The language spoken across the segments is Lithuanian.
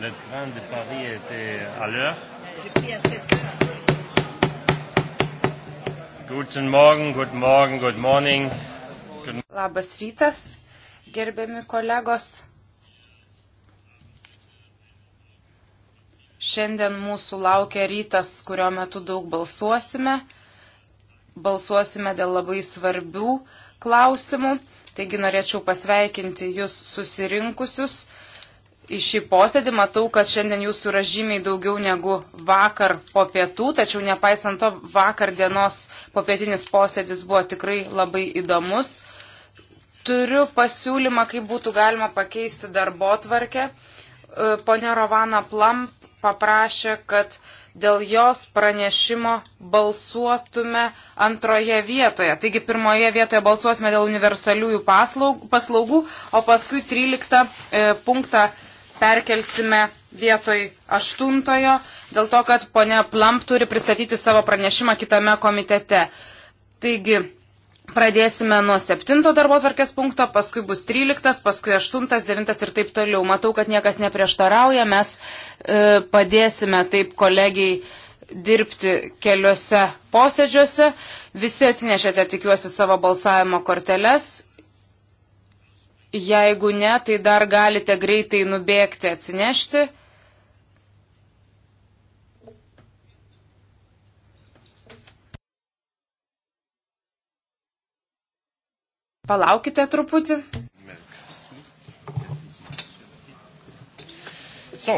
le train de Paris était à l'heure. Guten Morgen, guten Morgen, good morning. Good... Labas rytas, gerbiami kolegos. Šiandien mūsų laukia rytas, kurio metu daug balsuosime. Balsuosime dėl labai svarbių klausimų. Taigi norėčiau pasveikinti jūs susirinkusius į šį posėdį. Matau, kad šiandien jūsų yra žymiai daugiau negu vakar po pietų, tačiau nepaisant to, vakar dienos popietinis posėdis buvo tikrai labai įdomus. Turiu pasiūlymą, kaip būtų galima pakeisti darbo tvarkę. E, Pone Rovana Plam paprašė, kad dėl jos pranešimo balsuotume antroje vietoje. Taigi pirmoje vietoje balsuosime dėl universaliųjų paslaugų, paslaugų o paskui 13 e, punktą perkelsime vietoj aštuntojo, dėl to, kad ponia Plamp turi pristatyti savo pranešimą kitame komitete. Taigi, pradėsime nuo septinto darbo tvarkės punkto, paskui bus tryliktas, paskui aštuntas, devintas ir taip toliau. Matau, kad niekas neprieštarauja, mes e, padėsime taip kolegiai dirbti keliuose posėdžiuose. Visi atsinešėte, tikiuosi, savo balsavimo korteles Jeigu ne, tai dar galite greitai nubėgti atsinešti. Palaukite truputį. So,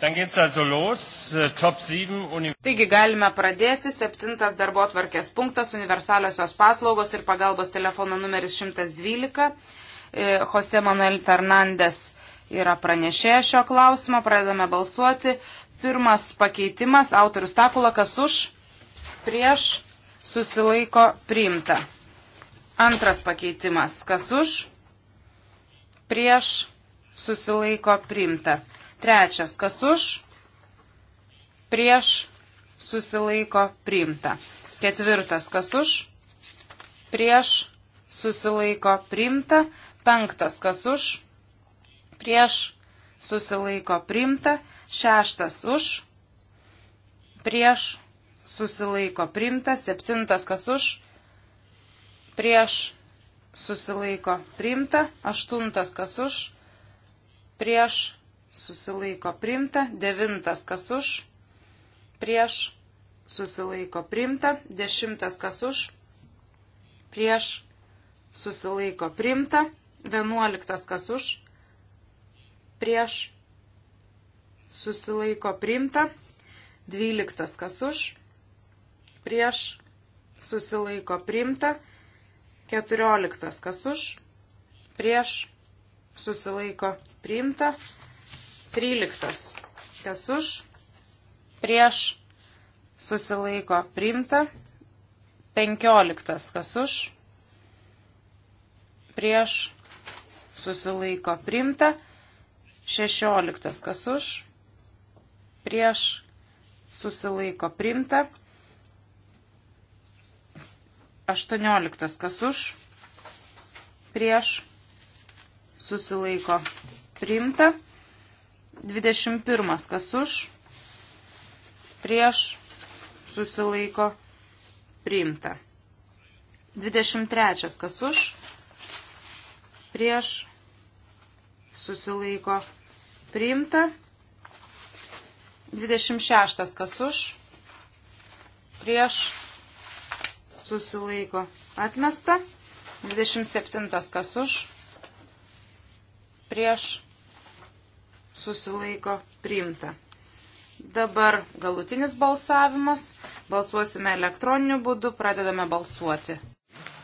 Dann geht's also los. Äh, Top 7 Taigi galime pradėti. Septintas darbo tvarkės punktas - universaliosios paslaugos ir pagalbos telefono numeris 112. E, Jose Manuel Fernandes yra pranešė šio klausimo. Pradedame balsuoti. Pirmas pakeitimas. Autorius Takula, kas už, prieš, susilaiko priimta. Antras pakeitimas. Kas už, prieš, susilaiko priimta. Trečias. Kas už, prieš, susilaiko priimta. Ketvirtas. Kas už, prieš, susilaiko priimta. Penktas, kas už, prieš, susilaiko priimta. Šeštas už, prieš, susilaiko priimta. Septintas, kas už, prieš, susilaiko priimta. Aštuntas, kas už, prieš, susilaiko priimta. Devintas, kas už, prieš, susilaiko priimta. Dešimtas, kas už, prieš, susilaiko priimta. 11 kas už, prieš, susilaiko priimta, 12 kas už, prieš, susilaiko priimta, 14 kas už, prieš, susilaiko priimta, 13 kas už, prieš, susilaiko priimta, 15 kas už, prieš, susilaiko primta, 16 kas už, prieš susilaiko primta, 18 kas už, prieš susilaiko primta, 21 kas už, prieš susilaiko primta. 23 kas už, prieš susilaiko priimta. 26 kas už, prieš susilaiko atmesta. 27 kas už, prieš susilaiko priimta. Dabar galutinis balsavimas. Balsuosime elektroniniu būdu, pradedame balsuoti.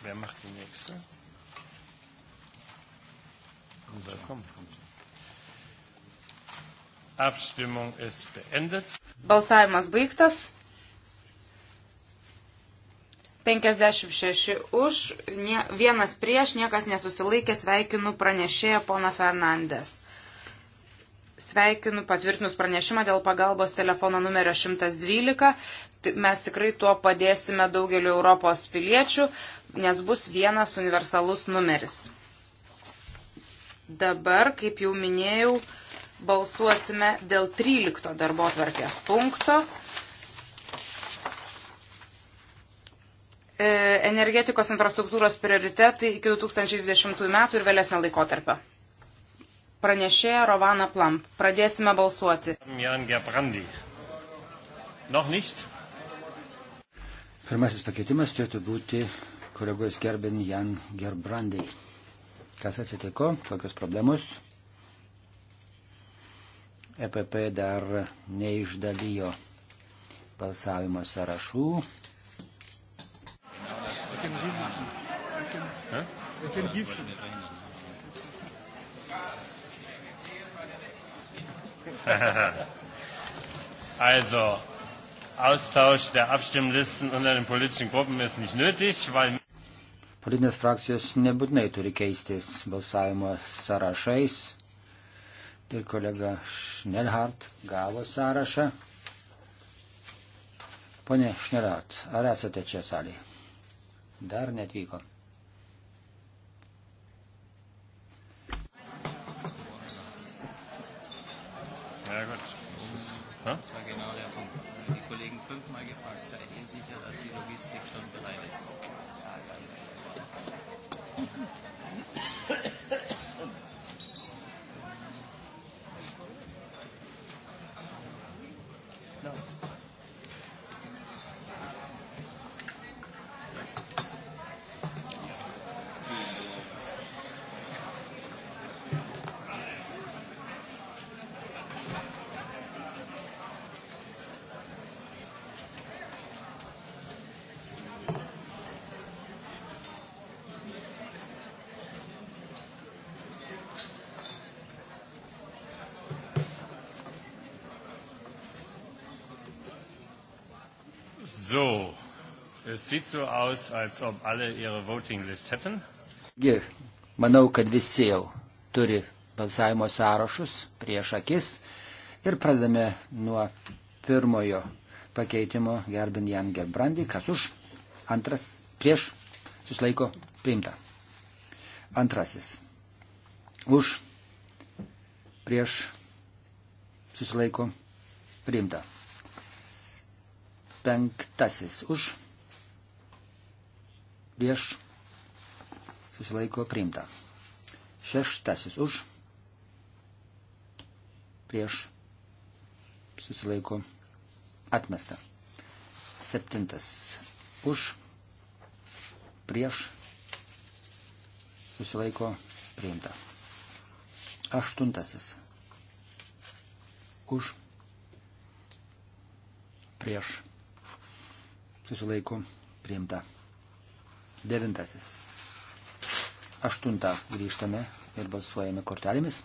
Wer macht die nächste? Willkommen. Abstimmung ist beendet. Balsavimas baigtas. 56 už, nie, vienas prieš, niekas nesusilaikė, sveikinu pranešėją poną Fernandes. Sveikinu patvirtinus pranešimą dėl pagalbos telefono numerio 112. Mes tikrai tuo padėsime daugeliu Europos piliečių, nes bus vienas universalus numeris. Dabar, kaip jau minėjau, balsuosime dėl 13 darbo tvarkės punkto. E, energetikos infrastruktūros prioritetai iki 2020 metų ir vėlesnio laikotarpio. Pranešėja Rovana Plamp. Pradėsime balsuoti. Jan Gebrandi. Noch nicht? Pirmasis pakeitimas turėtų būti kolegos Gerben Jan Gerbrandai. Kas atsitiko? Kokios problemos? EPP dar neišdalijo balsavimo sąrašų. also, Austausch der Abstimmlisten unter den politischen Gruppen ist nicht nötig, weil. Politinės frakcijos nebūtinai turi keistis balsavimo sąrašais, ir kolega Šnelhart gavo sąrašą. Pone Šnelhart, ar esate čia salėje? Dar netvyko. Ja gut, das ist, ha? das war genau der Punkt. Die Kollegen fünfmal gefragt, seid ihr sicher, dass die Logistik schon bereit ist? לא. So, es sieht so aus, als ob alle ihre Voting List hätten. Gi, manau, kad visi jau turi balsavimo sąrašus prieš akis ir pradame nuo pirmojo pakeitimo gerbin Jan Gerbrandį, kas už, antras, prieš, susilaiko, priimta. Antrasis, už, prieš, susilaiko, priimta. 125 už prieš susilaiko priimta. Šeštasis už prieš susilaiko atmesta. Septintas už prieš susilaiko priimta. Aštuntasis už prieš susilaiko priimta. Devintasis. Aštuntą grįžtame ir balsuojame kortelėmis.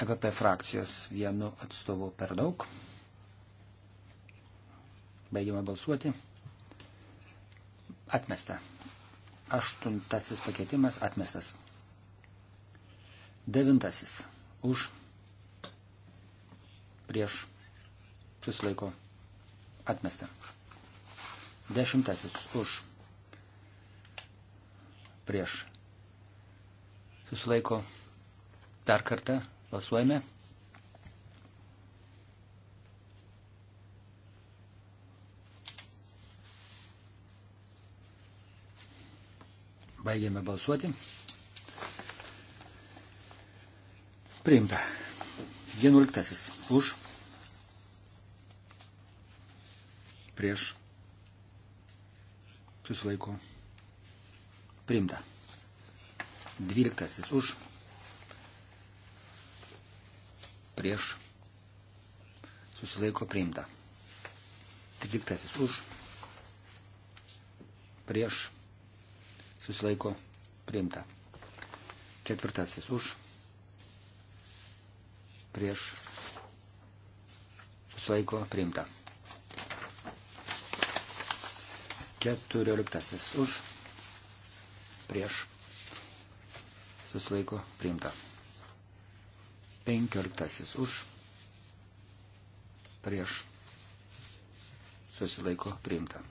EPP frakcijos vienu atstovu per daug. Baigiame balsuoti. Atmesta. Aštuntasis pakeitimas atmestas. Devintasis. Už prieš susilaiko atmesta. Dešimtasis už prieš susilaiko dar kartą balsuojame. Baigėme balsuoti. Priimta. Vienuoliktasis. Už. Prieš. Susilaiko. Primta. Dvyliktasis. Už. Prieš. Susilaiko. Primta. Tryliktasis. Už. Prieš. Susilaiko. Primta. Ketvirtasis. Už prieš susilaiko priimta. 14 už prieš susilaiko priimta. 15 už prieš susilaiko priimta.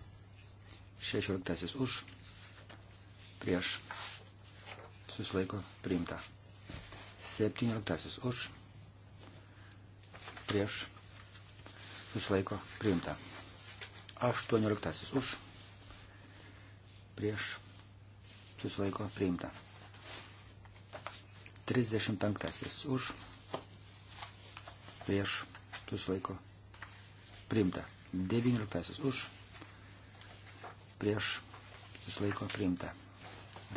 16 už prieš susilaiko priimta. 17 už prieš susilaiko priimta. 18 už prieš susilaiko priimta. 35 už prieš susilaiko priimta. 19 už prieš susilaiko priimta.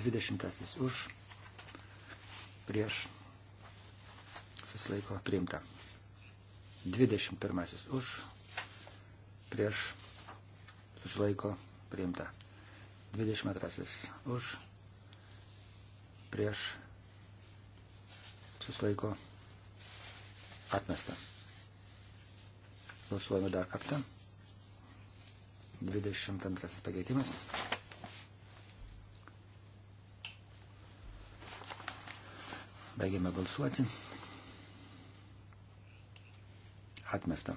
20 už prieš susilaiko priimta. 21 už, prieš, susilaiko, priimta. 22 už, prieš, susilaiko, atmesta. Balsuojame dar kartą. 22 pakeitimas. Baigiame balsuoti atmesta.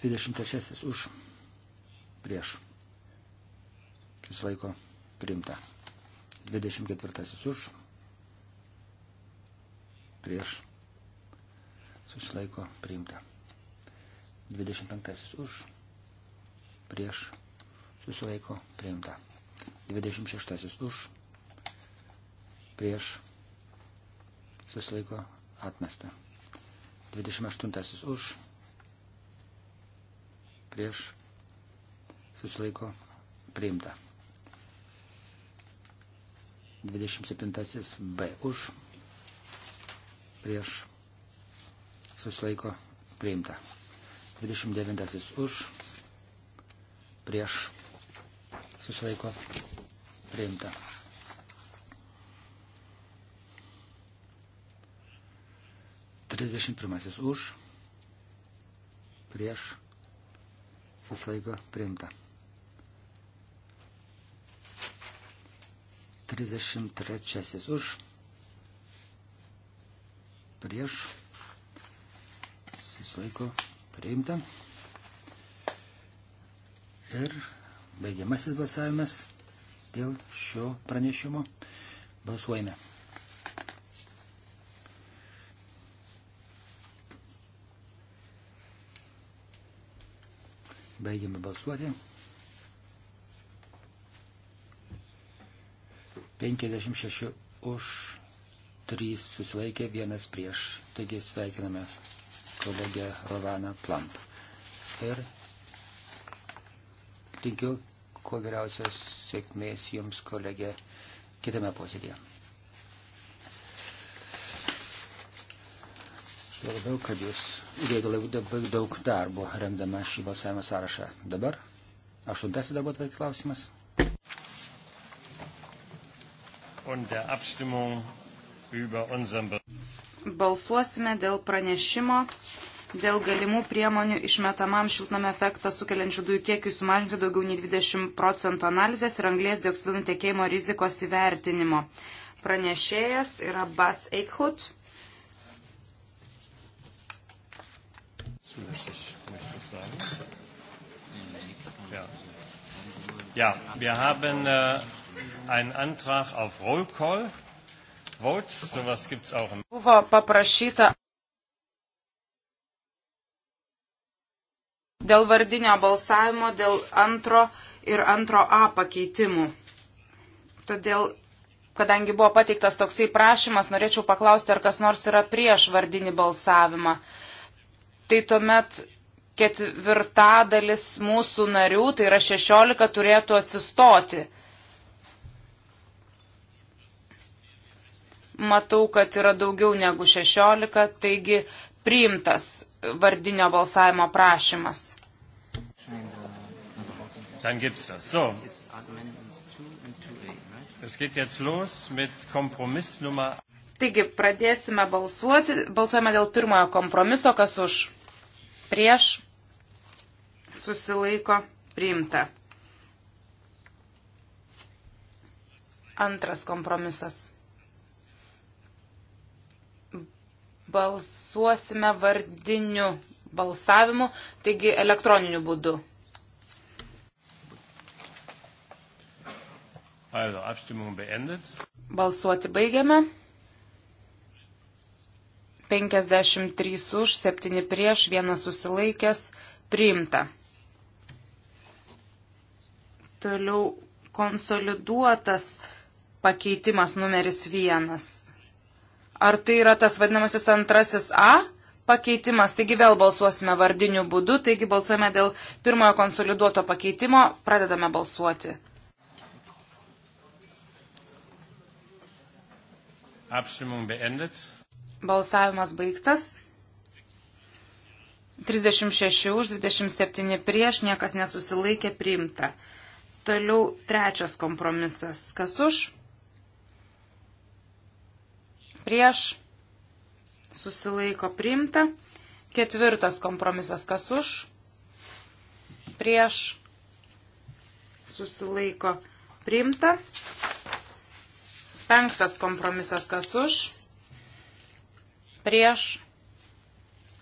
23 už prieš. Susilaiko priimta. 24 už prieš. Susilaiko priimta. 25 už prieš. Susilaiko priimta. 26 už prieš. Susilaiko atmesta. 28 už, prieš, susilaiko, priimta. 27 B už, prieš, susilaiko, priimta. 29 už, prieš, susilaiko, priimta. 31 už, prieš, susilaiko priimta. 33 už, prieš, susilaiko priimta. Ir baigiamasis balsavimas dėl šio pranešimo. Balsuojame. Baigiame balsuoti. 56 už, 3 susilaikė, 1 prieš. Taigi sveikiname kolegę Rovaną Plamp. Ir linkiu kuo geriausios sėkmės jums, kolegė, kitame posėdėje. Tuo labiau, kad jūs įdėjote labai daug darbo, remdama šį balsavimo sąrašą. Dabar aštuntasis darbo atvarkė klausimas. Balsuosime dėl pranešimo dėl galimų priemonių išmetamam šiltnamio efektą sukeliančių dujų kiekiui sumažinti daugiau nei 20 procentų analizės ir anglės dioksido nutekėjimo rizikos įvertinimo. Pranešėjas yra Bas Eichhut. zulässig, möchte ich sagen. Ja. Ja, wir haben äh, einen Antrag auf Roll Call Votes, sowas gibt es auch. Buvo paprašyta dėl vardinio balsavimo, dėl antro ir antro A pakeitimų. Todėl, kadangi buvo pateiktas toksai prašymas, norėčiau paklausti, ar kas nors yra prieš vardinį balsavimą. Uh, tai tuomet ketvirtadalis mūsų narių, tai yra 16, turėtų atsistoti. Matau, kad yra daugiau negu 16, taigi priimtas vardinio balsavimo prašymas. Dann gibt's das. So. Es geht jetzt los mit Kompromiss Nummer. Taigi, pradėsime balsuoti. Balsuojame dėl pirmojo kompromiso, kas už prieš susilaiko priimta. Antras kompromisas. Balsuosime vardiniu balsavimu, taigi elektroniniu būdu. Also, Balsuoti baigiame. 53 už, 7 prieš, 1 susilaikęs, priimta. Toliau konsoliduotas pakeitimas numeris 1. Ar tai yra tas vadinamasis antrasis A pakeitimas? Taigi vėl balsuosime vardiniu būdu, taigi balsuojame dėl pirmojo konsoliduoto pakeitimo, pradedame balsuoti. Abstimmung beendet. Balsavimas baigtas. 36 už 27 prieš, niekas nesusilaikė priimta. Toliau trečias kompromisas. Kas už? Prieš susilaiko priimta. Ketvirtas kompromisas. Kas už? Prieš susilaiko priimta. Penktas kompromisas. Kas už? prieš,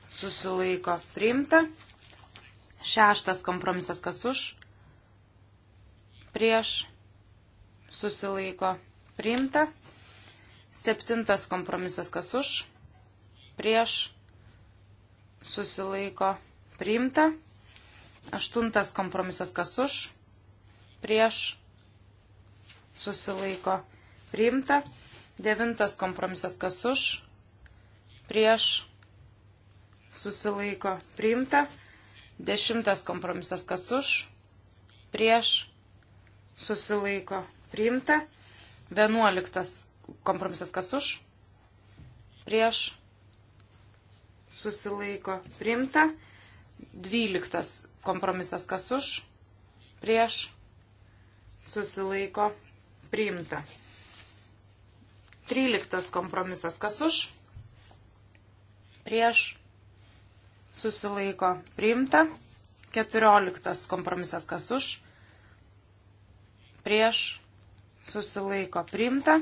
susilaiko priimta. Šeštas kompromisas kas už, prieš, susilaiko priimta. Septintas kompromisas kas už, prieš, susilaiko priimta. Aštuntas kompromisas kas už, prieš, susilaiko priimta. Devintas kompromisas kas už, prieš susilaiko priimta. Dešimtas kompromisas kas už, prieš susilaiko priimta. Vienuoliktas kompromisas kas už, prieš susilaiko priimta. Dvyliktas kompromisas kas už, prieš susilaiko priimta. Tryliktas kompromisas kas už, prieš susilaiko priimta prieš susilaiko priimta. 14 kompromisas kas už, prieš susilaiko priimta.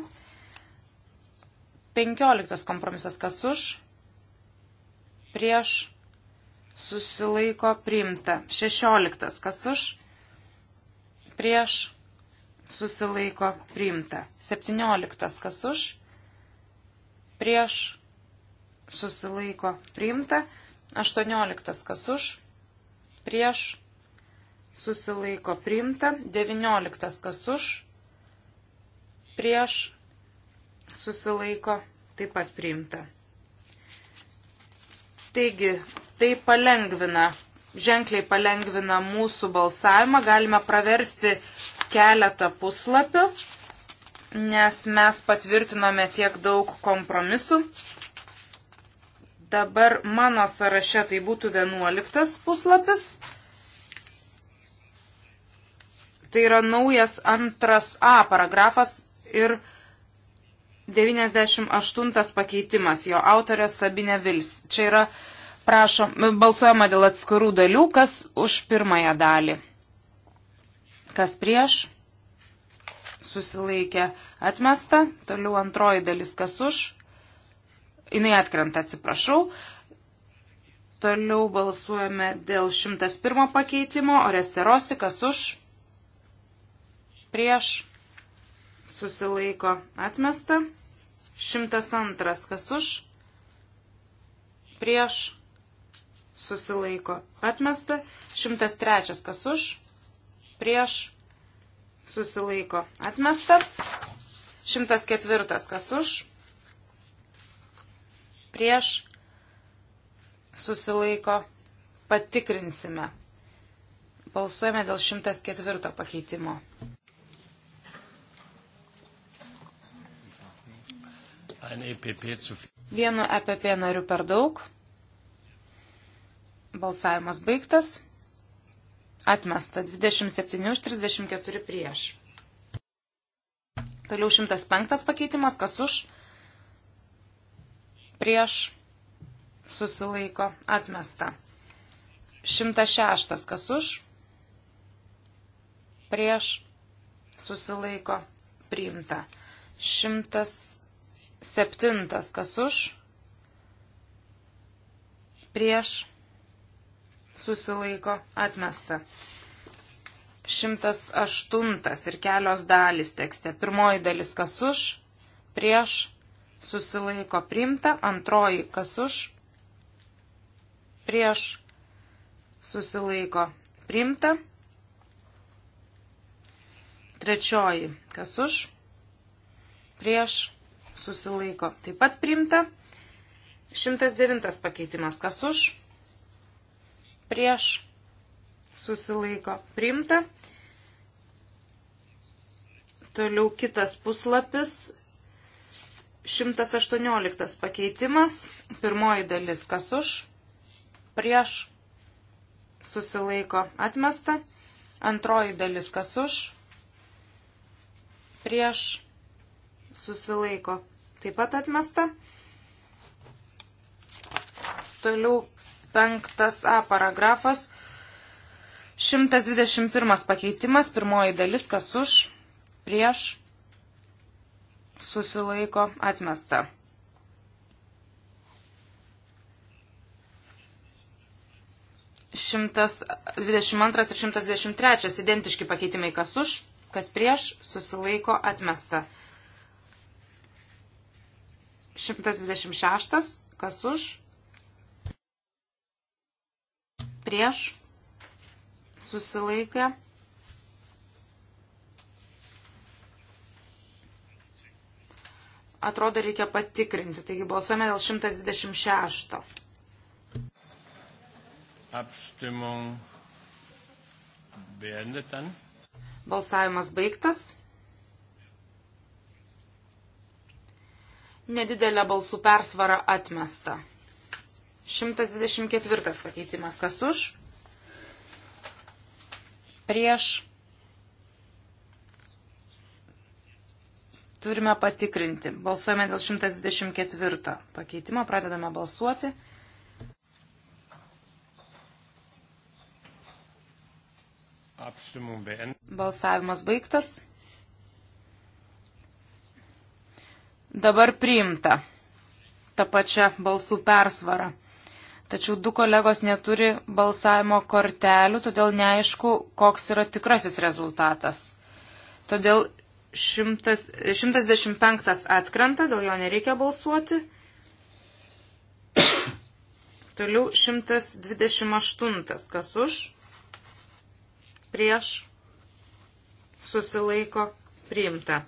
15 kompromisas kas už, prieš susilaiko priimta. 16 kas už, prieš susilaiko priimta. 17 kas už, prieš susilaiko priimta, 18 kas už, prieš susilaiko priimta, 19 kas už, prieš susilaiko taip pat priimta. Taigi, tai palengvina, ženkliai palengvina mūsų balsavimą, galime praversti keletą puslapių, nes mes patvirtinome tiek daug kompromisų. Dabar mano sąraše tai būtų 11 puslapis. Tai yra naujas antras A paragrafas ir 98 pakeitimas, jo autorė Sabinė Vils. Čia yra prašom, balsuojama dėl atskirų dalių, kas už pirmąją dalį. Kas prieš? Susilaikė atmesta. Toliau antroji dalis, kas už? jinai atkrenta, atsiprašau. Toliau balsuojame dėl 101 pakeitimo, oresterosi, kas už, prieš, susilaiko, atmesta. 102, kas už, prieš, susilaiko, atmesta. 103, kas už, prieš, susilaiko, atmesta. 104, kas už, prieš, susilaiko, patikrinsime. Balsuojame dėl 104 pakeitimo. E Vienu EPP nariu per daug. Balsavimas baigtas. Atmesta 27 už 34 prieš. Toliau 105 pakeitimas, kas už, prieš susilaiko atmesta. 106 kas už, prieš susilaiko priimta. 107 kas už, prieš susilaiko atmesta. 108 ir kelios dalys tekste. Pirmoji dalis kas už, prieš susilaiko priimta, antroji kas už, prieš susilaiko priimta, trečioji kas už, prieš susilaiko taip pat priimta, 109 pakeitimas kas už, prieš susilaiko priimta, toliau kitas puslapis 118 pakeitimas, pirmoji dalis kas už, prieš, susilaiko atmesta, antroji dalis kas už, prieš, susilaiko taip pat atmesta. Toliau penktas A paragrafas, 121 pakeitimas, pirmoji dalis kas už, prieš, susilaiko atmesta. Šimtas dvidešimt antras ir šimtas dvidešimt trečias identiški pakeitimai kas už, kas prieš, susilaiko atmesta. Šimtas dvidešimt šeštas, kas už, prieš, susilaikė atmesta atrodo reikia patikrinti. Taigi balsuojame dėl 126. Abstimmung beendet dann. Balsavimas baigtas. Nedidelė balsų persvara atmesta. 124 pakeitimas. Kas už? Prieš turime patikrinti. Balsuojame dėl 124 pakeitimo, pradedame balsuoti. Balsavimas baigtas. Dabar priimta ta pačia balsų persvara. Tačiau du kolegos neturi balsavimo kortelių, todėl neaišku, koks yra tikrasis rezultatas. Todėl Šimtas, 115 atkrenta, dėl jo nereikia balsuoti. Toliau 128. Kas už? Prieš susilaiko priimta.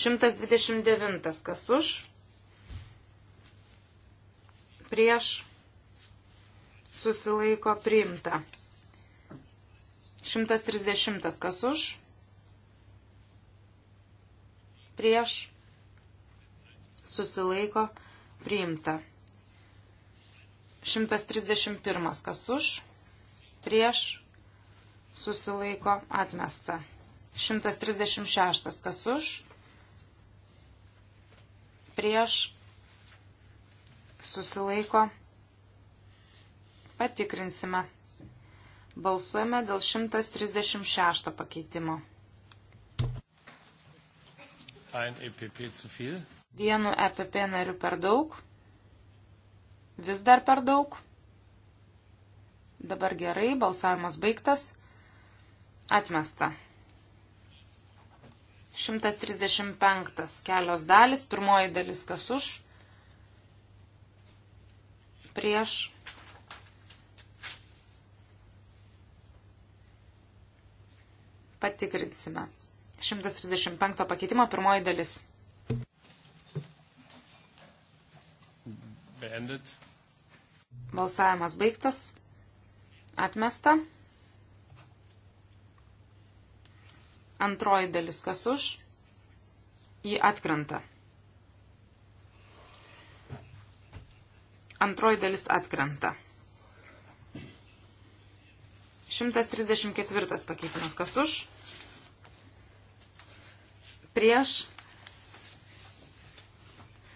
129. Kas už? Prieš susilaiko priimta. 130. Kas už? prieš susilaiko priimta. 131. Kas už prieš susilaiko atmesta. 136. Kas už prieš susilaiko patikrinsime. Balsuojame dėl 136 pakeitimo. E Vienu EPP nariu per daug. Vis dar per daug. Dabar gerai, balsavimas baigtas. Atmesta. 135 kelios dalis, pirmoji dalis kas už, prieš. Patikrinsime. 135 pakeitimo pirmoji dalis. Beendit. Balsavimas baigtas. Atmesta. Antroji dalis kas už. Ji atkrenta. Antroji dalis atkrenta. 134 pakeitimas kas už prieš,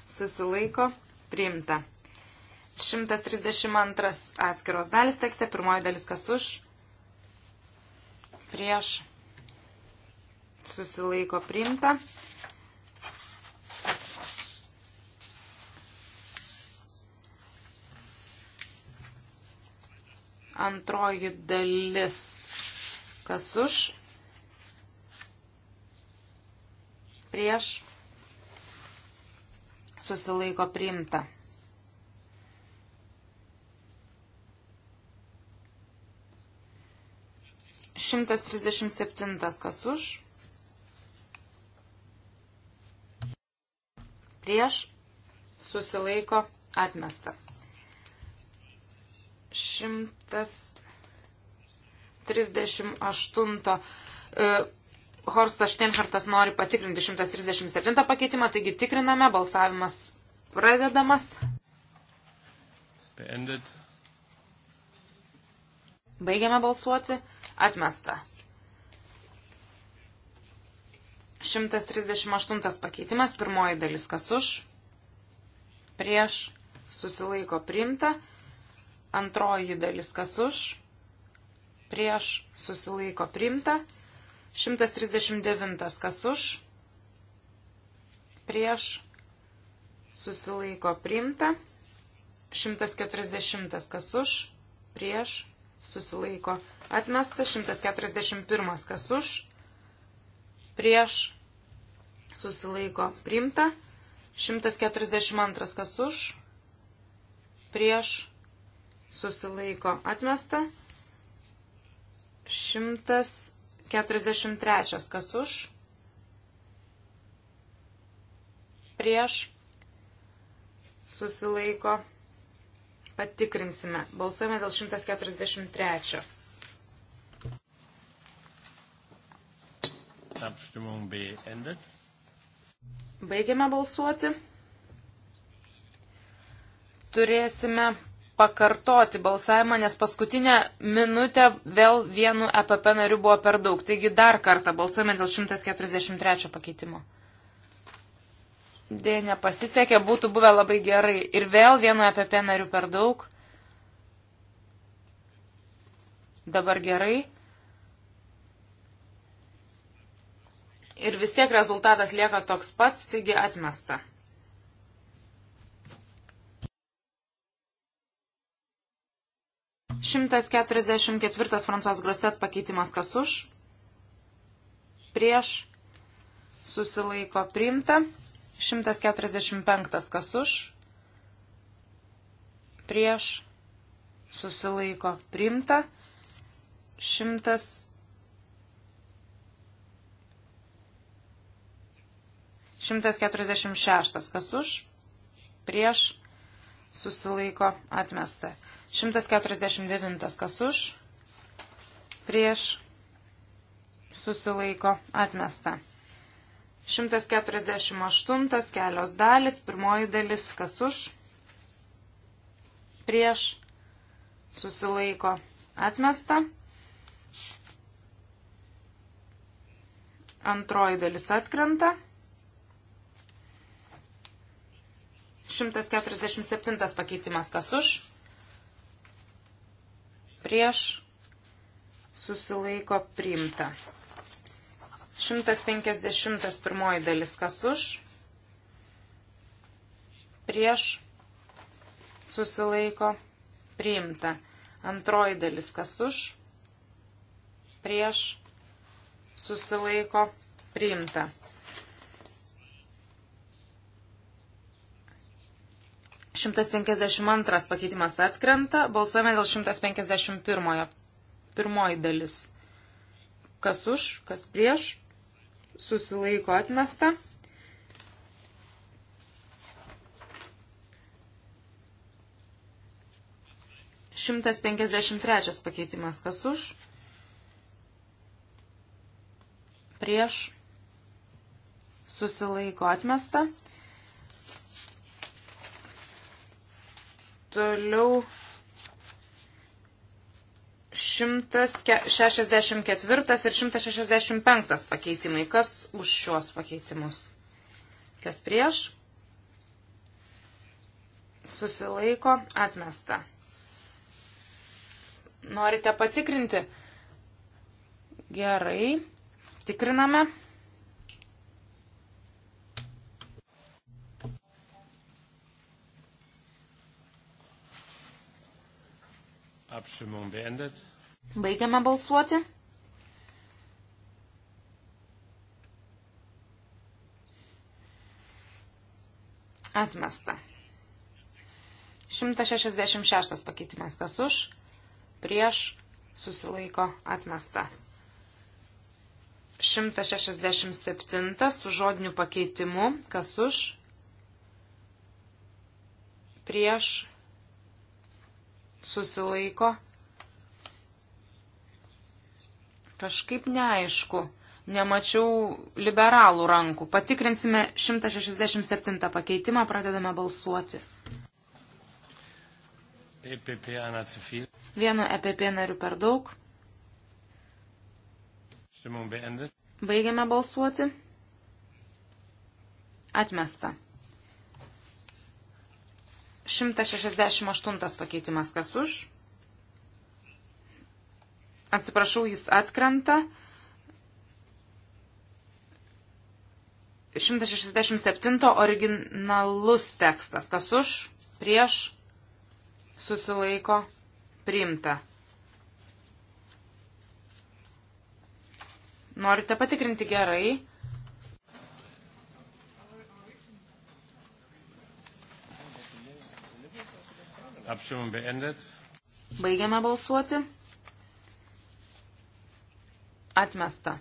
susilaiko, priimta. 132 atskiros dalis tekste, pirmoji dalis kas už, prieš, susilaiko, priimta. Antroji dalis kas už, prieš, susilaiko priimta. Šimtas trisdešimt septintas kas už, prieš, susilaiko atmesta. Šimtas trisdešimt aštunto. E, Horstas Štenhartas nori patikrinti 137 pakeitimą, taigi tikriname, balsavimas pradedamas. Beendet. Baigiame balsuoti. Atmesta. 138 pakeitimas, pirmoji dalis kas už, prieš, susilaiko priimta, antroji dalis kas už, prieš, susilaiko priimta, 139. Kas už? Prieš susilaiko priimta. 140. Kas už? Prieš susilaiko atmesta. 141. Kas už? Prieš susilaiko priimta. 142. Kas už? Prieš susilaiko atmesta. 100. 43. Kas už? Prieš. Susilaiko. Patikrinsime. Balsuojame dėl 143. Abstimmung beendet. Baigiame balsuoti. Turėsime pakartoti balsavimą, nes paskutinę minutę vėl vienu EPP nariu buvo per daug. Taigi dar kartą balsuojame dėl 143 pakeitimo. Dėja, nepasisekė, būtų buvę labai gerai. Ir vėl vienu EPP nariu per daug. Dabar gerai. Ir vis tiek rezultatas lieka toks pats, taigi atmesta. 144 Fransuos Grostet pakeitimas kas už, prieš, susilaiko priimta. 145 kas už, prieš, susilaiko priimta. 100. 146 kas už, prieš, susilaiko atmesta. 149. Kas už? Prieš susilaiko atmesta. 148 kelios dalis, pirmoji dalis kas už, prieš, susilaiko atmesta. Antroji dalis atkrenta. 147 pakeitimas kas už, prieš susilaiko priimta. 151 dalis kas už, prieš susilaiko priimta. Antroji dalis kas už, prieš susilaiko priimta. 152 pakeitimas atkrenta. Balsuojame dėl 151. Pirmoji dalis. Kas už, kas prieš. Susilaiko atmesta. Šimtas penkiasdešimt trečias pakeitimas. Kas už? Prieš. Susilaiko atmesta. Toliau 164 ir 165 pakeitimai. Kas už šiuos pakeitimus? Kas prieš? Susilaiko atmesta. Norite patikrinti? Gerai. Tikriname. Apšimum beendet. Baigiame balsuoti. Atmesta. 166 pakeitimas kas už, prieš, susilaiko, atmesta. 167 su žodiniu pakeitimu kas už, prieš, susilaiko. Kažkaip neaišku. Nemačiau liberalų rankų. Patikrinsime 167 pakeitimą, pradedame balsuoti. EPP Vienu EPP nariu per daug. Baigiame balsuoti. Atmesta. 168 pakeitimas kas už. Atsiprašau, jis atkrenta. 167 originalus tekstas. Kas už, prieš, susilaiko, priimta. Norite patikrinti gerai. Apšimum beendet. Baigiame balsuoti. Atmesta.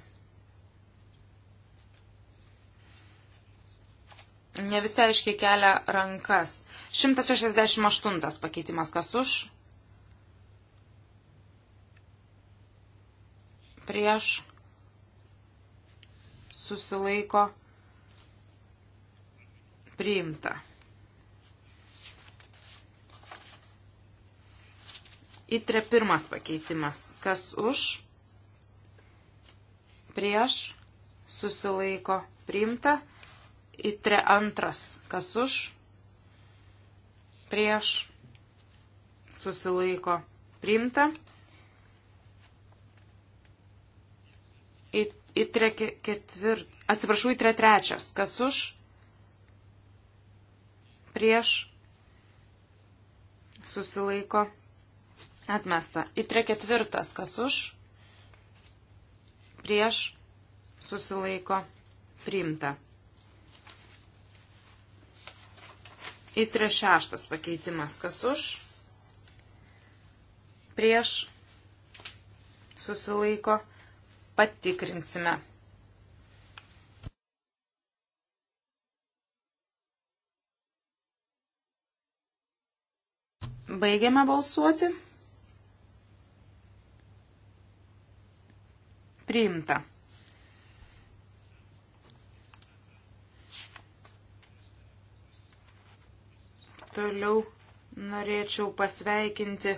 Ne visai aiškiai kelia rankas. 168 pakeitimas kas už. Prieš. Susilaiko. Priimta. Įtre pirmas pakeitimas. Kas už? Prieš? Susilaiko. Priimta. Įtre antras. Kas už? Prieš? Susilaiko. Priimta. Įtre ketvirt. Atsiprašau, įtre trečias. Kas už? Prieš? Susilaiko. Priimta Atmesta. Itre ketvirtas. Kas už? Prieš. Susilaiko. Priimta. Itre šeštas pakeitimas. Kas už? Prieš. Susilaiko. Patikrinsime. Baigiame balsuoti. priimta. Toliau norėčiau pasveikinti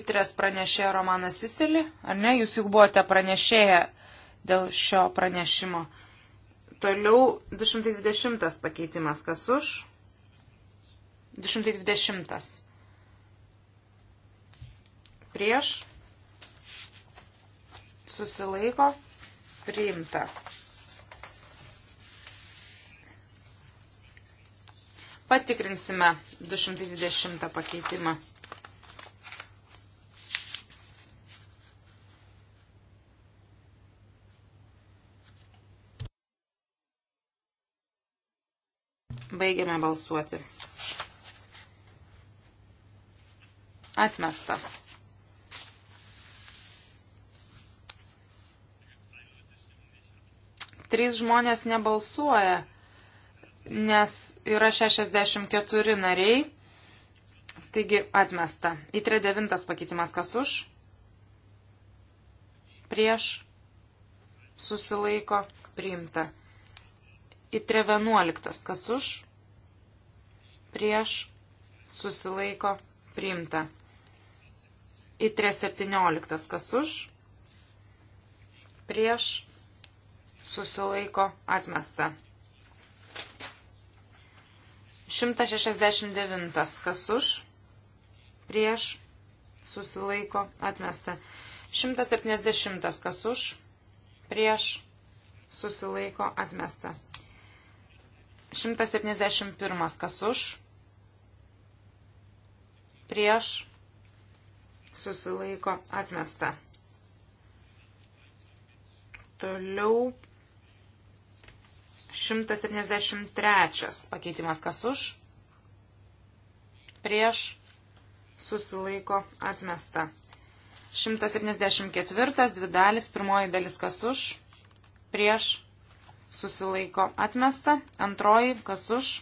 įtres pranešėją Romaną Siselį, ar ne? Jūs juk buvote pranešėję dėl šio pranešimo. Toliau 220 pakeitimas, kas už? 220. Prieš susilaiko, priimta. Patikrinsime 220 pakeitimą. Baigiame balsuoti. Atmesta. trys žmonės nebalsuoja, nes yra 64 nariai. Taigi atmesta. Į 39 pakeitimas kas už? Prieš susilaiko priimta. Į 311 kas už? Prieš susilaiko priimta. Į 317 kas už? Prieš susilaiko atmesta. 169. Kas už, prieš, susilaiko atmesta. 170. Kas už, prieš, susilaiko atmesta. 171. Kas už, prieš, susilaiko atmesta. Toliau 173 pakeitimas kas už, prieš, susilaiko, atmesta. 174, dvi dalis, pirmoji dalis kas už, prieš, susilaiko, atmesta, antroji kas už,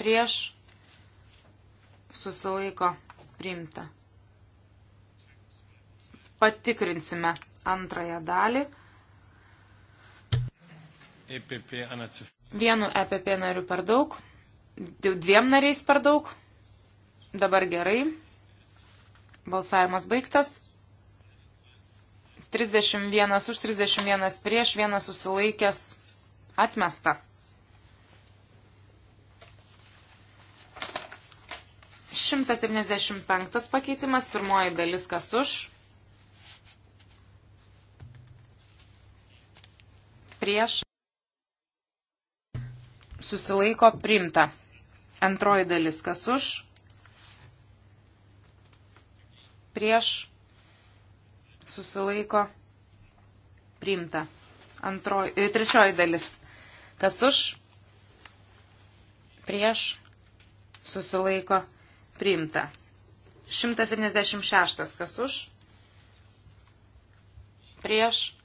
prieš, susilaiko, priimta. Patikrinsime antrąją dalį. E Vienu EPP nariu per daug, dviem nariais per daug. Dabar gerai. Balsavimas baigtas. 31 už 31 prieš, vienas susilaikęs atmesta. Šimtas septyniasdešimt penktas pakeitimas, pirmoji dalis kas už, prieš, susilaiko priimta. Antroji dalis, kas už, prieš, susilaiko priimta. Antroji, e, trečioji dalis, kas už, prieš, susilaiko priimta. 176, kas už, prieš, susilaiko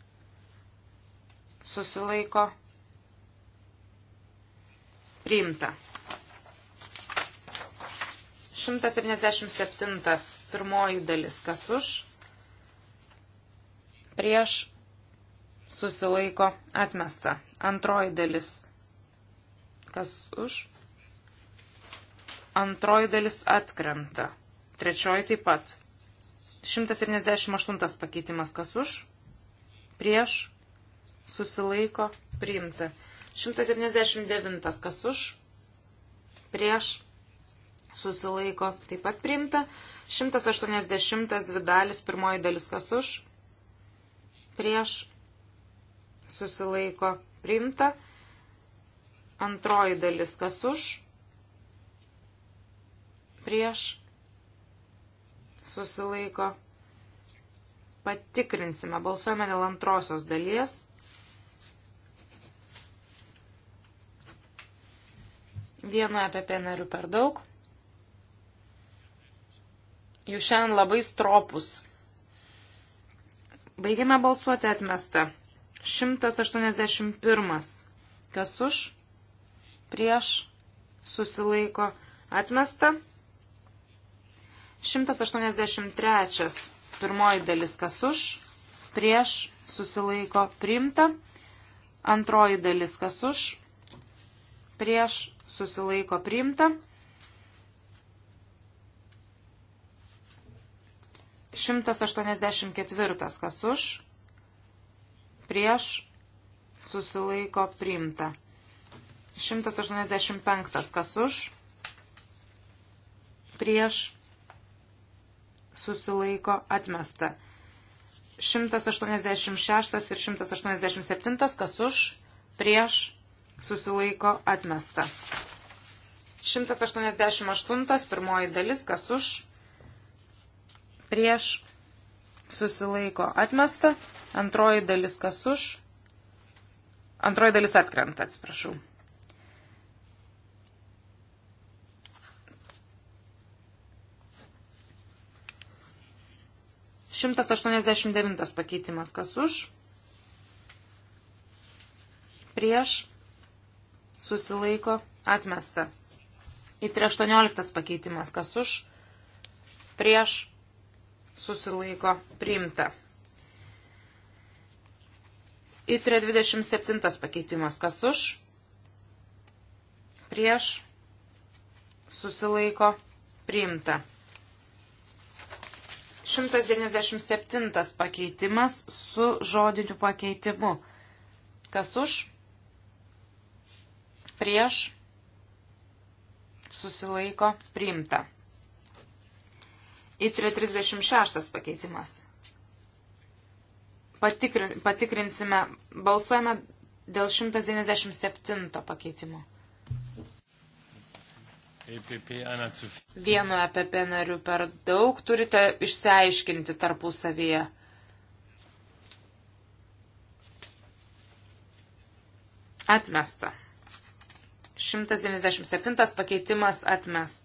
priimta susilaiko Priimta. 177. Pirmoji dalis. Kas už? Prieš. Susilaiko. Atmesta. Antroji dalis. Kas už? Antroji dalis atkrenta. Trečioji taip pat. 178 pakeitimas. Kas už? Prieš. Susilaiko. Priimta. 179 kas už, prieš, susilaiko, taip pat priimta. 180 dvi dalis, pirmoji dalis kas už, prieš, susilaiko, priimta. Antroji dalis kas už, prieš, susilaiko, priimta patikrinsime. Balsuojame dėl antrosios dalies. Vienu EPP nariu per daug. Jūs šiandien labai stropus. Baigiame balsuoti atmestą. 181. Kas už? Prieš? Susilaiko. Atmesta. 183. Pirmoji dalis. Kas už? Prieš? Susilaiko. Priimta. Antroji dalis. Kas už? Prieš? susilaiko priimta. 184 kas už, prieš, susilaiko priimta. 185 kas už, prieš, susilaiko atmesta. 186 ir 187 kas už, prieš, susilaiko atmesta. 188 pirmoji dalis, kas už, prieš, susilaiko atmesta, antroji dalis, kas už, antroji dalis atkrenta, atsiprašau. Šimtas aštuoniasdešimt devintas pakeitimas, kas už, prieš, susilaiko, atmesta. Į 18 pakeitimas, kas už, prieš, susilaiko, priimta. Į 27 pakeitimas, kas už, prieš, susilaiko, priimta. 197 pakeitimas su žodiniu pakeitimu. Kas už? prieš, susilaiko, priimta. Įtrė 36 pakeitimas. Patikrin, patikrinsime, balsuojame dėl 197 pakeitimo. E Vienu EPP nariu per daug turite išsiaiškinti tarpusavyje. Atmesta. 197 pakeitimas atmestas.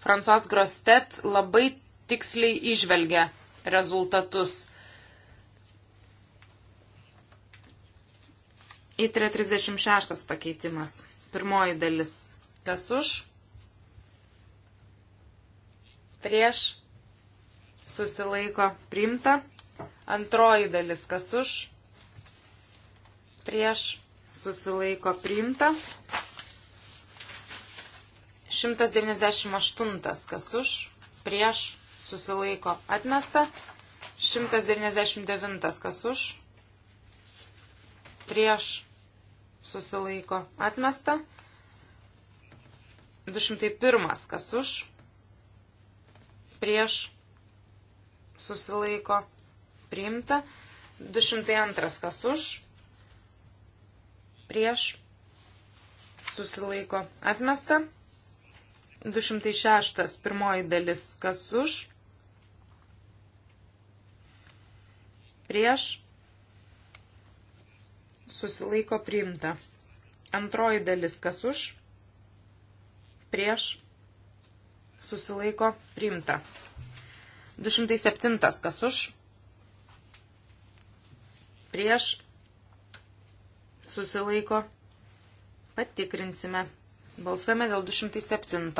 Fransos Grostet labai tiksliai išvelgia rezultatus. Įtrė 36 pakeitimas. Pirmoji dalis. Kas už? Prieš. Susilaiko. Primta. Antroji dalis. Kas už? Prieš susilaiko priimta. 198 kas už, prieš susilaiko atmesta. 199 kas už, prieš susilaiko atmesta. 201 kas už, prieš susilaiko priimta. 202 kas už, prieš susilaiko atmesta. 206 pirmoji dalis kas už prieš susilaiko priimta. Antroji dalis kas už prieš susilaiko priimta. 207 kas už prieš susilaiko. Patikrinsime. Balsuojame dėl 207.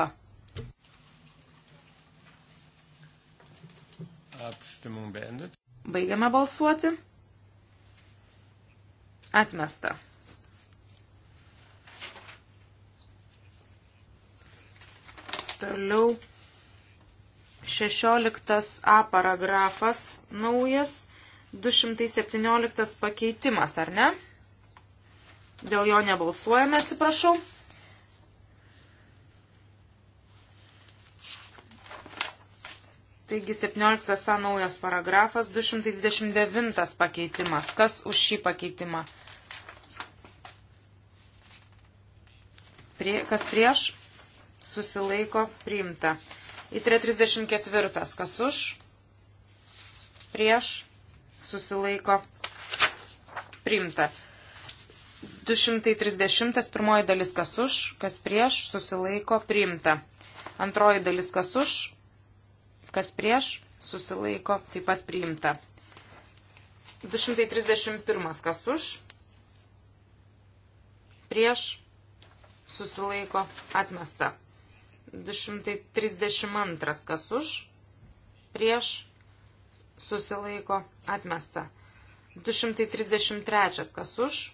Baigiame balsuoti. Atmesta. Toliau 16 A paragrafas naujas, 217 pakeitimas, ar ne? Dėl jo nebalsuojame, atsiprašau. Taigi 17 naujas paragrafas, 229 pakeitimas. Kas už šį pakeitimą? Prie, kas prieš? Susilaiko priimta. Į 34. Kas už? Prieš? Susilaiko priimta. 230 pirmoji dalis kas už, kas prieš, susilaiko priimta. Antroji dalis kas už, kas prieš, susilaiko taip pat priimta. 231 kas už, prieš, susilaiko atmesta. 232 kas už, prieš, susilaiko atmesta. 233 kas už,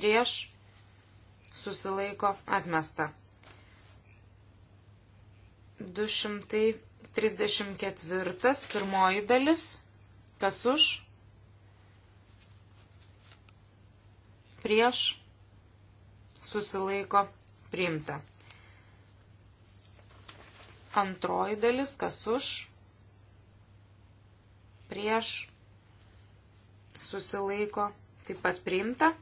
prieš, susilaiko atmesta. 234, pirmoji dalis, kas už, prieš, susilaiko priimta. Antroji dalis, kas už, prieš, susilaiko, taip pat priimta.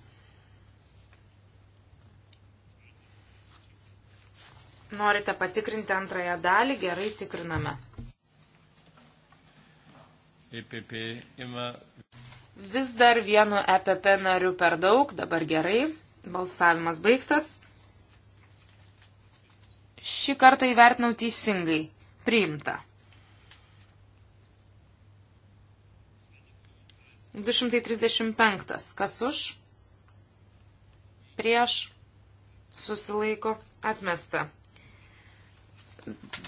Norite patikrinti antrąją dalį, gerai tikriname. EPP ima. Vis dar vienu EPP nariu per daug, dabar gerai. Balsavimas baigtas. Šį kartą įvertinau teisingai. Priimta. 235. Kas už? Prieš. Susilaiko. Atmesta.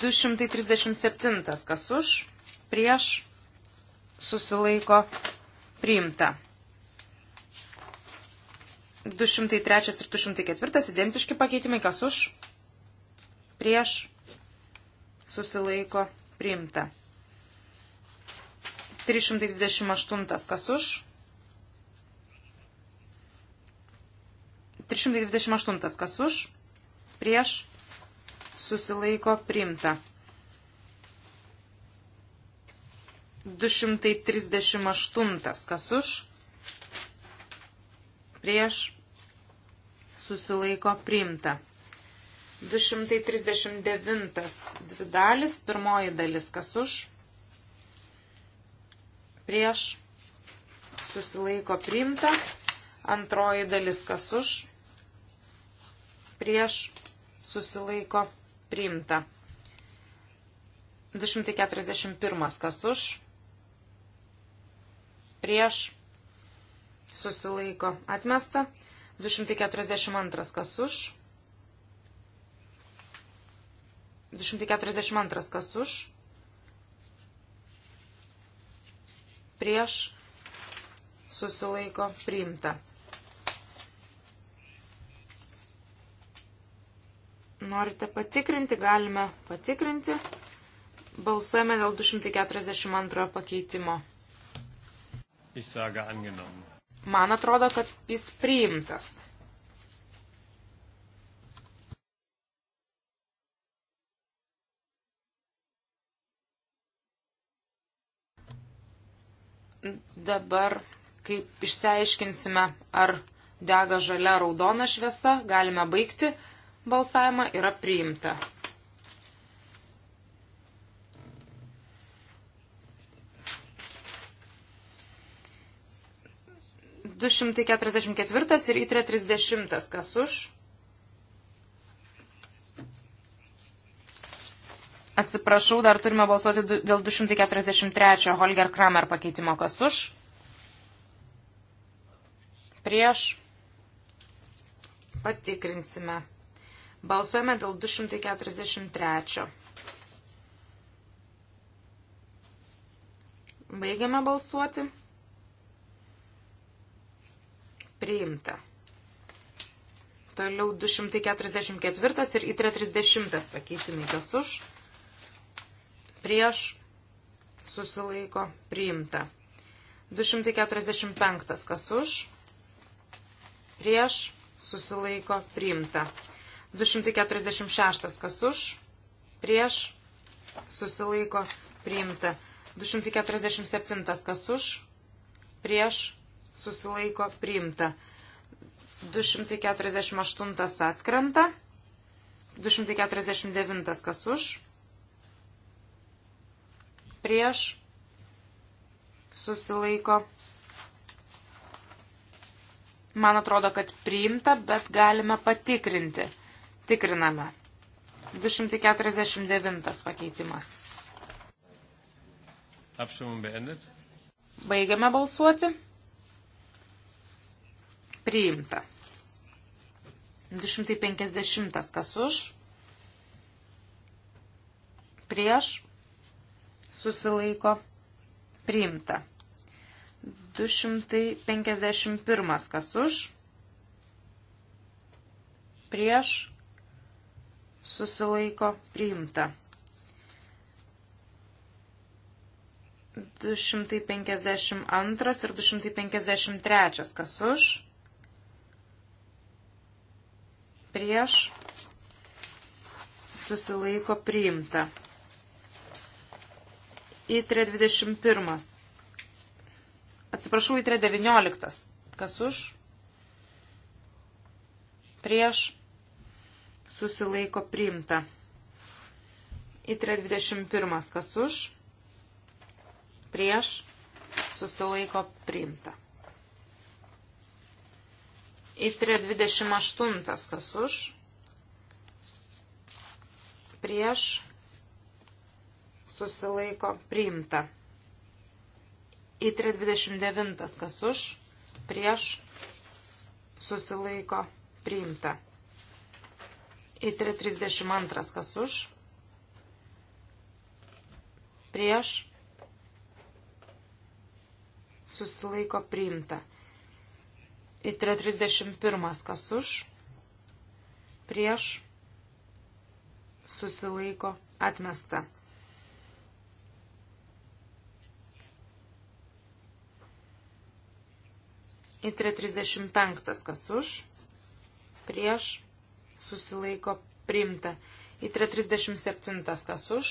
237. Kas už, prieš, susilaiko, priimta. 203 ir 204 identiški pakeitimai. Kas už, prieš, susilaiko, priimta. 328. Kas už? 328. Kas už? Prieš susilaiko priimta. 238. Kas už? Prieš susilaiko priimta. 239. Dvi dalis. Pirmoji dalis. Kas už? Prieš susilaiko priimta. Antroji dalis. Kas už? Prieš susilaiko priimta priimta. 241 kas už, prieš, susilaiko atmesta. 242 kas už, 242 kas už, prieš, susilaiko priimta. Norite patikrinti, galime patikrinti. Balsuojame dėl 242 pakeitimo. Man atrodo, kad jis priimtas. Dabar, kaip išsiaiškinsime, ar dega žalia raudona šviesa, galime baigti balsavimą yra priimta. Du šimtai keturiasdešimt ketvirtas ir įtrė trisdešimtas. Kas už? Atsiprašau, dar turime balsuoti dėl 243 Holger Kramer pakeitimo. Kas už? Prieš. Patikrinsime. Balsuojame dėl 243. Baigiame balsuoti. Priimta. Toliau 244 ir įtrė 30 pakeitimai. Kas už? Prieš susilaiko priimta. 245. Kas už? Prieš susilaiko priimta. 246 kas už, prieš, susilaiko, priimta. 247 kas už, prieš, susilaiko, priimta. 248 atkrenta. 249 kas už, prieš, susilaiko. Man atrodo, kad priimta, bet galime patikrinti. Tikriname. 249 pakeitimas. Apšimum beendet. Baigiame balsuoti. Priimta. 250 kas už. Prieš. Susilaiko. Priimta. 251 kas už. Prieš susilaiko priimta. 252 ir 253, kas už, prieš, susilaiko priimta. Į 321. Atsiprašau, į 319. Kas už? Prieš susilaiko priimta. Įtrė 21. Kas už? Prieš susilaiko priimta. Įtrė 28. Kas už? Prieš susilaiko priimta. Įtrė 29. Kas už? Prieš susilaiko priimta į 332, kas už, prieš, susilaiko priimta. Į 331, kas už, prieš, susilaiko atmesta. Į 335, kas už, prieš, susilaiko priimta. Įtre 37, kas už,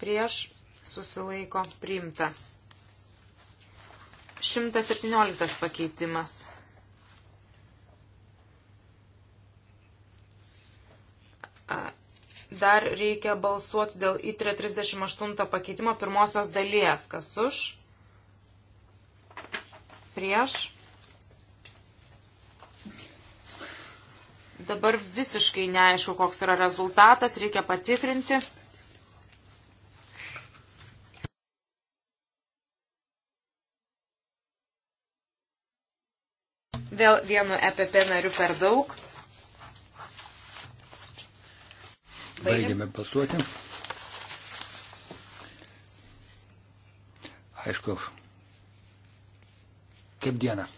prieš susilaiko priimta. 117 pakeitimas. Dar reikia balsuoti dėl įtre 38 pakeitimo pirmosios dalies. Kas už? Prieš Dabar visiškai neaišku, koks yra rezultatas, reikia patikrinti. Vėl vienu EPP nariu per daug. Baigėme balsuoti. Aišku, kaip diena.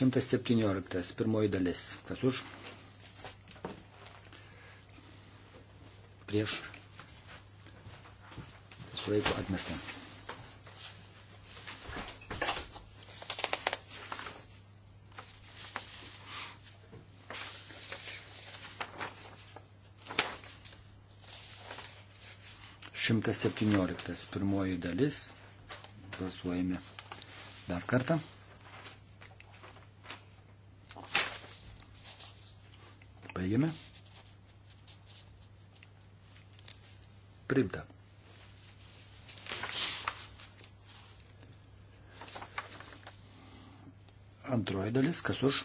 117. Pirmoji dalis. Kas už? Prieš. Sulaiko atmestą. Šimtas septynioliktas. Pirmoji dalis. Balsuojame dar kartą. Baigiame. Priimta. Antroji dalis, kas už?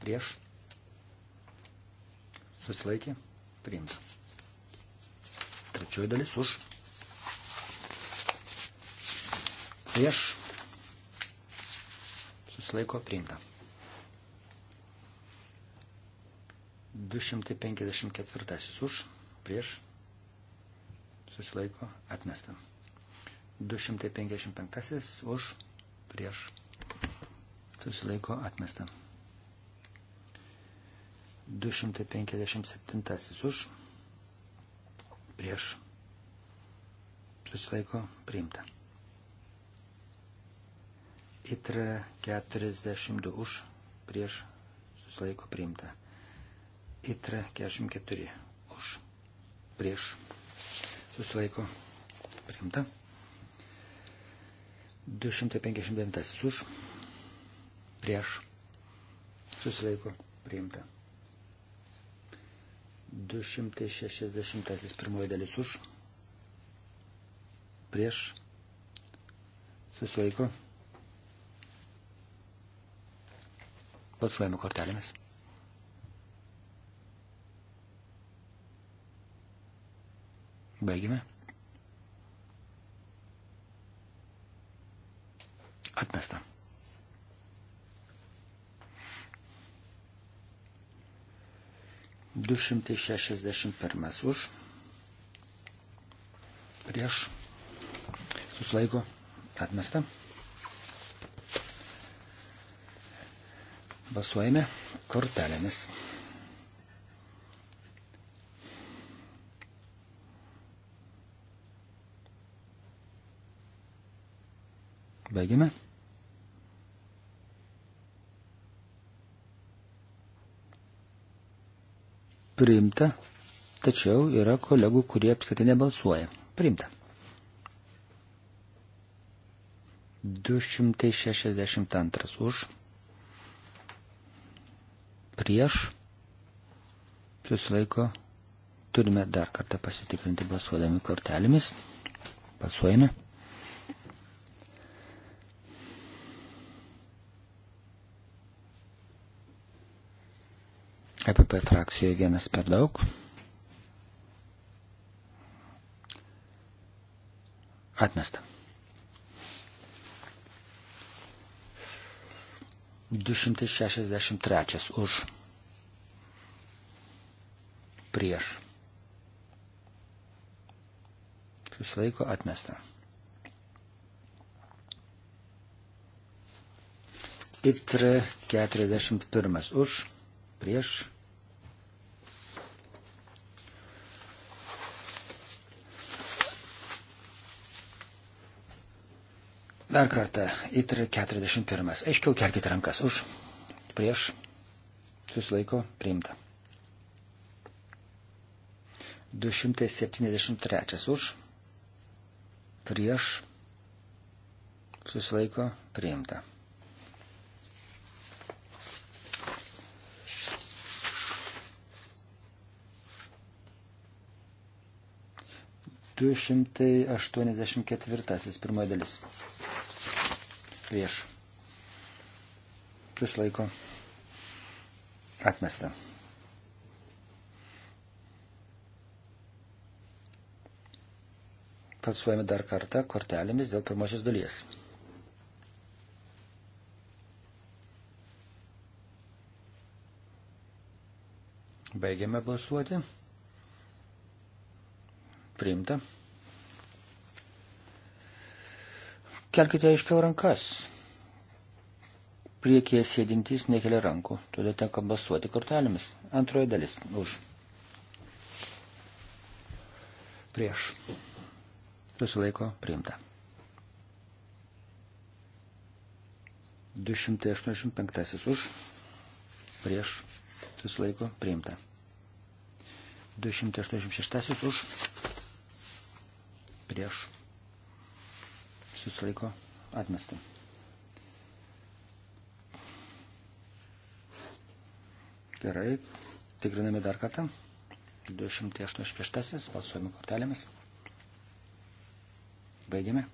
Prieš. Susilaikė. Priimta. Trečioji dalis už. Prieš. Susilaiko priimta. 254 už, prieš, susilaiko, atmesta. 255 už, prieš, susilaiko, atmesta. 257 už, prieš, susilaiko, priimta. Itra 42 už, prieš, susilaiko, priimta. Itra 44 už prieš susilaiko priimta. 259 už prieš susilaiko priimta. 260 pirmoji dalis už prieš susilaiko pasuojame kortelėmis. Baigime. Atmesta. Du šimtai šešiasdešimt pirmas už. Prieš. Suslaiko. Atmesta. Balsuojame kortelėmis. Baigime. Priimta, tačiau yra kolegų, kurie apskritai nebalsuoja. Priimta. 262 už, prieš, susilaiko, turime dar kartą pasitikrinti balsuodami kortelėmis, balsuojame. EPP frakcijoje vienas per daug. Atmesta. 263 už prieš. Susilaiko atmesta. ITR 41 už prieš Dar kartą, ITR 41. Aiškiau kelkite rankas už, prieš, susilaiko, priimta. 273 už, prieš, susilaiko, priimta. Du šimtai aštuoniasdešimt ketvirtasis pirmoji dalis prieš susilaiko atmesta. Palsuojame dar kartą kortelėmis dėl pirmosios dalies. Baigiame balsuoti. Priimta. Kelkite aiškiau rankas. Priekyje sėdintys nekelia rankų, todėl tenka balsuoti kortelėmis. Antroji dalis. Už. Prieš. Susilaiko priimta. 285 už. Prieš. Susilaiko priimta. 286 už. Prieš susilaiko atmesta. Gerai, tikriname dar kartą. 286 balsuojame kortelėmis. Baigiame.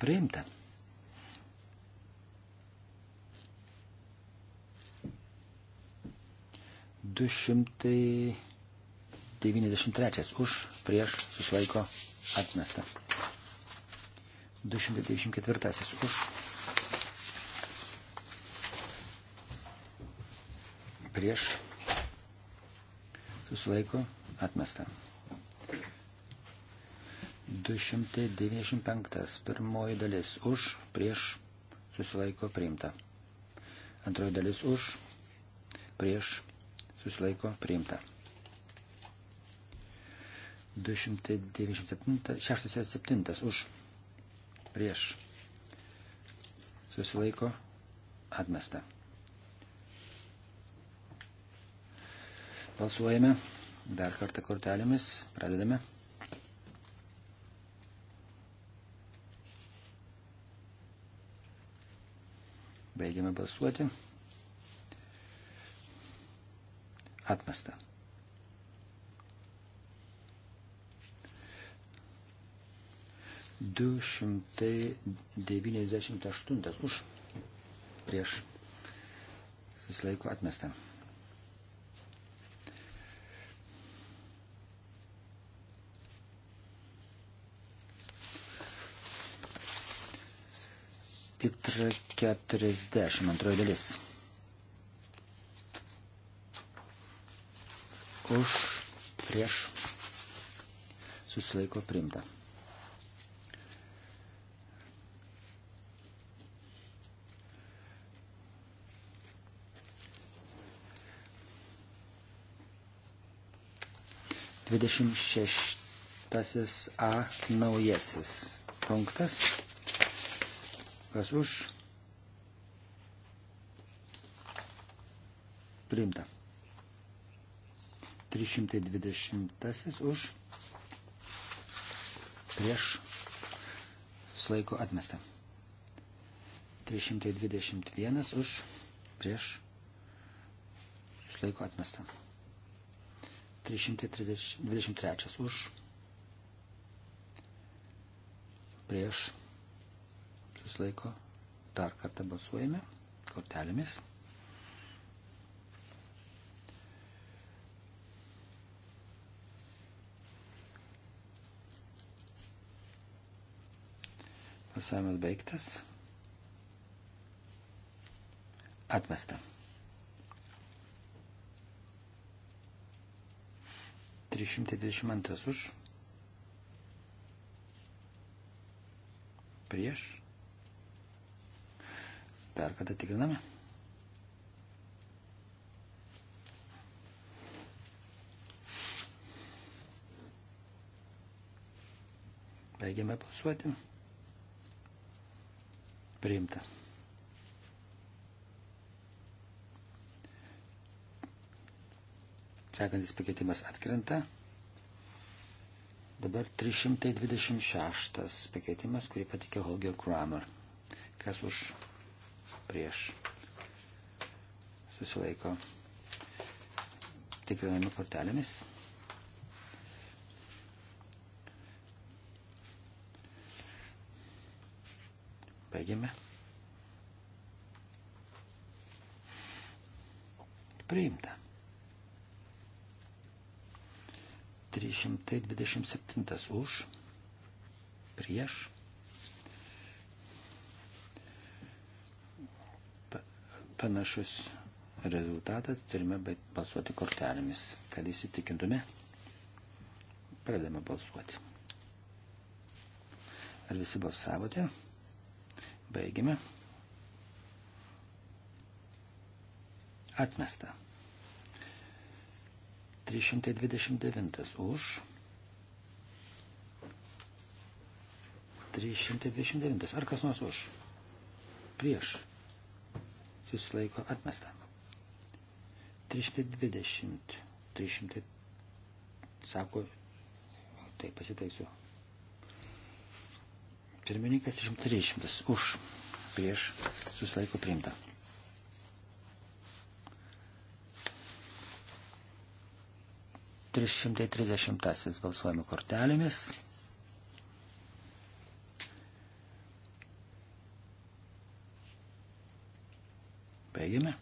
Priimta. Du šimtai 93 už, prieš, susilaiko, atmesta. 294 už. Prieš, susilaiko, atmesta. 295 pirmoji dalis už, prieš, susilaiko, priimta. Antroji dalis už, prieš, susilaiko, priimta. 297, 67 už prieš susilaiko atmesta. Balsuojame dar kartą kortelėmis, pradedame. Baigiame balsuoti. Atmesta. 298 už prieš susilaiko atmestą. Titra 42 dalis. Už prieš susilaiko primta. 26 A naujasis punktas. Kas už? Priimta. 320 už prieš laiko atmestą. 321 už prieš laiko atmestą. 323 už, prieš, susilaiko, dar kartą balsuojame kortelėmis. Balsavimas baigtas. Atmesta. 322 už. Prieš. Dar kada tikriname. Baigiame balsuoti. Priimta. Sekantis pakeitimas atkrenta. Dabar 326 pakeitimas, kurį patikė Holger Kramer. Kas už prieš susilaiko tikrinami kortelėmis. Baigiame. Priimta. 327 už, prieš. Panašus rezultatas turime balsuoti kortelėmis, kad įsitikintume. Pradame balsuoti. Ar visi balsavote? Baigime. Atmesta. 329 už. 329. Ar kas nors už? Prieš. Susilaiko atmesta. 320. 300. Sako. Tai pasitaisiu. Pirmininkas 300. Už. Prieš. Susilaiko priimta. 330 balsuojame kortelėmis. Baigime.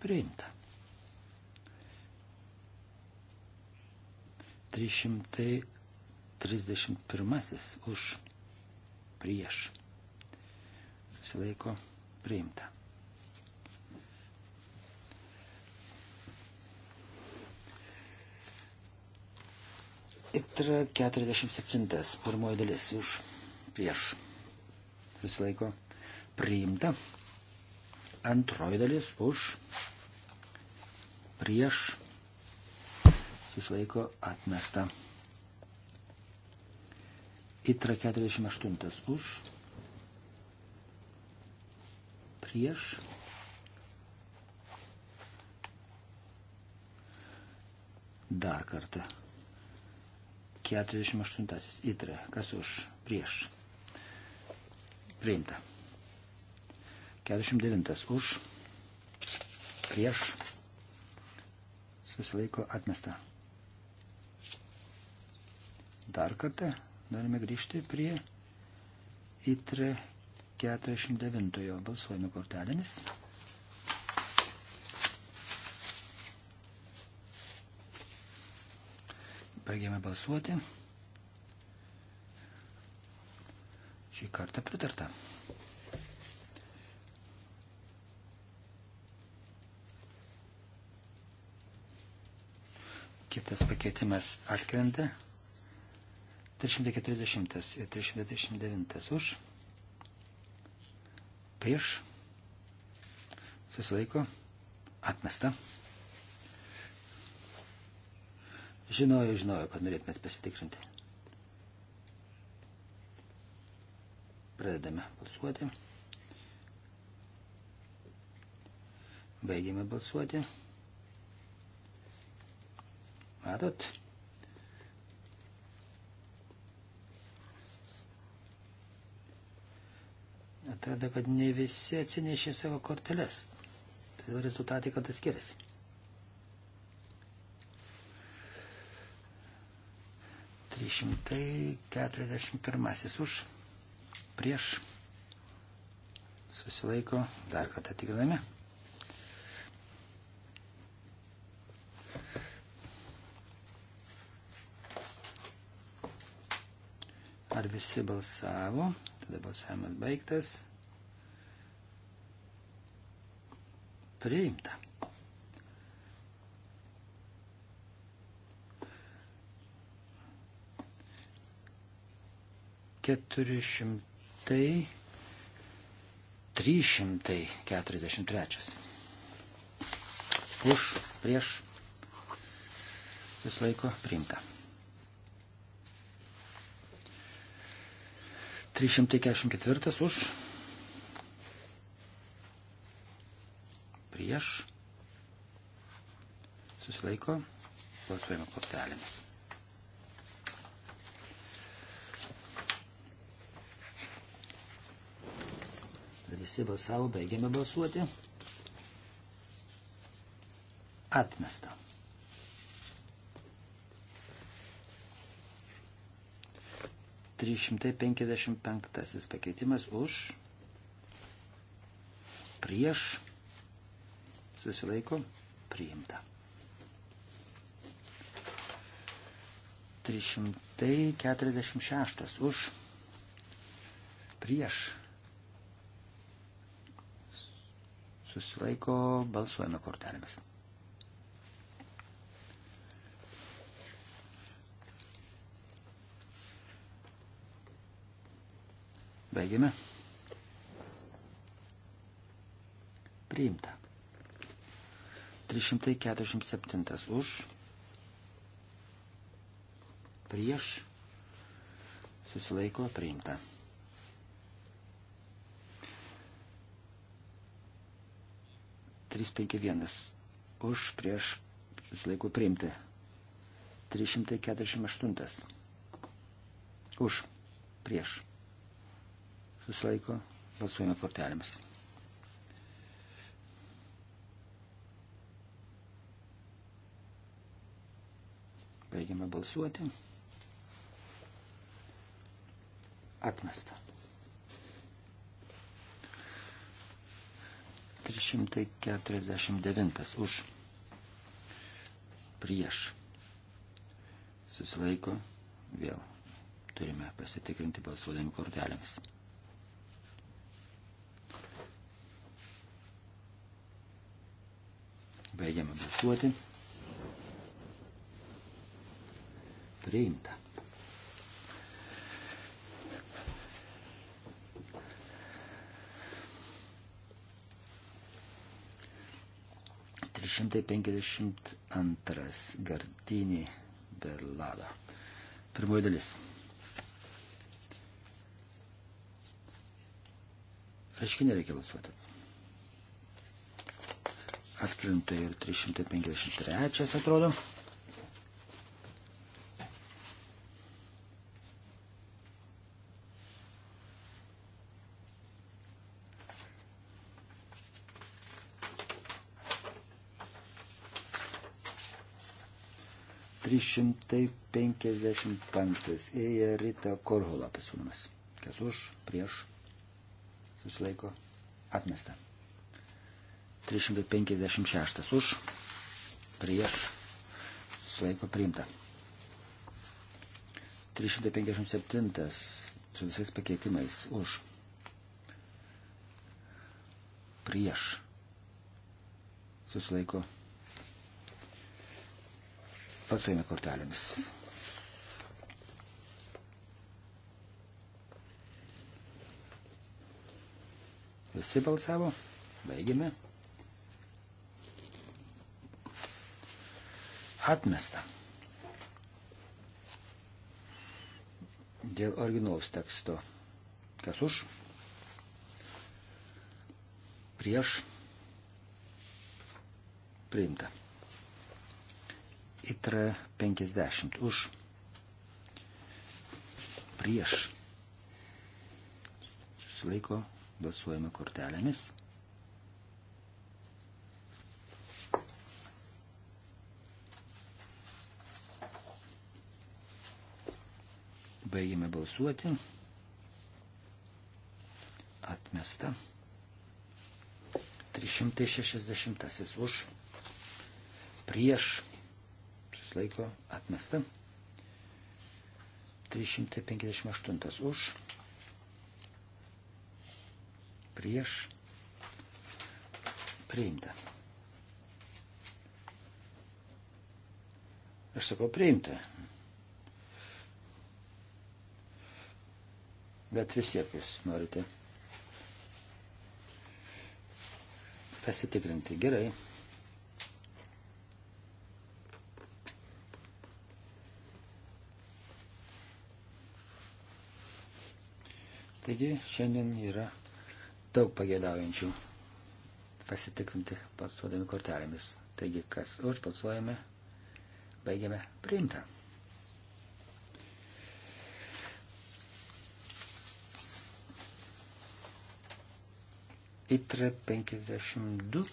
Priimta. 331 už prieš. Susilaiko priimta. Itra 47, pirmoji dalis už prieš. Visą laiko priimta. Antroji dalis už prieš. Visą laiko atmesta. Itra 48 už prieš. Dar kartą. 48 įtrė. Kas už? Prieš. Priimta. 49 už. Prieš. Susilaiko atmesta. Dar kartą norime grįžti prie įtrė 49. Balsuojame kortelėmis. Baigėme balsuoti. Šį kartą pritarta. Kitas pakeitimas atkrenta. 340 ir 329 už. Prieš. Susilaiko. Atmesta. Žinojo, žinojo, kad norėtumėt pasitikrinti. Pradedame balsuoti. Baigiame balsuoti. Matot? Atrodo, kad ne visi atsinešė savo korteles. Todėl rezultatai kartais skiriasi. 341 už, prieš, susilaiko, dar kartą tikriname. Ar visi balsavo? Tada balsavimas baigtas. Priimta. 400, 343. Už, prieš, vis laiko priimta. 344 už, prieš, susilaiko, balsuojama kortelėmis. Ar visi balsavo, baigėme balsuoti. Atmesta. Trys šimtai penkiasdešimt penktasis pakeitimas už, prieš, susilaiko, priimta. 346 už prieš susilaiko, balsuojame kortelėmis. Baigiame. Priimta. 347 už. Prieš. Susilaiko priimta. 351 už prieš susilaiko priimti. 348 už prieš susilaiko balsuojame kortelėmis. Baigiame balsuoti. Atmesta. 449 už prieš susilaiko vėl turime pasitikrinti balsuodami kortelėmis. Baigiame balsuoti. Priimta. 152 Gardinį Berlado. Pirmoji dalis. Reiškia nereikia balsuoti. Atkrinta ir 353 atrodo. 255. Eja Rita Korhola pasiūlymas. Kas už, prieš, susilaiko, atmesta. 356 už, prieš, susilaiko, priimta. 357 su visais pakeitimais už, prieš, susilaiko, priimta Pasuojame kortelėmis. Visi balsavo. Baigėme. Atmesta. Dėl originalaus teksto. Kas už? Prieš. Priimta. ITRE 50 už prieš. Susilaiko balsuojame kortelėmis. Baigime balsuoti. Atmesta. 360 už prieš susilaiko atmesta. 358 už, prieš, priimta. Aš sakau, priimta. Bet vis tiek jūs norite pasitikrinti gerai. Taigi šiandien yra daug pagėdaujančių pasitikrinti balsuodami kortelėmis. Taigi, kas už balsuojame, baigiame priimtą. ITRE 52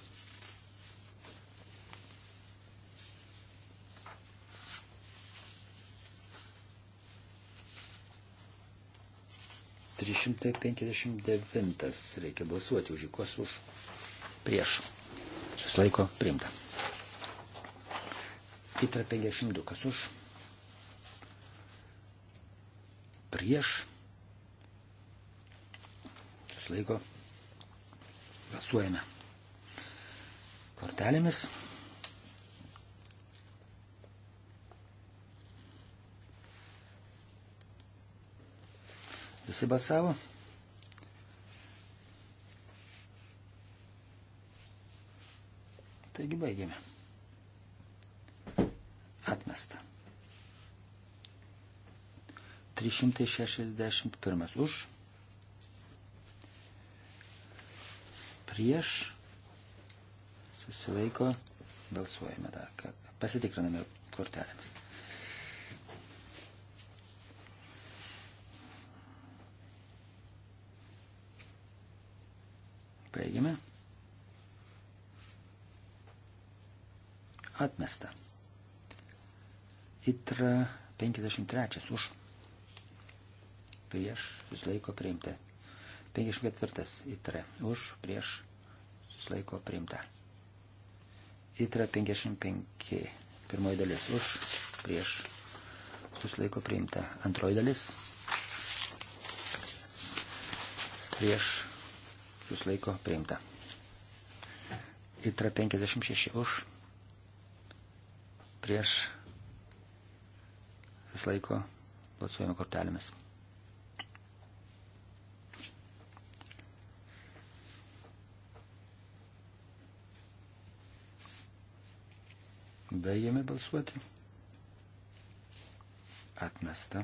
359. Reikia balsuoti už jį, kas už. Prieš. Šis laiko priimta. Kitra 52. Kas už. Prieš. Šis laiko. Balsuojame. Kortelėmis. Visi balsavo? Taigi baigėme. Atmesta. 361 už. Prieš. Susilaiko. Balsuojame dar. Pasitikriname kortelėmis. Baigiame. Atmesta. Itra 53 už. Prieš susilaiko priimta. 54 itra už. Prieš susilaiko priimta. Itra 55. Pirmoji dalis už. Prieš susilaiko priimta. Antroji dalis. Prieš susilaiko priimta. Itra 56 už, prieš susilaiko balsuojame kortelėmis. Baigiame balsuoti. Atmesta.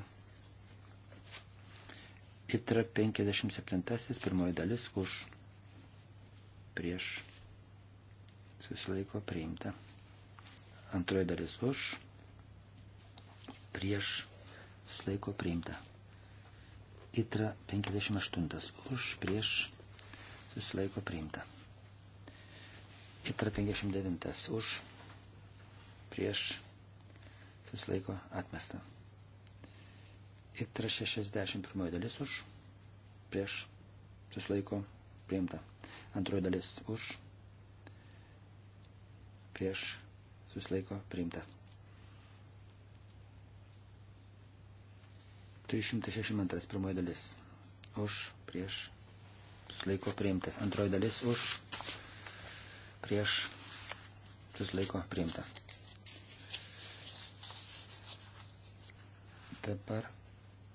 Itra 57, pirmoji dalis už prieš susilaiko priimta. Antroji dalis už, prieš susilaiko priimta. Itra 58 už, prieš susilaiko priimta. Itra 59 už, prieš susilaiko atmesta. Itra 61 dalis už, prieš susilaiko priimta. Antroji dalis už, prieš susilaiko priimta. 362 pirmoji dalis už, prieš susilaiko priimtas. Antroji dalis už, prieš susilaiko priimta. Dabar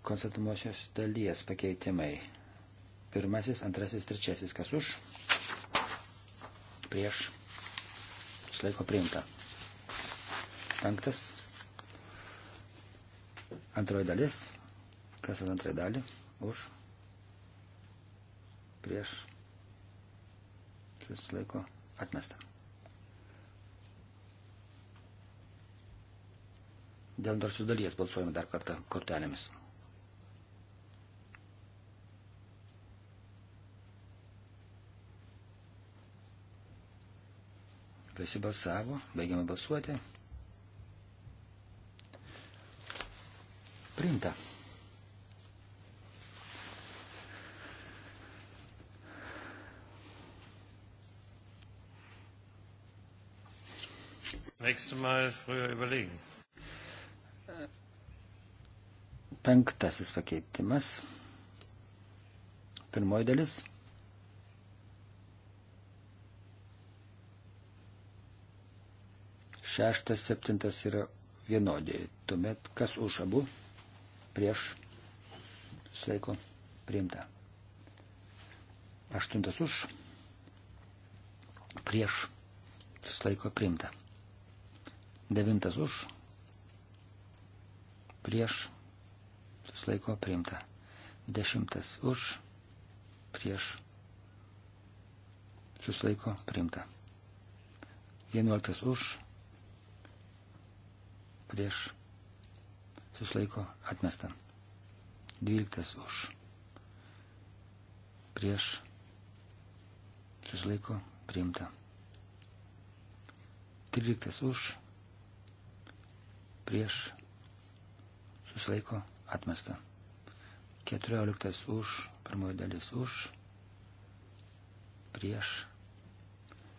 konstatuosios dalies pakeitimai. Pirmasis, antrasis, trečiasis, kas už, prieš išlaiko priimta. Penktas. Antroji dalis. Kas už antrąją dalį? Už. Prieš. Išlaiko atmesta. Dėl dar sudalies balsuojame dar kartą kortelėmis. visi balsavo, baigiame balsuoti. Printa. Nächstes Mal früher überlegen. Penktasis pakeitimas. Pirmoji dalis. šeštas, septintas yra vienodi. Tuomet kas už abu prieš sveiko priimta. Aštuntas už prieš sveiko priimta. Devintas už prieš sveiko priimta. Dešimtas už prieš suslaiko priimta. Vienuoliktas už prieš susilaiko atmesta. 12 už prieš susilaiko priimta. 13 už prieš susilaiko atmesta. 14 už pirmoji dalis už prieš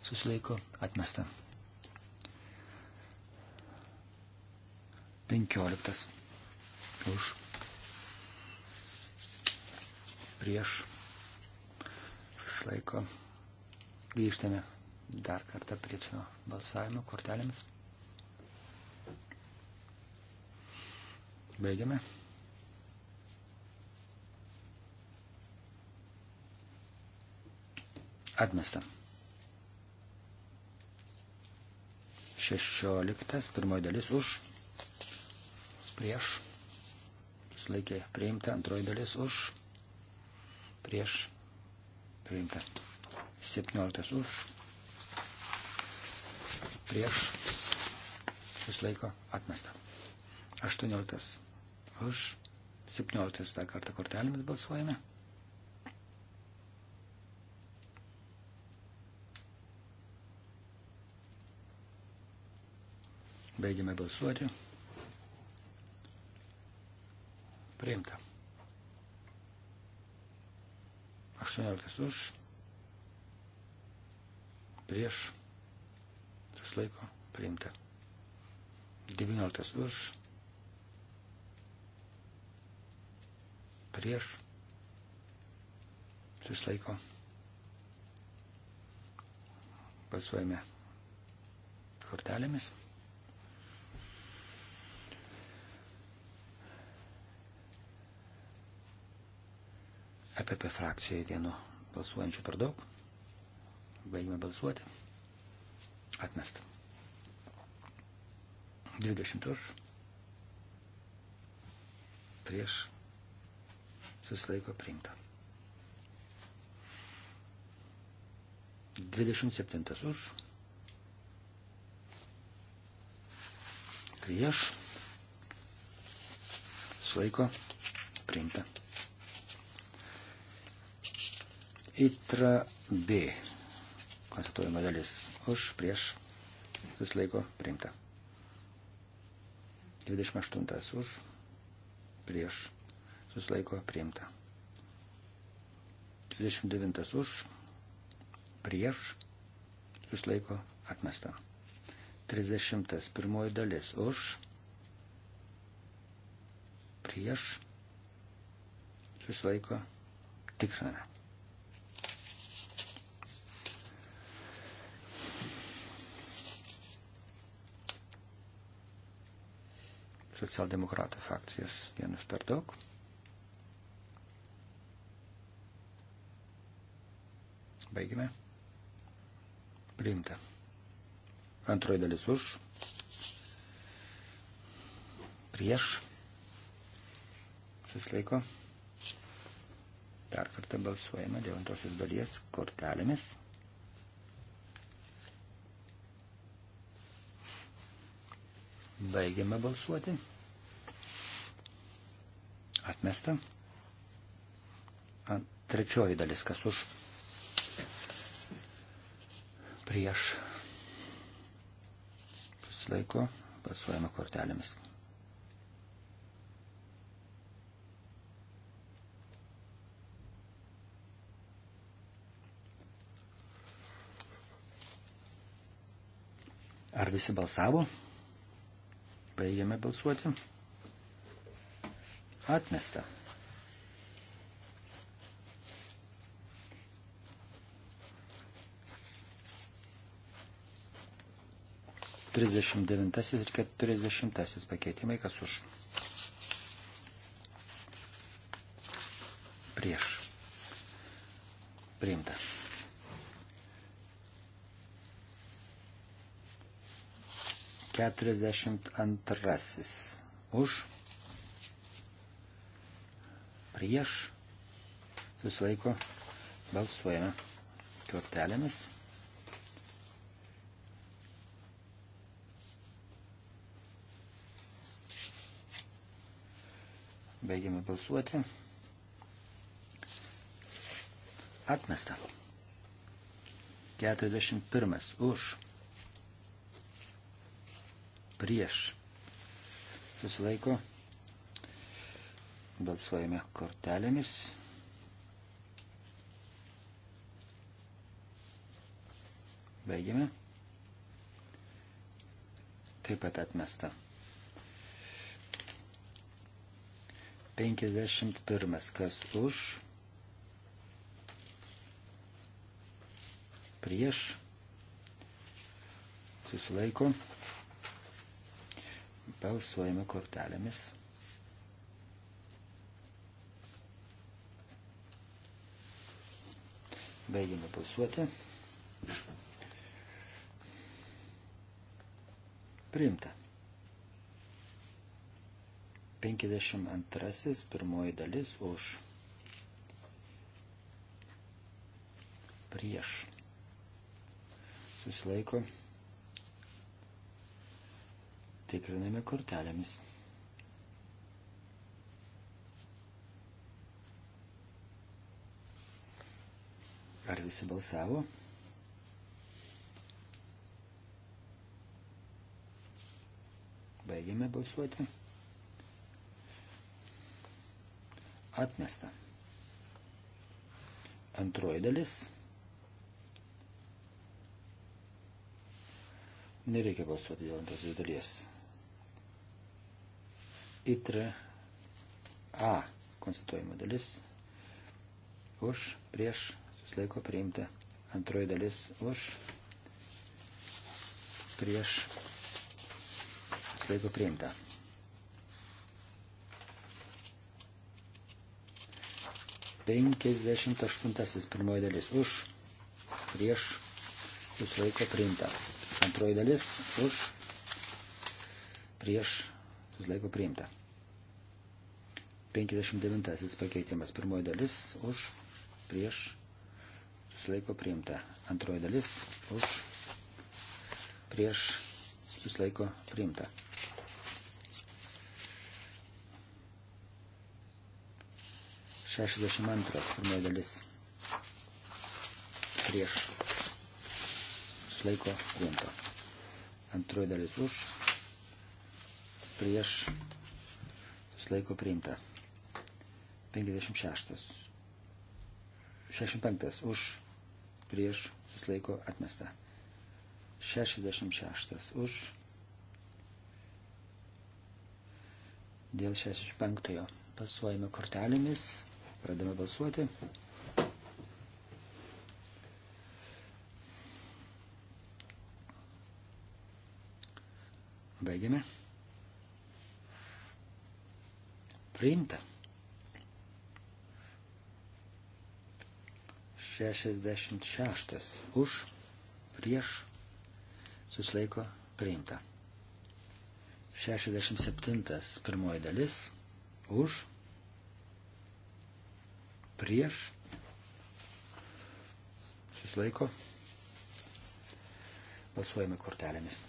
susilaiko atmesta. 15 už prieš išlaiko. Grįžtame dar kartą prie šio balsavimo kortelėmis. Baigiame. Atmesta. 16. Pirmoji dalis už prieš, susilaikė priimta, antroji dalis už, prieš, priimta, 17 už, prieš, susilaiko atmesta, 18 už, 17 dar kartą kortelėmis balsuojame. Baigiame balsuoti. Priimta. 18 už. Prieš. Suslaiko. Priimta. 19 už. Prieš. Suslaiko. Balsuojame kortelėmis. EPP frakcijoje vienu balsuojančiu per daug. Baigime balsuoti. Atmesta. 20 už. Prieš. Susilaiko priimta. 27 už. Prieš. Susilaiko priimta. Itra B. Konstatuojama dalis už, prieš, susilaiko priimta. 28 už, prieš, susilaiko priimta. 29 už, prieš, susilaiko atmesta. 30 pirmoji dalis už, prieš, susilaiko tikriname. socialdemokratų frakcijos vienas per daug. Baigime. Priimta. Antroji dalis už. Prieš. Susilaiko. Dar kartą balsuojame dėl antrosios dalies kortelėmis. Baigiame balsuoti. Atmesta. Trečioji dalis, kas už. Prieš. Susilaiko. Balsuojame kortelėmis. Ar visi balsavo? Baigiame balsuoti. Atmesta. Trisdešimt devintasis ir keturiasdešimtasis pakeitimai, kas už. Prieš. Priimtas. 42. Už. Prieš. Susilaiko. Balsuojame kortelėmis. Baigiame balsuoti. Atmesta. 41. Už prieš susilaiko. Balsuojame kortelėmis. Baigiame. Taip pat atmesta. 51. Kas už? Prieš. Susilaiko. Balsuojame kortelėmis. Baigime balsuoti. Priimta. 52 pirmoji dalis už prieš. Susilaiko. Tikriname kortelėmis. Ar visi balsavo? Baigėme balsuoti. Atmesta. Antroji dalis. Nereikia balsuoti dėl antrosios dalies. ITRE A konstatuojama dalis už prieš susilaiko priimta. Antroji dalis už prieš susilaiko priimta. Penkiasdešimt aštuntasis pirmoji dalis už prieš susilaiko priimta. Antroji dalis už prieš susilaiko priimta. 59 pakeitimas pirmoji dalis už prieš susilaiko priimta. Antroji dalis už prieš susilaiko priimta. Šešiasdešimt antras pirmoji dalis prieš susilaiko priimta. Antroji dalis už prieš susilaiko priimta. 56. 65. Už prieš susilaiko atmesta. 66. Už dėl 65. Pasuojame kortelėmis. Pradame balsuoti. Baigiame. Priimta. 66 už, prieš, susilaiko, priimta. 67 pirmoji dalis, už, prieš, susilaiko, balsuojame kortelėmis.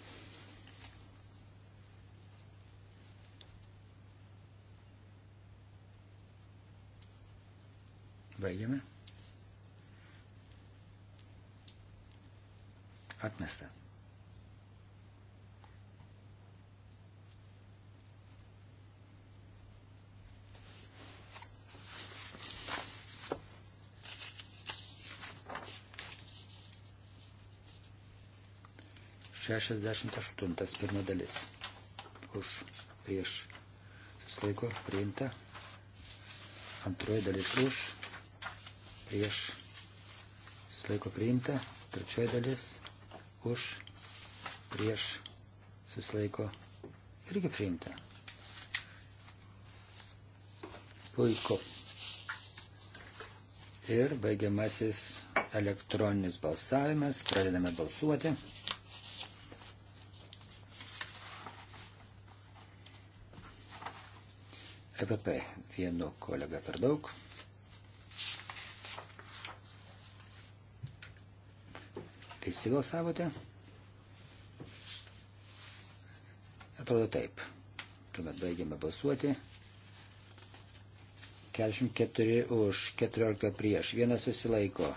Baigiame. Atmesta. Šešiasdešimt aštuntas pirma dalis. Už prieš susilaiko priimta. Antroji dalis už prieš susilaiko priimta, trečioji dalis už prieš susilaiko irgi priimta. Puiku. Ir baigiamasis elektroninis balsavimas. Pradedame balsuoti. EPP vienu kolega per daug. Visi balsavote? Atrodo taip. Tuomet baigiame balsuoti. 44 už, 14 prieš, vienas susilaiko.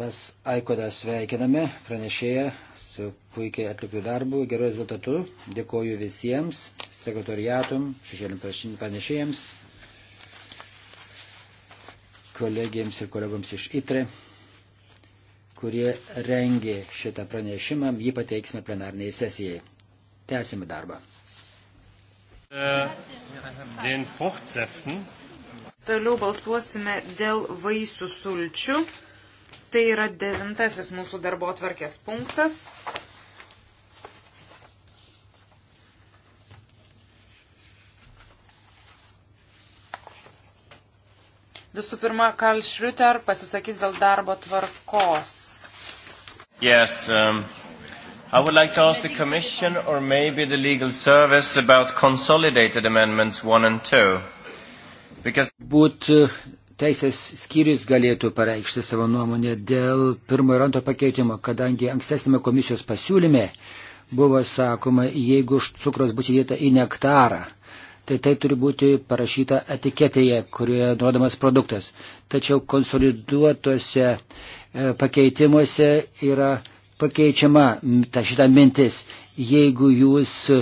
Bas Aikodą sveikiname, pranešėją su puikiai atliktų darbų, geru rezultatu. Dėkoju visiems, sekretoriatum, šešėlim pranešėjams, kolegijams ir kolegoms iš ITRE kurie rengė šitą pranešimą, jį pateiksime plenarniai sesijai. Tęsime darbą. Toliau balsuosime dėl vaisių sulčių. Tai yra devintasis mūsų darbo atvarkės punktas. Visų pirma, Karl Schröter pasisakys dėl darbo tvarkos. Yes. Um, I would like to ask the Commission or maybe the legal service about consolidated amendments 1 and 2. Because... Būt uh, teisės skyrius galėtų pareikšti savo nuomonę dėl pirmo ir antro pakeitimo, kadangi ankstesnėme komisijos pasiūlyme buvo sakoma, jeigu cukros bus įdėta į nektarą, tai tai turi būti parašyta etiketėje, kurioje nurodamas produktas. Tačiau konsoliduotose E, pakeitimuose yra pakeičiama ta šita mintis. Jeigu jūs e,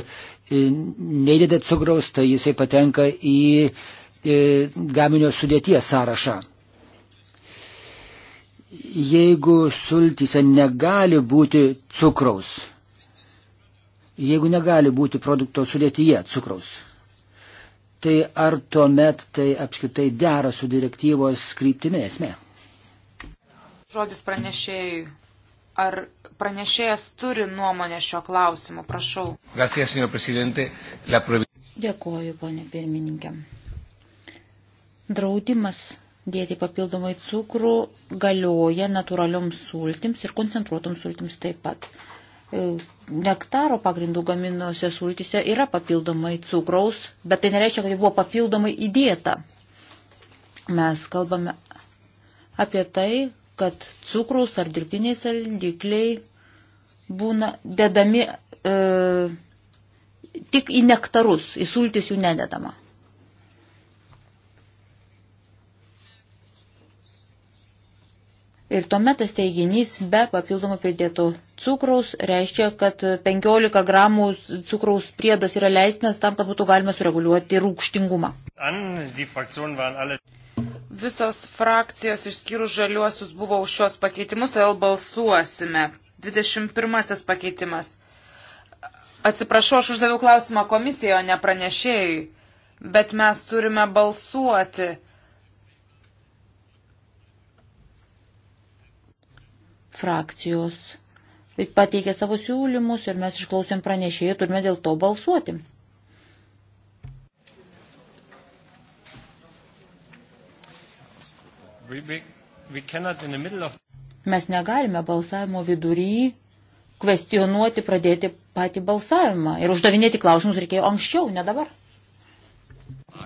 neįdedate cukraus, tai jisai patenka į e, gaminio sudėties sąrašą. Jeigu sultyse negali būti cukraus, jeigu negali būti produkto sudėtyje cukraus, tai ar tuomet tai apskritai dera su direktyvos kryptimi esmė? Žodis pranešėjui. Ar pranešėjas turi nuomonę šio klausimu? Prašau. Gracias, La... Dėkoju, ponė pirmininkė. Draudimas dėti papildomai cukrų galioja natūralioms sultims ir koncentruotoms sultims taip pat. E, Nektaro pagrindų gaminose sultise yra papildomai cukraus, bet tai nereiškia, kad jį buvo papildomai įdėta. Mes kalbame apie tai, kad cukrus ar dirbtiniai saldikliai būna dedami e, tik į nektarus, į sultis jų nededama. Ir tuomet tas teiginys be papildomų pridėto cukraus reiškia, kad 15 gramų cukraus priedas yra leistinas tam, kad būtų galima sureguliuoti rūkštingumą. An, Visos frakcijos išskyrus žaliuosius buvo už šios pakeitimus, todėl balsuosime. 21 pakeitimas. Atsiprašau, aš uždaviau klausimą komisijoje, o ne pranešėjui, bet mes turime balsuoti. Frakcijos pateikė savo siūlymus ir mes išklausėm pranešėjų, turime dėl to balsuoti. We, we, we of... Mes negalime balsavimo vidury kvestionuoti, pradėti patį balsavimą ir uždavinėti klausimus reikėjo anksčiau, ne dabar.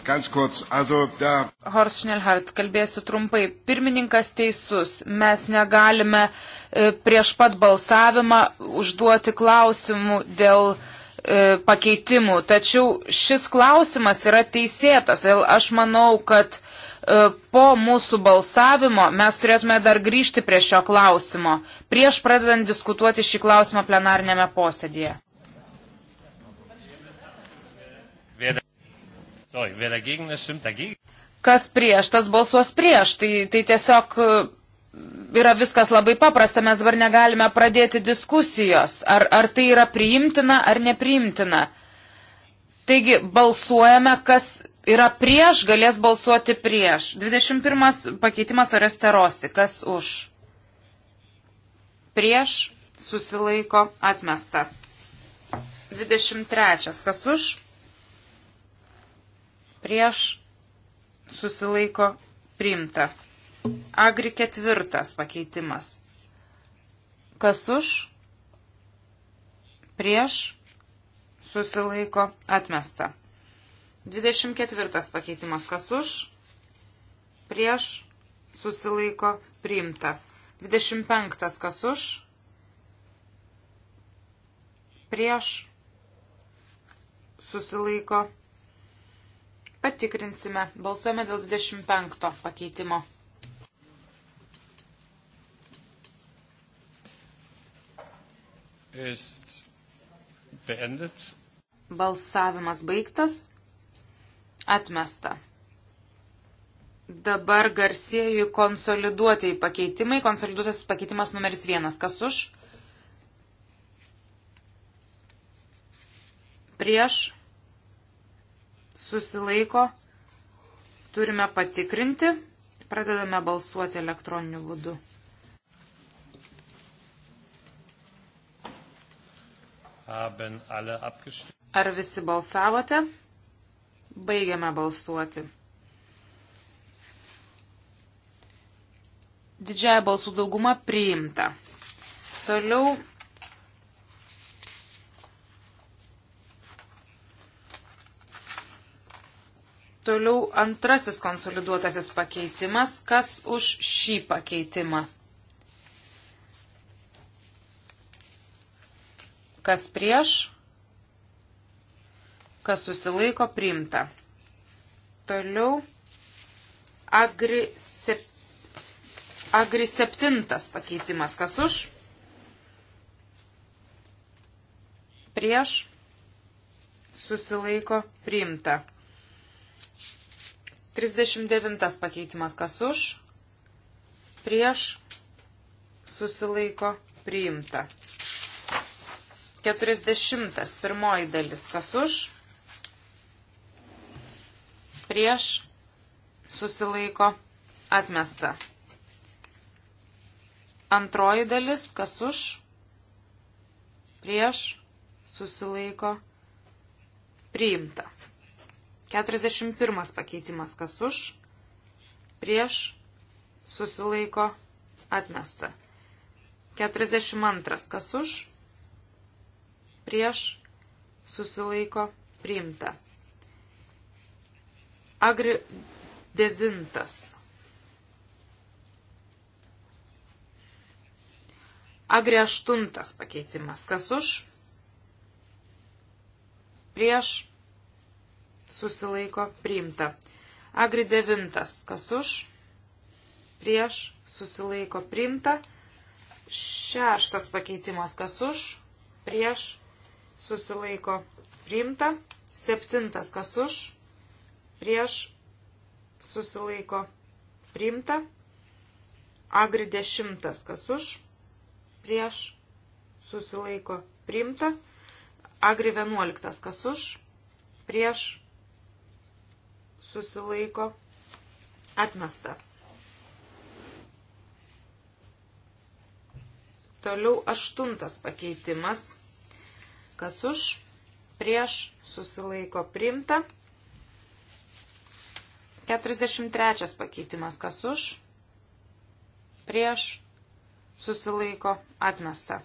Ganz kurz, also da. Horst Schnellhardt, kalbėsiu trumpai. Pirmininkas teisus. Mes negalime e, prieš pat balsavimą užduoti klausimų dėl e, pakeitimų. Tačiau šis klausimas yra teisėtas. Todėl aš manau, kad E, po mūsų balsavimo mes turėtume dar grįžti prie šio klausimo, prieš pradedant diskutuoti šį klausimą plenarinėme posėdėje. Kas prieš, tas balsuos prieš. Tai, tai tiesiog e, yra viskas labai paprasta, mes dabar negalime pradėti diskusijos, ar, ar tai yra priimtina ar nepriimtina. Taigi balsuojame, kas yra prieš, galės balsuoti prieš. 21 pakeitimas oresterosi, kas už. Prieš susilaiko atmesta. 23. Kas už? Prieš susilaiko priimta. Agri ketvirtas pakeitimas. Kas už? Prieš susilaiko atmesta. 24 pakeitimas kas už, prieš susilaiko priimta. 25 kas už, prieš susilaiko. Patikrinsime. Balsuojame dėl 25 pakeitimo. Ist beendet. Balsavimas baigtas. Atmesta. Dabar garsieji konsoliduotieji pakeitimai. Konsoliduotas pakeitimas numeris vienas. Kas už? Prieš. Susilaiko. Turime patikrinti. Pradedame balsuoti elektroniniu būdu. Haben alle abgestimmt? Ar visi balsavote? Baigiame balsuoti. Didžiaja balsų dauguma priimta. Toliau Toliau antrasis konsoliduotasis pakeitimas. Kas už šį pakeitimą? Kas prieš? kas susilaiko priimta. Toliau agri, sep, agri septintas pakeitimas, kas už, prieš, susilaiko priimta. 39 pakeitimas, kas už, prieš, susilaiko priimta. 40. Pirmoji dalis, kas už, prieš, susilaiko, atmesta. Antroji dalis, kas už, prieš, susilaiko, priimta. 41 pakeitimas, kas už, prieš, susilaiko, atmesta. 42, kas už, prieš, susilaiko, priimta. Agri 9. Agri 8 pakeitimas. Kas už? Prieš susilaiko priimta. Agri 9. Kas už? Prieš susilaiko priimta. Šeštas pakeitimas. Kas už? Prieš susilaiko priimta. Septintas. Kas už? prieš susilaiko priimta. Agri 10, kas už, prieš susilaiko priimta. Agri 11, kas už, prieš susilaiko atmesta. Toliau aštuntas pakeitimas. Kas už, prieš, susilaiko primta. 43 pakeitimas. Kas už? Prieš. Susilaiko. Atmesta.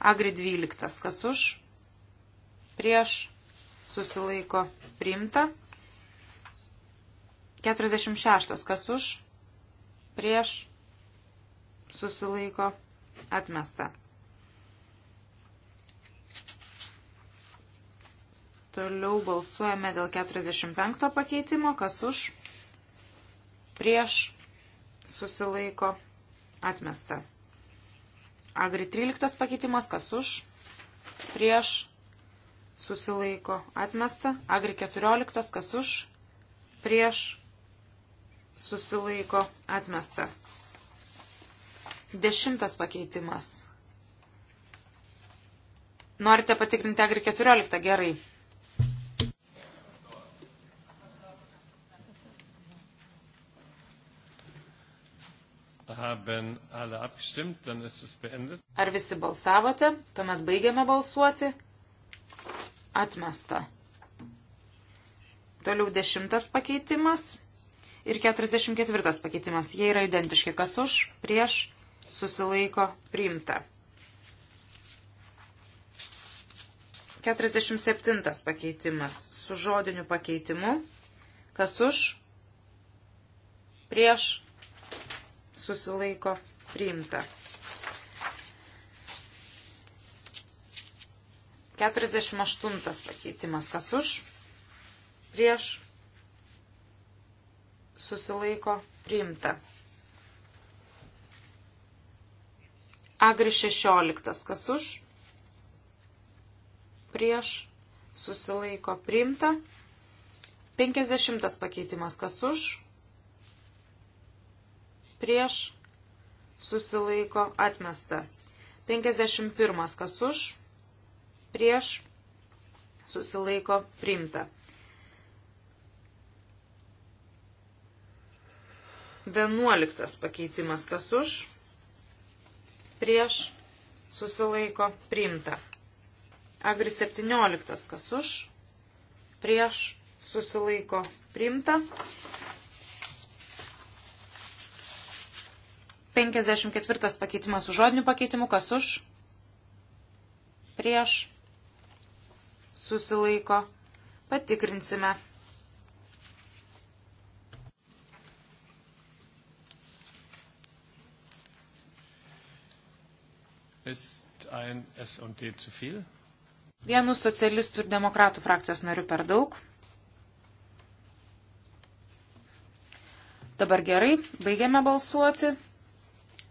Agri 12. Kas už? Prieš. Susilaiko. Priimta. 46. Kas už? Prieš. Susilaiko. Atmesta. Toliau balsuojame dėl 45 pakeitimo. Kas už? prieš, susilaiko, atmesta. Agri 13 pakeitimas, kas už, prieš, susilaiko, atmesta. Agri 14, kas už, prieš, susilaiko, atmesta. Dešimtas pakeitimas. Norite patikrinti Agri 14, gerai. Ar visi balsavote? Tuomet baigiame balsuoti. Atmesta. Toliau dešimtas pakeitimas ir 44 pakeitimas. Jie yra identiški. Kas už, prieš, susilaiko, priimta. 47 pakeitimas su žodiniu pakeitimu. Kas už, prieš, susilaiko priimta. 48 pakeitimas kas už, prieš susilaiko priimta. Agri 16 kas už, prieš susilaiko priimta. 50 pakeitimas kas už, prieš, susilaiko, atmesta. 51. Kas už, prieš, susilaiko, priimta. 11. Pakeitimas. Kas už, prieš, susilaiko, priimta. Agri 17. Kas už, prieš, susilaiko, priimta. 54 pakeitimas su žodiniu pakeitimu, kas už, prieš, susilaiko, patikrinsime. Ist ein S&D zu viel? Vienu socialistų ir demokratų frakcijos nariu per daug. Dabar gerai, baigiame balsuoti.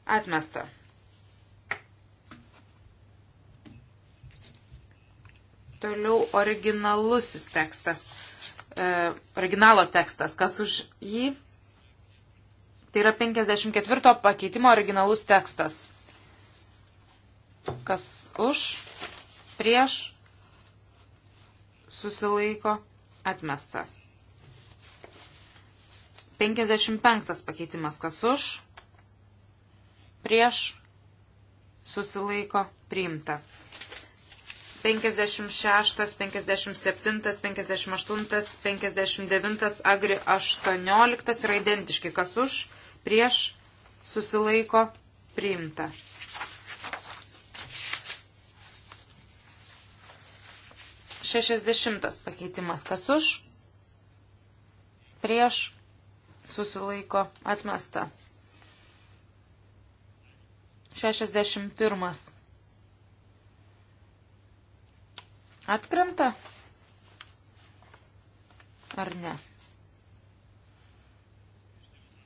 Atmesta. Toliau originalusis tekstas. E, originalo tekstas. Kas už jį? Tai yra 54 pakeitimo originalus tekstas. Kas už? Prieš? Susilaiko? Atmesta. 55 pakeitimas. Kas už? prieš susilaiko priimta. 56, 57, 58, 59, agri 18 yra identiški. Kas už, prieš, susilaiko, priimta. Šešiasdešimtas pakeitimas. Kas už, prieš, susilaiko, atmesta. 61. Atkrenta? Ar ne?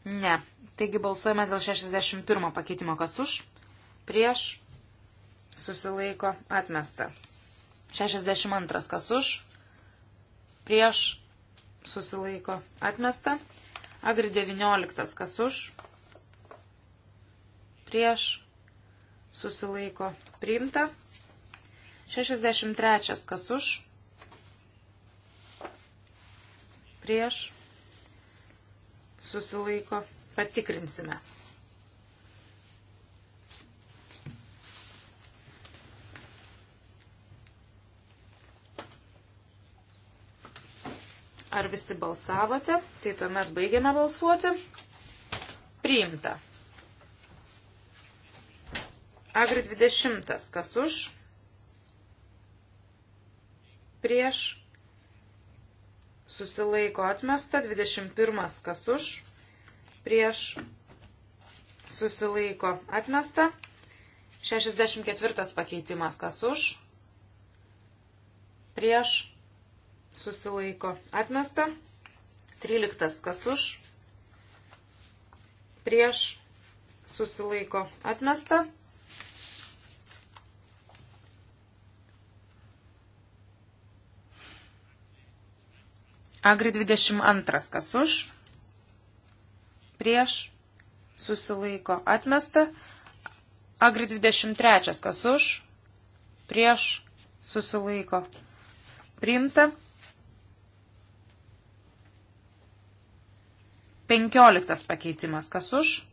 Ne. Taigi balsuojame dėl 61 pakeitimo, kas už, prieš, susilaiko, atmesta. 62 kas už, prieš, susilaiko, atmesta. Agri 19 kas už, prieš, susilaiko priimta. 63 kas už, prieš, susilaiko, patikrinsime. Ar visi balsavote? Tai tuomet baigiame balsuoti. Priimta. Agri 20. Kas už? Prieš. Susilaiko atmesta. 21. Kas už? Prieš. Susilaiko atmesta. 64. Pakeitimas. Kas už? Prieš. Susilaiko atmesta. 13. Kas už? Prieš. Susilaiko atmesta. Agri 22. Kas už? Prieš. Susilaiko. Atmesta. Agri 23. Kas už? Prieš. Susilaiko. Priimta. 15 pakeitimas. Kas už?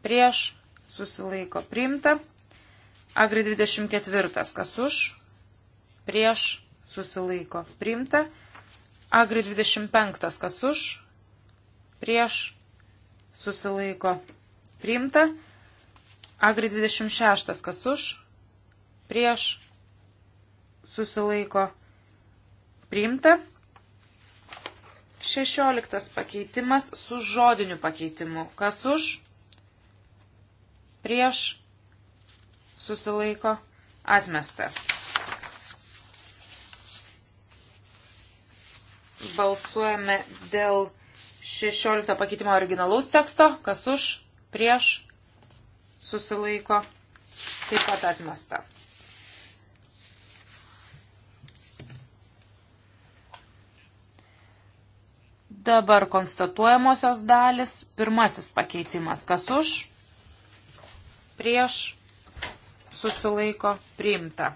Prieš. Susilaiko. Priimta. Agri 24. Kas už? Prieš. Susilaiko. Priimta. Agri 25, kas už, prieš, susilaiko, priimta. Agri 26, kas už, prieš, susilaiko, priimta. 16 pakeitimas su žodiniu pakeitimu, kas už, prieš, susilaiko, atmesta. Balsuojame dėl 16 pakeitimo originalaus teksto. Kas už, prieš, susilaiko. Taip pat atmesta. Dabar konstatuojamosios dalis. Pirmasis pakeitimas. Kas už, prieš, susilaiko, priimta.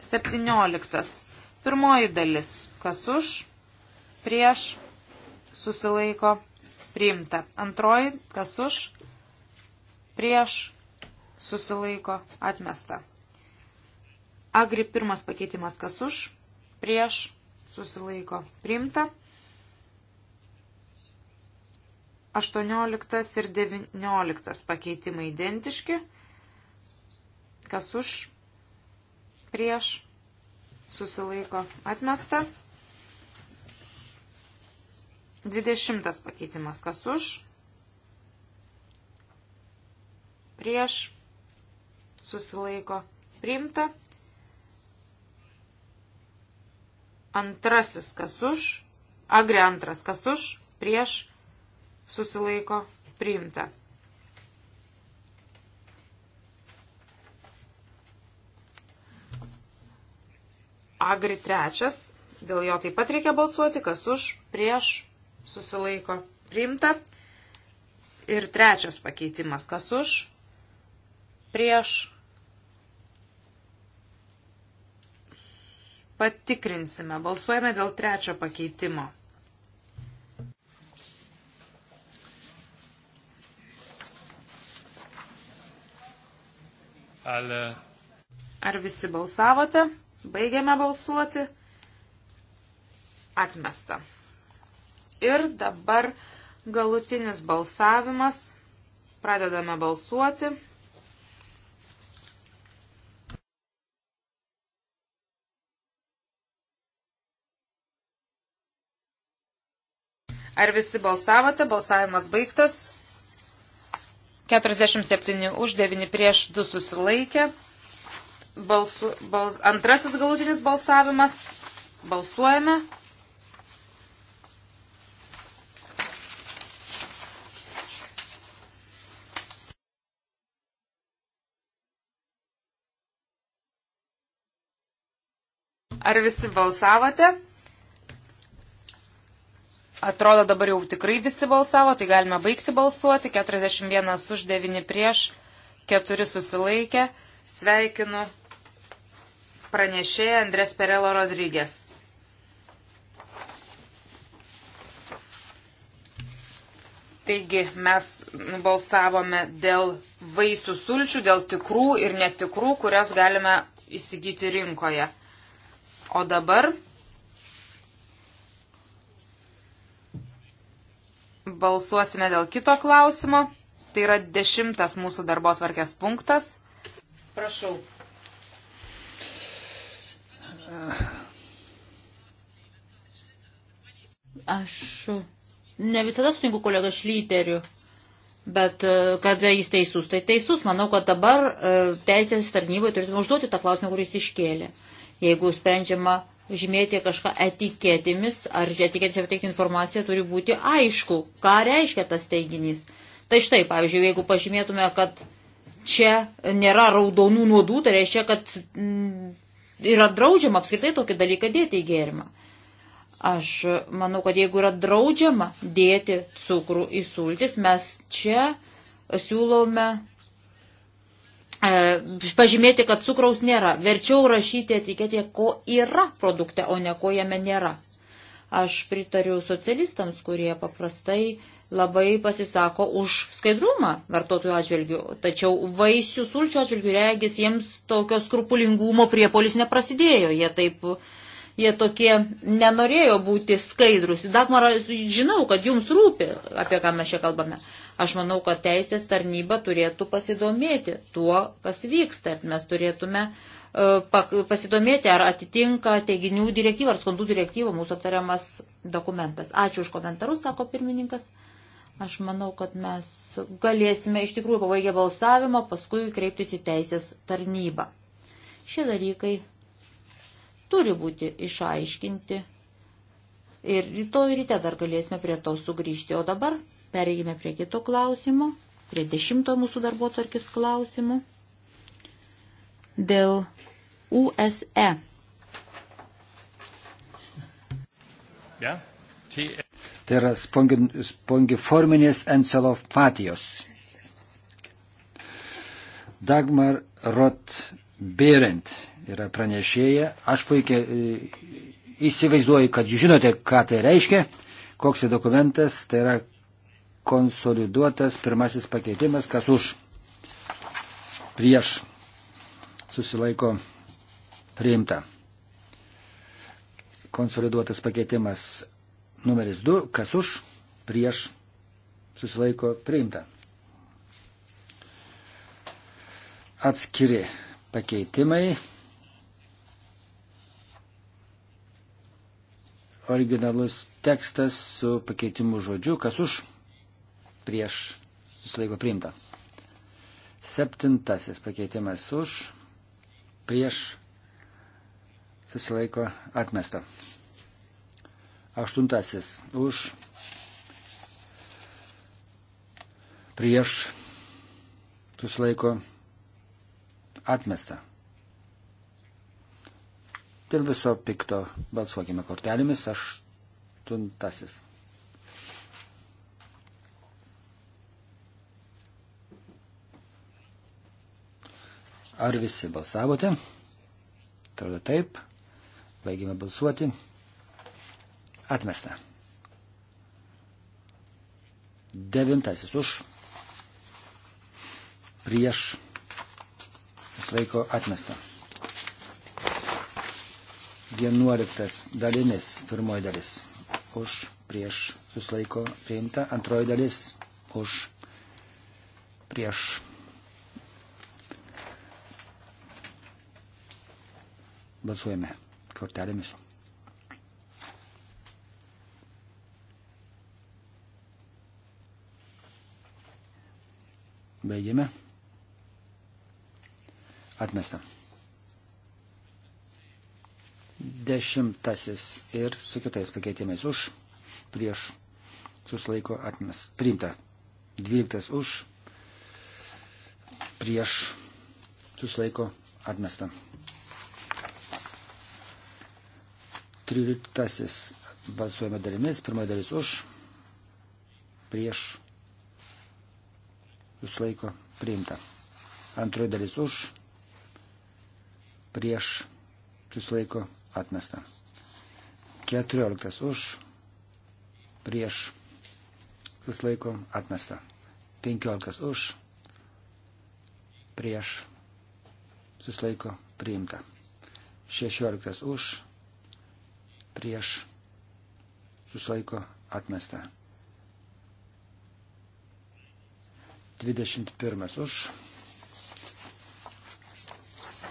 17 Pirmoji dalis. Kas už, prieš, susilaiko, priimta. Antroji, kas už, prieš, susilaiko, atmesta. Agri pirmas pakeitimas, kas už, prieš, susilaiko, priimta. 18 ir 19 pakeitimai identiški. Kas už, prieš, susilaiko atmesta. 20 pakeitimas kas už, prieš, susilaiko priimta. Antrasis kas už, agri antras kas už, prieš, susilaiko priimta. Agri trečias, dėl jo taip pat reikia balsuoti, kas už, prieš, susilaiko, priimta. Ir trečias pakeitimas, kas už, prieš. Patikrinsime, balsuojame dėl trečio pakeitimo. Ar visi balsavote? Baigiame balsuoti. Atmesta. Ir dabar galutinis balsavimas. Pradedame balsuoti. Ar visi balsavote? Balsavimas baigtas. 47 už 9 prieš 2 susilaikė. Balsu, bals, antrasis galutinis balsavimas. Balsuojame. Ar visi balsavote? Atrodo dabar jau tikrai visi balsavo, tai galime baigti balsuoti. 41 už 9 prieš, 4 susilaikė. Sveikinu pranešėja Andres Perelo Rodrygės. Taigi mes balsavome dėl vaisių sulčių, dėl tikrų ir netikrų, kurias galime įsigyti rinkoje. O dabar balsuosime dėl kito klausimo. Tai yra dešimtas mūsų darbo tvarkės punktas. Prašau. Aš ne visada sutinku kolega Šlyteriu, bet e, kad jis teisus, tai teisus. Manau, kad dabar e, teisės tarnyboje turėtume užduoti tą klausimą, kuris iškėlė. Jeigu sprendžiama žymėti kažką etiketėmis ar etiketėse pateikti informaciją, turi būti aišku, ką reiškia tas teiginys. Tai štai, pavyzdžiui, jeigu pažymėtume, kad čia nėra raudonų nuodų, tai reiškia, kad yra draudžiama apskritai tokį dalyką dėti į gėrimą. Aš manau, kad jeigu yra draudžiama dėti cukrų į sultis, mes čia siūlome e, pažymėti, kad cukraus nėra. Verčiau rašyti etiketėje, ko yra produkte, o ne ko jame nėra. Aš pritariu socialistams, kurie paprastai labai pasisako už skaidrumą vartotojų atžvilgių, tačiau vaisių sulčių atžvilgių regis jiems tokio skrupulingumo priepolis neprasidėjo, jie taip, jie tokie nenorėjo būti skaidrus. Dagmara, žinau, kad jums rūpi, apie ką mes čia kalbame. Aš manau, kad teisės tarnyba turėtų pasidomėti tuo, kas vyksta, ir mes turėtume e, pasidomėti, ar atitinka teiginių direktyva, ar skundų direktyva mūsų aptariamas dokumentas. Ačiū už komentarus, sako pirmininkas. Aš manau, kad mes galėsime iš tikrųjų pabaigę balsavimą, paskui kreiptis į teisės tarnybą. Šie dalykai turi būti išaiškinti ir rytoj ryte dar galėsime prie to sugrįžti. O dabar pereigime prie kito klausimo, prie dešimto mūsų darbo tvarkis klausimo dėl USE. Yeah. Tai yra spongi, spongiforminės encelofatijos. Dagmar Rot Berent yra pranešėja. Aš puikiai e, įsivaizduoju, kad jūs žinote, ką tai reiškia, koks tai dokumentas, tai yra konsoliduotas pirmasis pakeitimas, kas už prieš susilaiko priimta. Konsoliduotas pakeitimas Numeris 2, kas už, prieš, susilaiko priimta. Atskiri pakeitimai. Originalus tekstas su pakeitimu žodžiu, kas už, prieš, susilaiko priimta. Septintasis pakeitimas už, prieš, susilaiko atmesta. Aštuntasis už prieš susilaiko atmesta. Dėl viso pikto balsuokime kortelėmis. Aštuntasis. Ar visi balsavote? Atrodo taip. Baigime balsuoti. Atmesta. Devintasis už. Prieš. Laiko atmesta. Vienuoliktas dalimis. Pirmoji dalis. Už. Prieš. Suslaiko priimta. Antroji dalis. Už. Prieš. Balsuojame kortelėmis. Baigėme. Atmesta. Dešimtasis ir su kitais pakeitimais už, prieš, susilaiko atmes. Priimta. Dvyliktas už, prieš, susilaiko atmesta. Tryliktasis balsuojame dalimis, pirmoji dalis už, prieš, susilaiko priimta. Antroji dalis už, prieš susilaiko atmesta. 14 už, prieš susilaiko atmesta. 15 už, prieš susilaiko priimta. 16 už, prieš susilaiko atmesta. 21 už,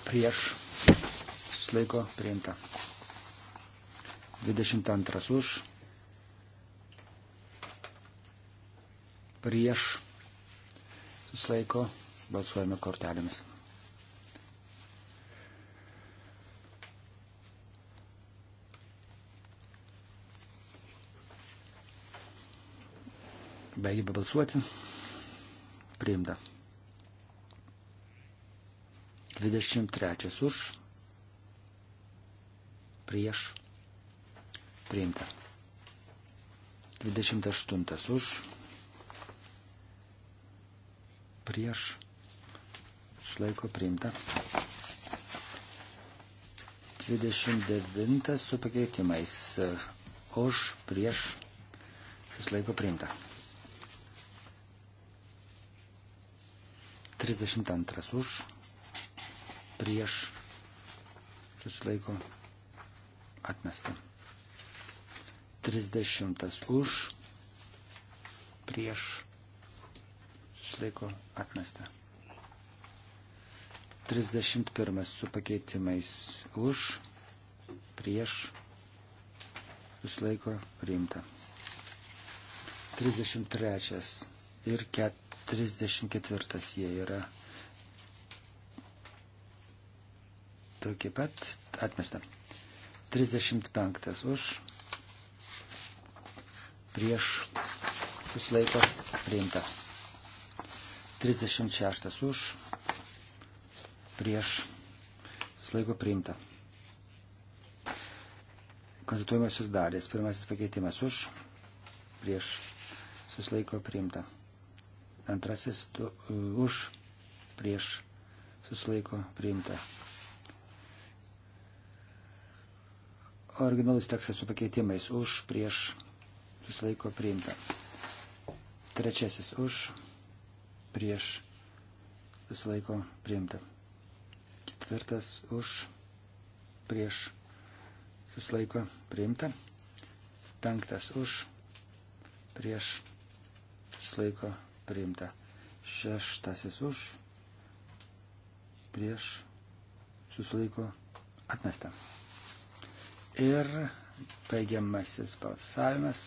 prieš, laiko priimta. 22 už, prieš, laiko balsuojame kortelėmis. Baigėme balsuoti priimta. 23 už, prieš, priimta. 28 už, prieš, sulaiko priimta. 29 su pakeitimais už, prieš, susilaiko priimta. 32 už, prieš, susilaiko, atmesta. 30 už, prieš, susilaiko, atmesta. 31 su pakeitimais už, prieš, susilaiko, priimta. 33 ir 4. 34 jie yra tokie pat atmesta. 35 už prieš susilaiko priimta. 36 už prieš susilaiko priimta. Konstatuojamosios dalys. Pirmasis pakeitimas už prieš susilaiko priimta. Antrasis du, už prieš susilaiko priimta. Originalus tekstas su pakeitimais už prieš susilaiko priimta. Trečiasis už prieš susilaiko priimta. Ketvirtas už prieš susilaiko priimta. Penktas už prieš susilaiko priimta priimta. Šeštasis už, prieš, susilaiko, atmesta. Ir baigiamasis balsavimas.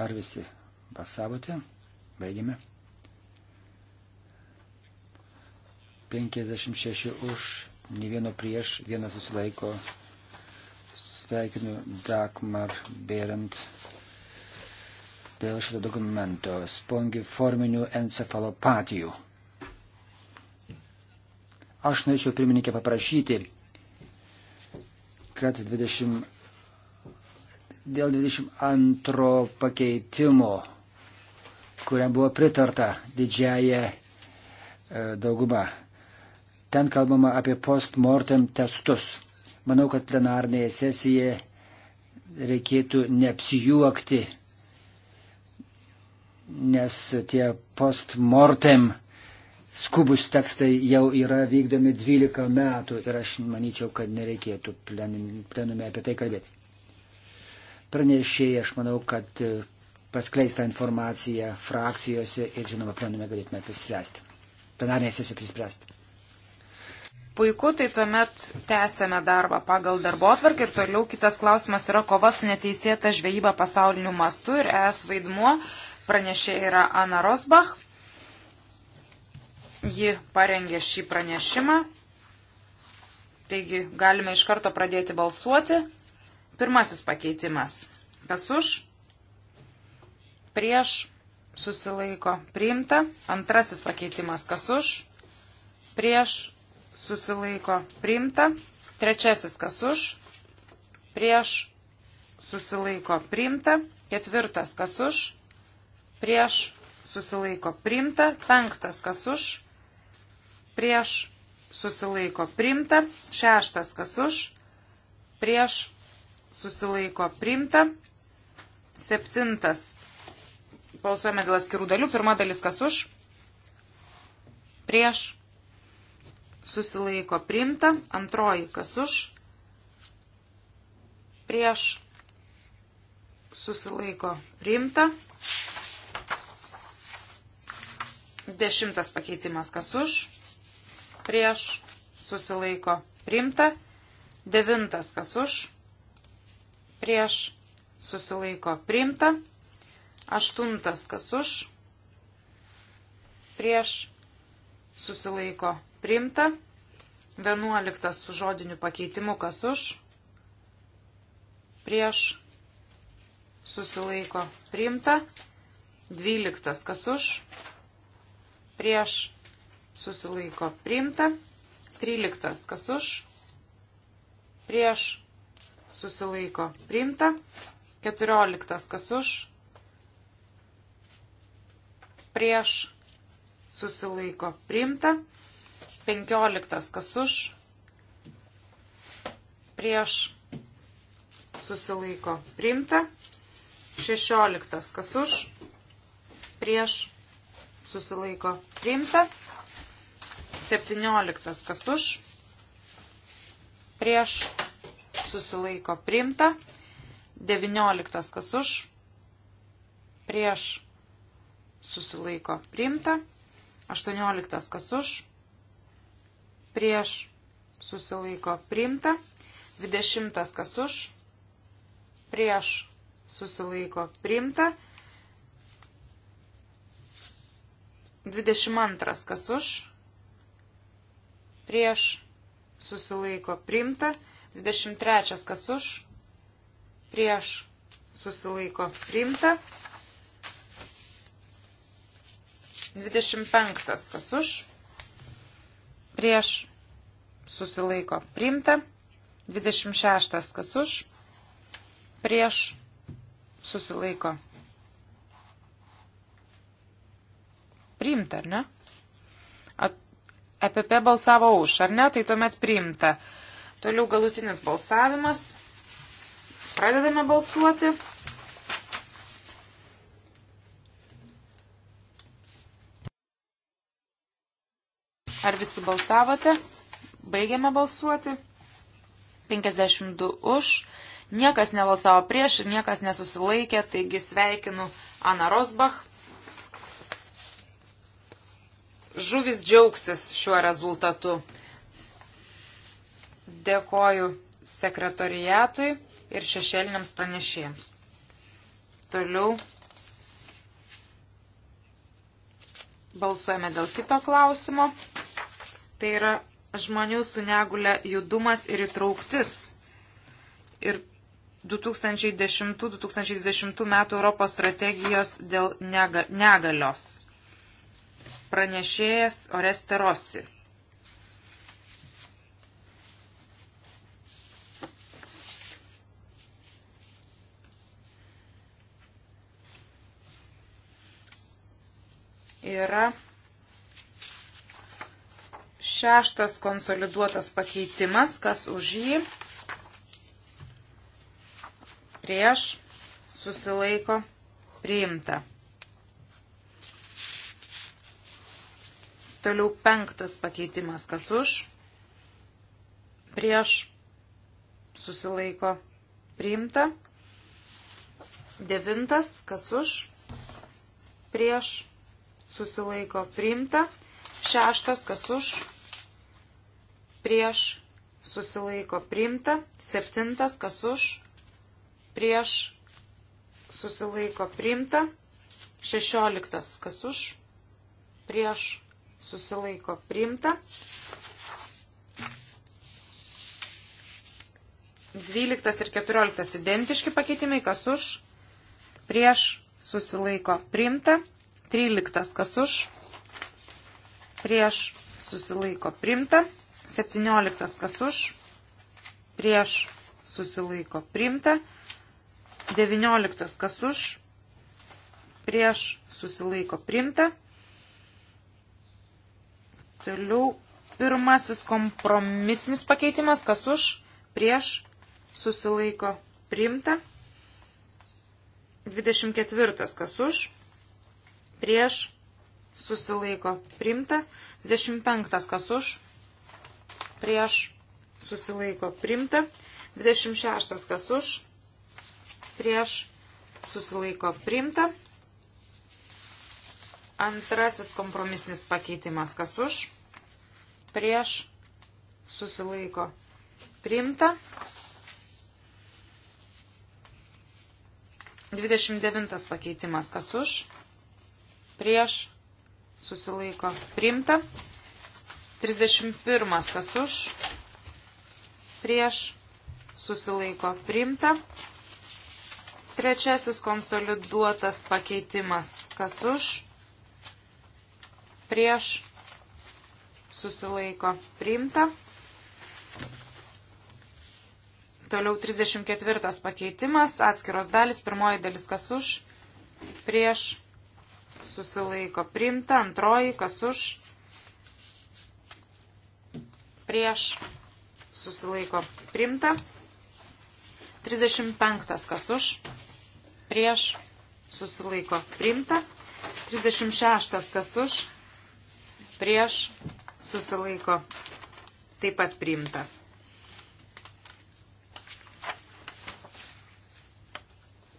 Ar visi balsavote? Baigiame. 56 už, ne vieno prieš, vienas susilaiko Sveikinu Dagmar Berent dėl šito dokumento spongiforminių encefalopatijų. Aš norėčiau pirmininkę paprašyti, kad 20, dėl 22 pakeitimo, kuriam buvo pritarta didžiaja e, dauguma, ten kalbama apie postmortem testus Manau, kad plenarnėje sesijoje reikėtų neapsijuokti, nes tie postmortem skubus tekstai jau yra vykdomi 12 metų ir aš manyčiau, kad nereikėtų plenume apie tai kalbėti. Pranešėjai, aš manau, kad paskleistą informaciją frakcijose ir, žinoma, plenume galėtume prispręsti. Plenarnėje sesijoje prispręsti. Puiku, tai tuomet tęsėme darbą pagal darbo atvarkį ir toliau kitas klausimas yra kova su neteisėta žvejyba pasauliniu mastu ir es vaidmuo. Pranešė yra Ana Rosbach. Ji parengė šį pranešimą. Taigi galime iš karto pradėti balsuoti. Pirmasis pakeitimas. Kas už? Prieš susilaiko priimta. Antrasis pakeitimas. Kas už? Prieš susilaiko priimta. Trečiasis kas už, prieš susilaiko priimta. Ketvirtas kas už, prieš susilaiko priimta. Penktas kas už, prieš susilaiko priimta. Šeštas kas už, prieš susilaiko priimta. Septintas. Balsuojame dėl atskirų dalių. Pirma dalis kas už, prieš susilaiko priimta, antroji kas už, prieš susilaiko priimta, dešimtas pakeitimas kas už, prieš susilaiko priimta, devintas kas už, prieš susilaiko priimta, aštuntas kas už, prieš susilaiko priimta Primta. 11 su žodiniu pakeitimu, kas už, prieš, susilaiko, primta. 12 kas už, prieš, susilaiko, primta. 13 kas už, prieš, susilaiko, primta. 14 kas už, prieš, susilaiko, primta. 15. Kas už? Prieš susilaiko priimta. 16. Kas už? Prieš susilaiko priimta. 17. Kas už? Prieš susilaiko priimta. 19. Kas už? Prieš susilaiko priimta. 18. Kas už? prieš susilaiko priimta, 20 kas už, prieš susilaiko priimta, 22 kas už, prieš susilaiko priimta, 23 kas už, prieš susilaiko priimta, 25 kas už, prieš susilaiko priimta, 26 kas už, prieš susilaiko priimta, ar ne? EPP balsavo už, ar ne? Tai tuomet priimta. Toliau galutinis balsavimas. Pradedame balsuoti. Ar visi balsavote? Baigiame balsuoti. 52 už. Niekas nebalsavo prieš ir niekas nesusilaikė, taigi sveikinu Ana Rosbach. Žuvis džiaugsis šiuo rezultatu. Dėkoju sekretoriatui ir šešėliniams pranešėjams. Toliau balsuojame dėl kito klausimo. Tai yra žmonių su negule judumas ir įtrauktis. Ir 2010-2020 metų Europos strategijos dėl nega, negalios. Pranešėjas Oreste Rossi. Yra Šeštas konsoliduotas pakeitimas, kas už jį, prieš, susilaiko, priimta. Toliau penktas pakeitimas, kas už, prieš, susilaiko, priimta. Devintas, kas už, prieš, susilaiko, priimta. Šeštas, kas už, prieš prieš susilaiko priimta, septintas kas už, prieš susilaiko priimta, šešioliktas kas už, prieš susilaiko priimta, dvyliktas ir keturioliktas identiški pakeitimai kas už, prieš susilaiko priimta, tryliktas kas už, prieš susilaiko priimta. 17 kas už, prieš susilaiko priimta, 19 kas už, prieš susilaiko priimta. Toliau pirmasis kompromisinis pakeitimas, kas už, prieš susilaiko priimta. 24 kas už, prieš susilaiko priimta. 25 kas už, prieš susilaiko primta. 26 kas už, prieš susilaiko primta. Antrasis kompromisinis pakeitimas kas už, prieš susilaiko primta. 29 pakeitimas kas už, prieš susilaiko primta. 31. Kas už? Prieš susilaiko priimta. Trečiasis konsoliduotas pakeitimas. Kas už? Prieš susilaiko priimta. Toliau 34 pakeitimas, atskiros dalis, pirmoji dalis kas už, prieš, susilaiko priimta, antroji kas už, prieš susilaiko primta. 35 kas už, prieš susilaiko primta. 36 kas už, prieš susilaiko taip pat primta.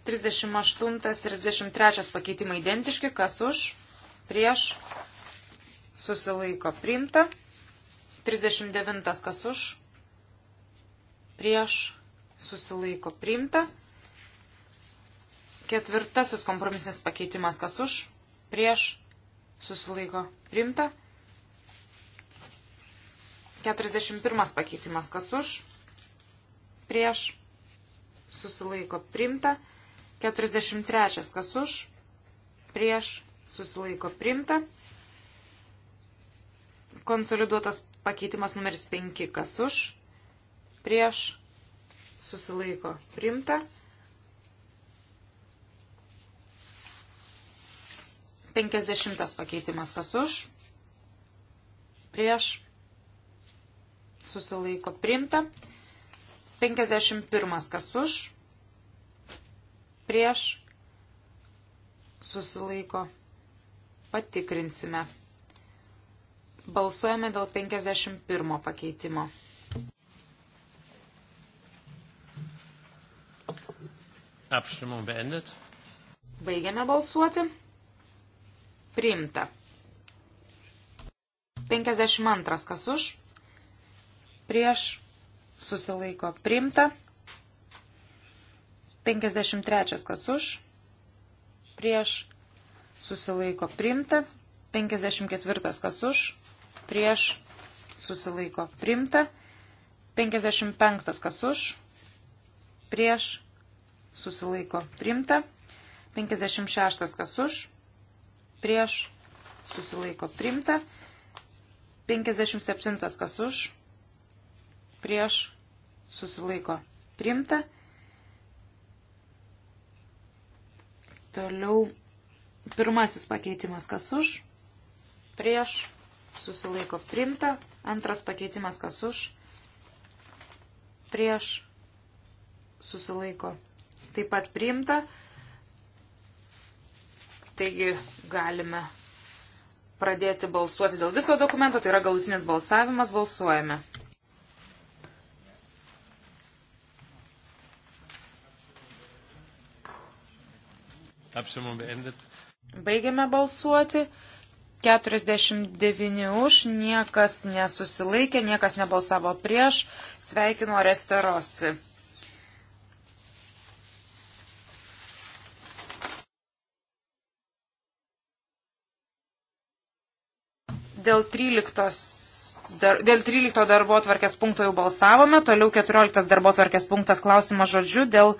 Trisdešimt aštuntas ir dvidešimt trečias pakeitimai identiški, kas už, prieš, susilaiko primta. 39 kas už, prieš susilaiko priimta. Ketvirtasis kompromisinis pakeitimas kas už, prieš susilaiko priimta. 41 pakeitimas kas už, prieš susilaiko priimta. 43 kas už, prieš susilaiko priimta. Konsoliduotas Pakeitimas numeris 5. Kas už? Prieš. Susilaiko. Primta. 50 pakeitimas. Kas už? Prieš. Susilaiko. Primta. 51. Kas už? Prieš. Susilaiko. Patikrinsime. Balsuojame dėl 51 pakeitimo. Abstimmung beendet. Baigiame balsuoti. Priimta. 52 kas už. Prieš susilaiko priimta. 53 kas už. Prieš susilaiko priimta. 54 kas už prieš, susilaiko primta. 55 kas už, prieš, susilaiko primta. 56 kas už, prieš, susilaiko primta. 57 kas už, prieš, susilaiko primta. Toliau pirmasis pakeitimas kas už, prieš, susilaiko primta, antras pakeitimas kas už, prieš susilaiko taip pat primta, taigi galime pradėti balsuoti dėl viso dokumento, tai yra galutinis balsavimas, balsuojame. Apsimum beendet. Baigiame balsuoti. 49 už, niekas nesusilaikė, niekas nebalsavo prieš. Sveikinu Oresterosi. Dėl 13, dar, dėl 13 darbo atvarkės punkto jau balsavome, toliau 14 darbo atvarkės punktas klausimas žodžiu dėl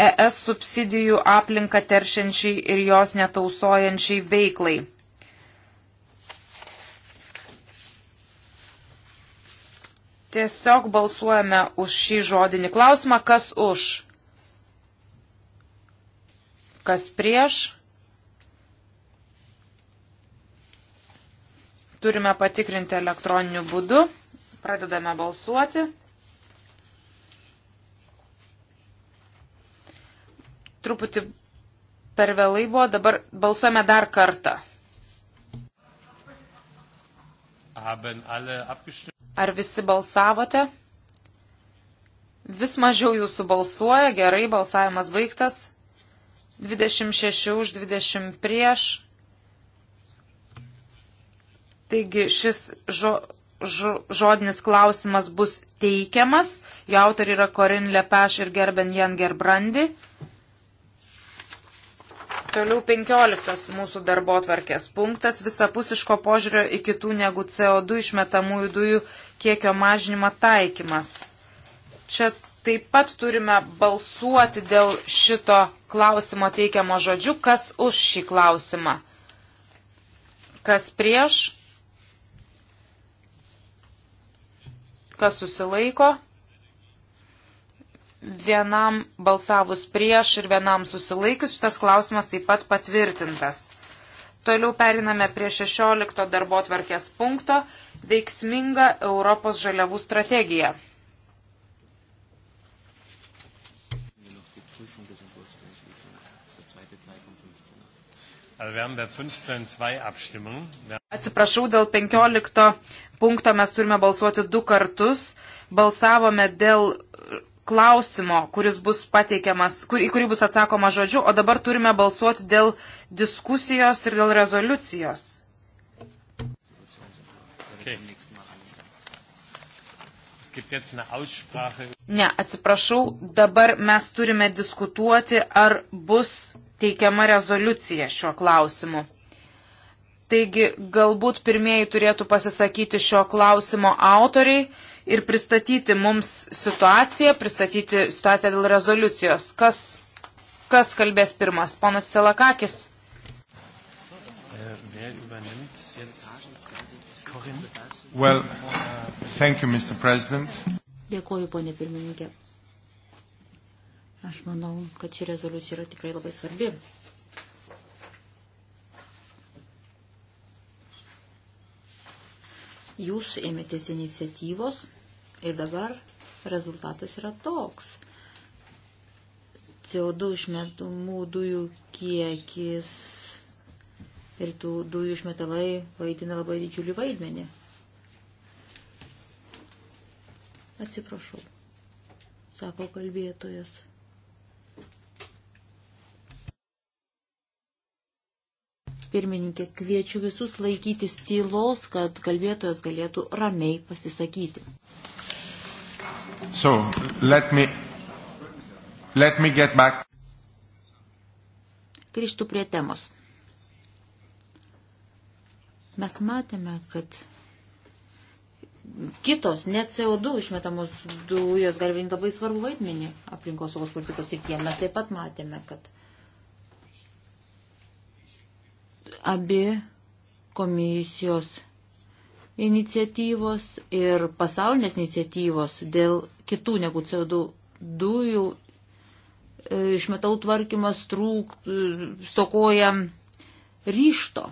ES subsidijų aplinką teršiančiai ir jos netausojančiai veiklai. Tiesiog balsuojame už šį žodinį klausimą, kas už, kas prieš. Turime patikrinti elektroniniu būdu. Pradedame balsuoti. Truputį per vėlai buvo, dabar balsuojame dar kartą. Ar visi balsavote? Vis mažiau jūsų balsuoja, gerai, balsavimas baigtas. 26 už 20 prieš. Taigi šis žo, žo, žodinis klausimas bus teikiamas. Jo autori yra Korin Lepeš ir Gerben Jan Gerbrandi. Toliau 15 mūsų darbo tvarkės punktas - visapusiško požiūrio į kitų negu CO2 išmetamųjų dujų kiekio mažinimą taikymas. Čia taip pat turime balsuoti dėl šito klausimo teikiamo žodžiu, kas už šį klausimą. Kas prieš? Kas susilaiko? vienam balsavus prieš ir vienam susilaikius šitas klausimas taip pat patvirtintas. Toliau periname prie 16 darbo tvarkės punkto - veiksminga Europos žaliavų strategija. Atsiprašau, dėl 15 punkto mes turime balsuoti du kartus. Balsavome dėl klausimo, kuris bus pateikiamas, kur, į kurį bus atsakoma žodžiu, o dabar turime balsuoti dėl diskusijos ir dėl rezoliucijos. Okay. Ne, atsiprašau, dabar mes turime diskutuoti, ar bus teikiama rezoliucija šiuo klausimu. Taigi, galbūt pirmieji turėtų pasisakyti šio klausimo autoriai ir pristatyti mums situaciją, pristatyti situaciją dėl rezoliucijos. Kas, kas kalbės pirmas? Ponas Selakakis. Well, thank you, Mr. President. Dėkuoju, ponė pirmininkė. Aš manau, kad ši rezoliucija yra tikrai labai svarbi. Jūs ėmėtės iniciatyvos Ir dabar rezultatas yra toks. CO2 išmetamų dujų kiekis ir tų dujų išmetalai vaidina labai didžiulį vaidmenį. Atsiprašau, sako kalbėtojas. Pirmininkė, kviečiu visus laikytis tylos, kad kalbėtojas galėtų ramiai pasisakyti. So, let me, let me get back. Grįžtų prie temos. Mes matėme, kad kitos, net CO2 išmetamos dujos gali vaidinti labai svarbu vaidmenį aplinkos saugos politikos srityje. Mes taip pat matėme, kad abi komisijos iniciatyvos ir pasaulinės iniciatyvos dėl kitų negu CO2 dujų e, išmetalų tvarkymas trūk, e, stokoja ryšto.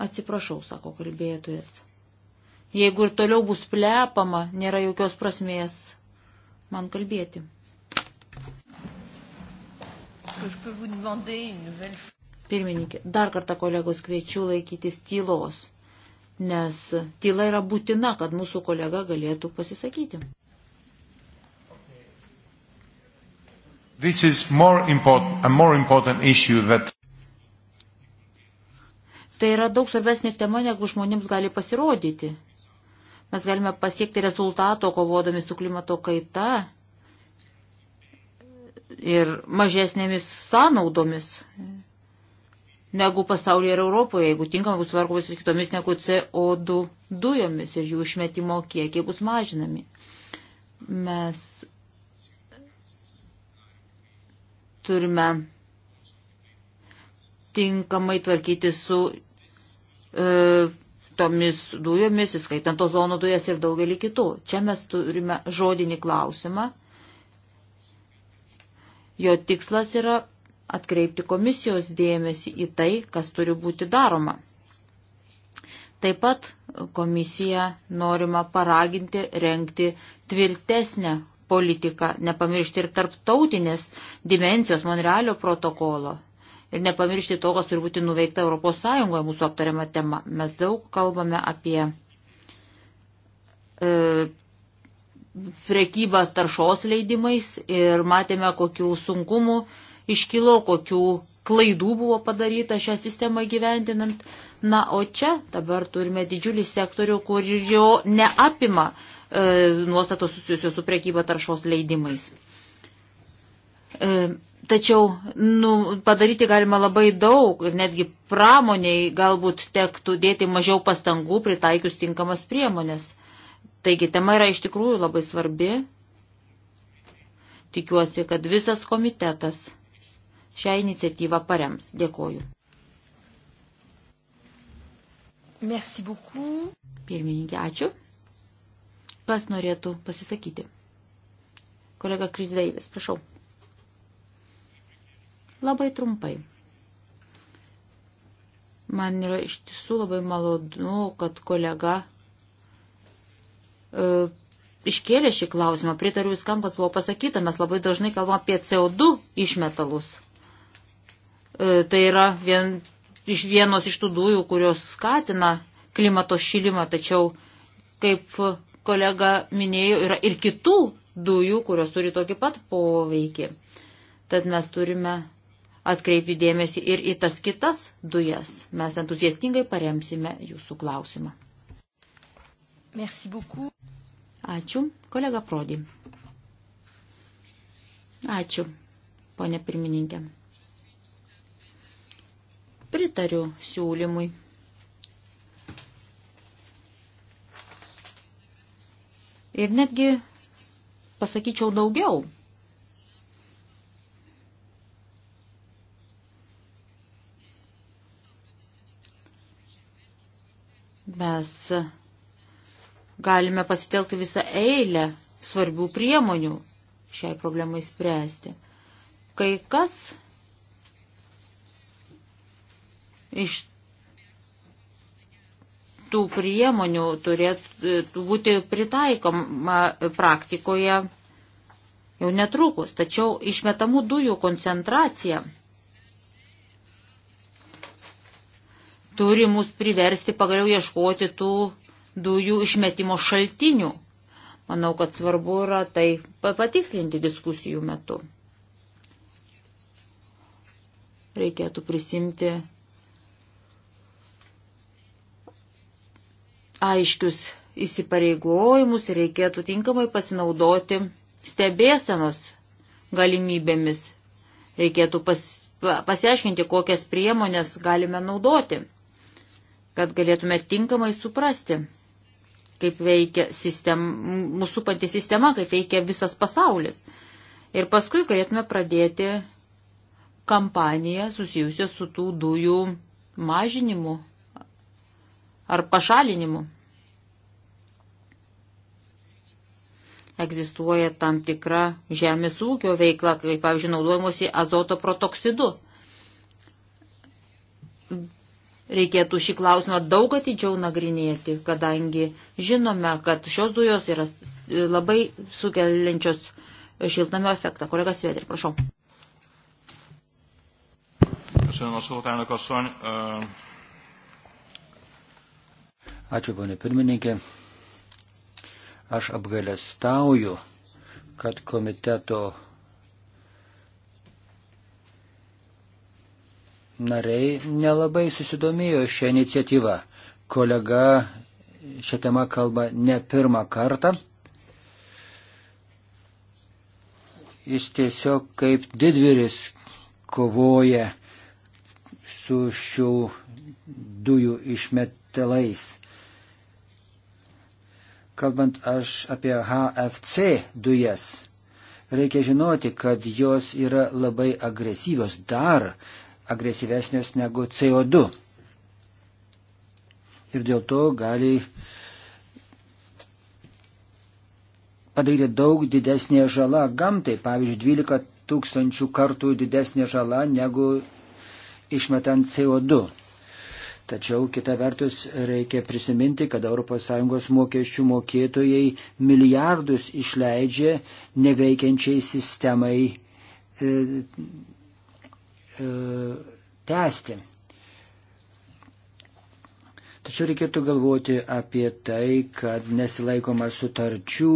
Atsiprašau, sako kalbėtojas. Jeigu ir toliau bus plepama, nėra jokios prasmės man kalbėti. Pirmininkė, dar kartą kolegos kviečiu laikytis tylos, nes tyla yra būtina, kad mūsų kolega galėtų pasisakyti. More important, more important that... Tai yra daug svarbesnė tema, negu žmonėms gali pasirodyti. Mes galime pasiekti rezultato kovodami su klimato kaita ir mažesnėmis sąnaudomis negu pasaulyje ir Europoje, jeigu tinkamai bus varkomas kitomis negu CO2 dujomis ir jų išmetimo kiekiai bus mažinami. Mes turime tinkamai tvarkyti su e, tomis dujomis, įskaitant ozono dujas ir daugelį kitų. Čia mes turime žodinį klausimą Jo tikslas yra atkreipti komisijos dėmesį į tai, kas turi būti daroma. Taip pat komisija norima paraginti renkti tvirtesnę politiką, nepamiršti ir tarptautinės dimensijos Monrealio protokolo. Ir nepamiršti to, kas turi būti nuveikta ES mūsų aptariama tema. Mes daug kalbame apie e, prekybą taršos leidimais ir matėme, kokių sunkumų iškilo, kokių klaidų buvo padaryta šią sistemą gyvendinant. Na, o čia dabar turime didžiulį sektorių, kur jo neapima e, nuostatos susijusios su prekyba taršos leidimais. E, Tačiau nu, padaryti galima labai daug ir netgi pramoniai galbūt tektų dėti mažiau pastangų pritaikius tinkamas priemonės. Taigi tema yra iš tikrųjų labai svarbi. Tikiuosi, kad visas komitetas šią iniciatyvą parems. Dėkoju. Merci beaucoup. Pirmininkė, ačiū. Kas norėtų pasisakyti? Kolega Kris Deivis, prašau. Labai trumpai. Man yra iš tiesų labai malonu, kad kolega E, iškėlė šį klausimą, pritariu viskam, kas buvo pasakyta, mes labai dažnai kalbam apie CO2 išmetalus. E, tai yra vien, iš vienos iš tų dujų, kurios skatina klimato šilimą, tačiau, kaip kolega minėjo, yra ir kitų dujų, kurios turi tokį pat poveikį. Tad mes turime atkreipti dėmesį ir į tas kitas dujas. Mes entuziastingai paremsime jūsų klausimą. Merci beaucoup. Ačiū. Kolega Prodi. Ačiū, ponė pirmininkė. Pritariu siūlymui. Ir netgi pasakyčiau daugiau. Mes Galime pasitelkti visą eilę svarbių priemonių šiai problemai spręsti. Kai kas iš tų priemonių turėtų būti pritaikoma praktikoje jau netrukus. Tačiau išmetamų dujų koncentracija turi mus priversti pagaliau ieškoti tų dujų išmetimo šaltinių. Manau, kad svarbu yra tai patikslinti diskusijų metu. Reikėtų prisimti aiškius įsipareigojimus ir reikėtų tinkamai pasinaudoti stebėsenos galimybėmis. Reikėtų pas, pasiaiškinti, kokias priemonės galime naudoti, kad galėtume tinkamai suprasti kaip veikia sistem, mūsų pati sistema, kaip veikia visas pasaulis. Ir paskui galėtume pradėti kampaniją susijusią su tų dujų mažinimu ar pašalinimu. Egzistuoja tam tikra žemės ūkio veikla, kaip pavyzdžiui, naudojimuosi azoto protoksidu. Reikėtų šį klausimą daug atidžiau nagrinėti, kadangi žinome, kad šios dujos yra labai sukeliančios šiltnamio efektą. Kolega Svedri, prašau. Köszönöm a szót, elnök asszony. Ačiū, ponė pirmininkė. Aš apgailestauju, kad komiteto nariai nelabai susidomėjo šią iniciatyvą. Kolega šią temą kalba ne pirmą kartą. Jis tiesiog kaip didviris kovoja su šių dujų išmetalais. Kalbant aš apie HFC dujas, reikia žinoti, kad jos yra labai agresyvios dar agresyvesnės negu CO2. Ir dėl to gali padaryti daug didesnė žala gamtai, pavyzdžiui, 12 tūkstančių kartų didesnė žala negu išmetant CO2. Tačiau kita vertus reikia prisiminti, kad ES mokesčių mokėtojai milijardus išleidžia neveikiančiai sistemai e, E, tęsti. Tačiau reikėtų galvoti apie tai, kad nesilaikoma sutarčių,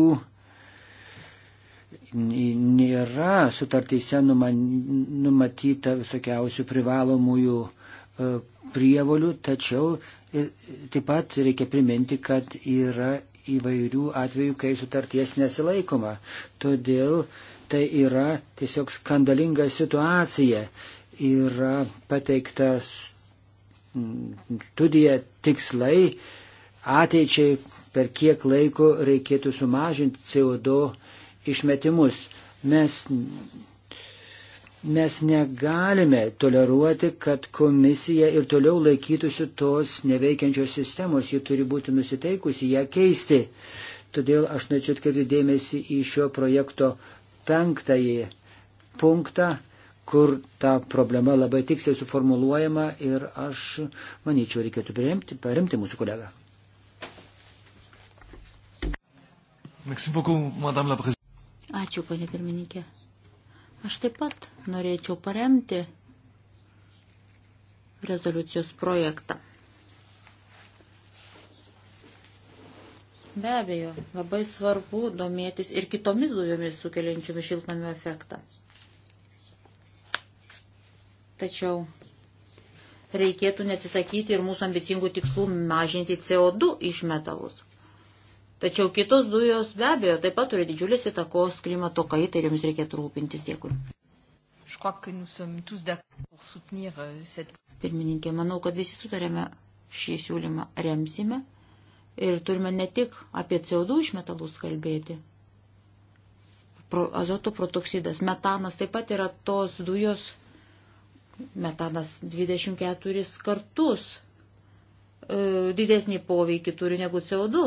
nėra sutartyse numatyta visokiausių privalomųjų e, prievolių, tačiau e, taip pat reikia priminti, kad yra įvairių atvejų, kai sutarties nesilaikoma. Todėl tai yra tiesiog skandalinga situacija yra pateiktas studija tikslai ateičiai, per kiek laiko reikėtų sumažinti CO2 išmetimus. Mes, mes negalime toleruoti, kad komisija ir toliau laikytųsi tos neveikiančios sistemos, ji turi būti nusiteikusi ją keisti. Todėl aš norėčiau atkreipti dėmesį į šio projekto penktąjį punktą kur ta problema labai tiksliai suformuluojama ir aš manyčiau reikėtų priimti, paremti mūsų kolegą. Ačiū, ponė pirmininkė. Aš taip pat norėčiau paremti rezoliucijos projektą. Be abejo, labai svarbu domėtis ir kitomis dujomis sukeliančiomis šiltnamio efektą tačiau reikėtų neatsisakyti ir mūsų ambicingų tikslų mažinti CO2 išmetalus. Tačiau kitos dujos be abejo taip pat turi didžiulis įtakos klimato kaitai ir jomis reikėtų rūpintis. Dėkui. Euh, Pirmininkė, manau, kad visi sutarėme šį siūlymą remsime ir turime ne tik apie CO2 išmetalus kalbėti. Pro, azoto protoksidas, metanas taip pat yra tos dujos metanas 24 kartus e, didesnį poveikį turi negu CO2.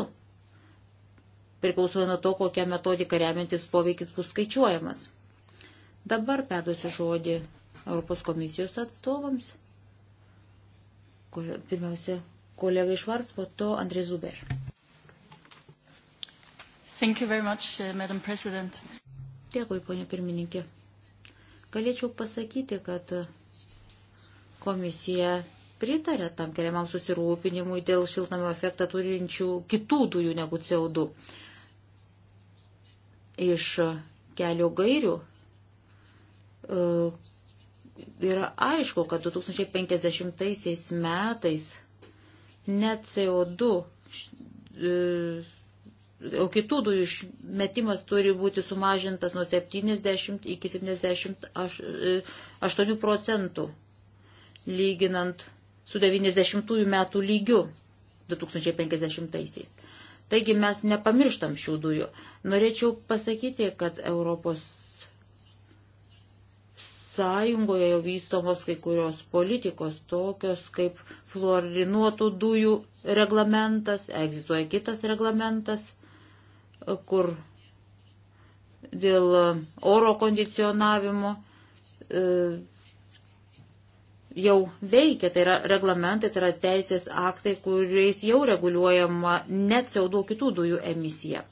Priklauso nuo to, kokią metodiką remiantis poveikis bus skaičiuojamas. Dabar perduosiu žodį Europos komisijos atstovams. Pirmiausia, kolega iš Varts, po to Andrė Zuber. Thank you very much, uh, Madam President. Dėkui, ponė pirmininkė. Galėčiau pasakyti, kad Komisija pritarė tam keliamam susirūpinimui dėl šiltnamio efektą turinčių kitų dujų negu CO2. Iš kelio gairių e, yra aišku, kad 2050 metais net CO2, e, o kitų dujų išmetimas turi būti sumažintas nuo 70 iki 78 e, procentų lyginant su 90 metų lygiu 2050-aisiais. Taigi mes nepamirštam šių dujų. Norėčiau pasakyti, kad Europos sąjungoje jau vystomos kai kurios politikos, tokios kaip fluorinuotų dujų reglamentas, egzistuoja kitas reglamentas, kur dėl oro kondicionavimo e, jau veikia, tai yra reglamentai, tai yra teisės aktai, kuriais jau reguliuojama net CO2 kitų dujų emisija.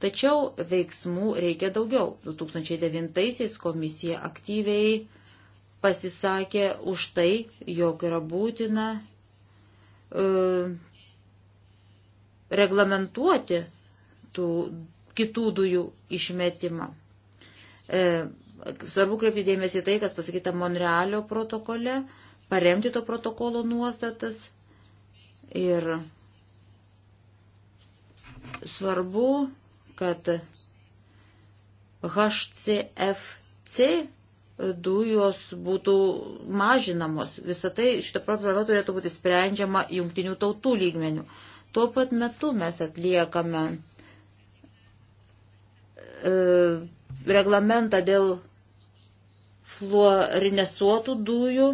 Tačiau veiksmų reikia daugiau. 2009-aisiais komisija aktyviai pasisakė už tai, jog yra būtina e, reglamentuoti tų kitų dujų išmetimą. E, Svarbu kreipti dėmesį tai, kas pasakyta Monrealio protokole, paremti to protokolo nuostatas ir svarbu, kad HCFC dujos būtų mažinamos. Visą tai šitą problemą turėtų būti sprendžiama jungtinių tautų lygmenių. Tuo pat metu mes atliekame e, reglamentą dėl fluorinesuotų dujų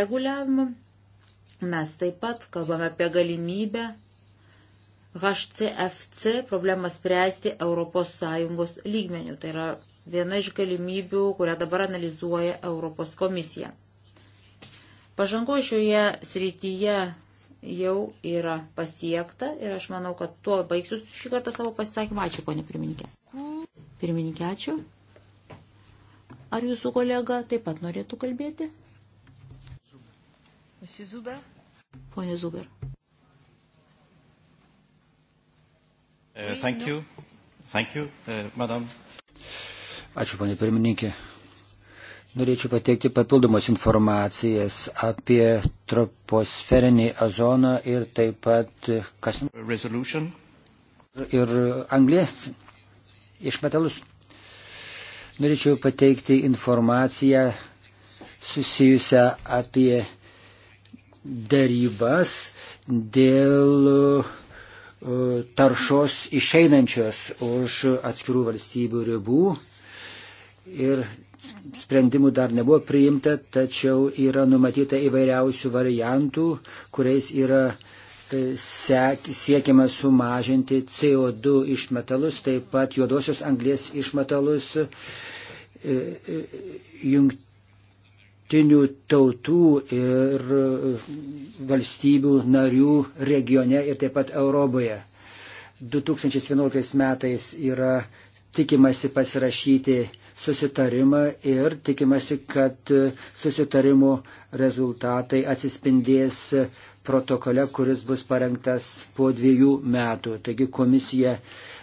reguliavimu. Mes taip pat kalbame apie galimybę HCFC problemą spręsti ES lygmenių. Tai yra viena iš galimybių, kurią dabar analizuoja Europos komisija. Pažango šioje srityje jau yra pasiekta ir aš manau, kad tuo baigsiu šį kartą savo pasisakymą. Ačiū, ponė pirmininkė. Mm. Pirmininkė, ačiū. Ar jūsų kolega taip pat norėtų kalbėti? Zuber. Pone Zuber. Uh, thank you. Thank you, uh, madam. Ačiū, ponė pirmininkė. Norėčiau pateikti papildomas informacijas apie troposferinį ozoną ir taip pat kas... Resolution. Ir anglės išmetalus. Norėčiau pateikti informaciją susijusią apie darybas dėl e, taršos išeinančios už atskirų valstybių ribų. Ir sprendimų dar nebuvo priimta, tačiau yra numatyta įvairiausių variantų, kuriais yra uh, siekiama sumažinti CO2 išmetalus, taip pat juodosios anglės išmetalus. E, e, jungtinių tautų ir valstybių narių regione ir taip pat Europoje. 2011 metais yra tikimasi pasirašyti susitarimą ir tikimasi, kad susitarimo rezultatai atsispindės protokole, kuris bus parengtas po dviejų metų. Taigi komisija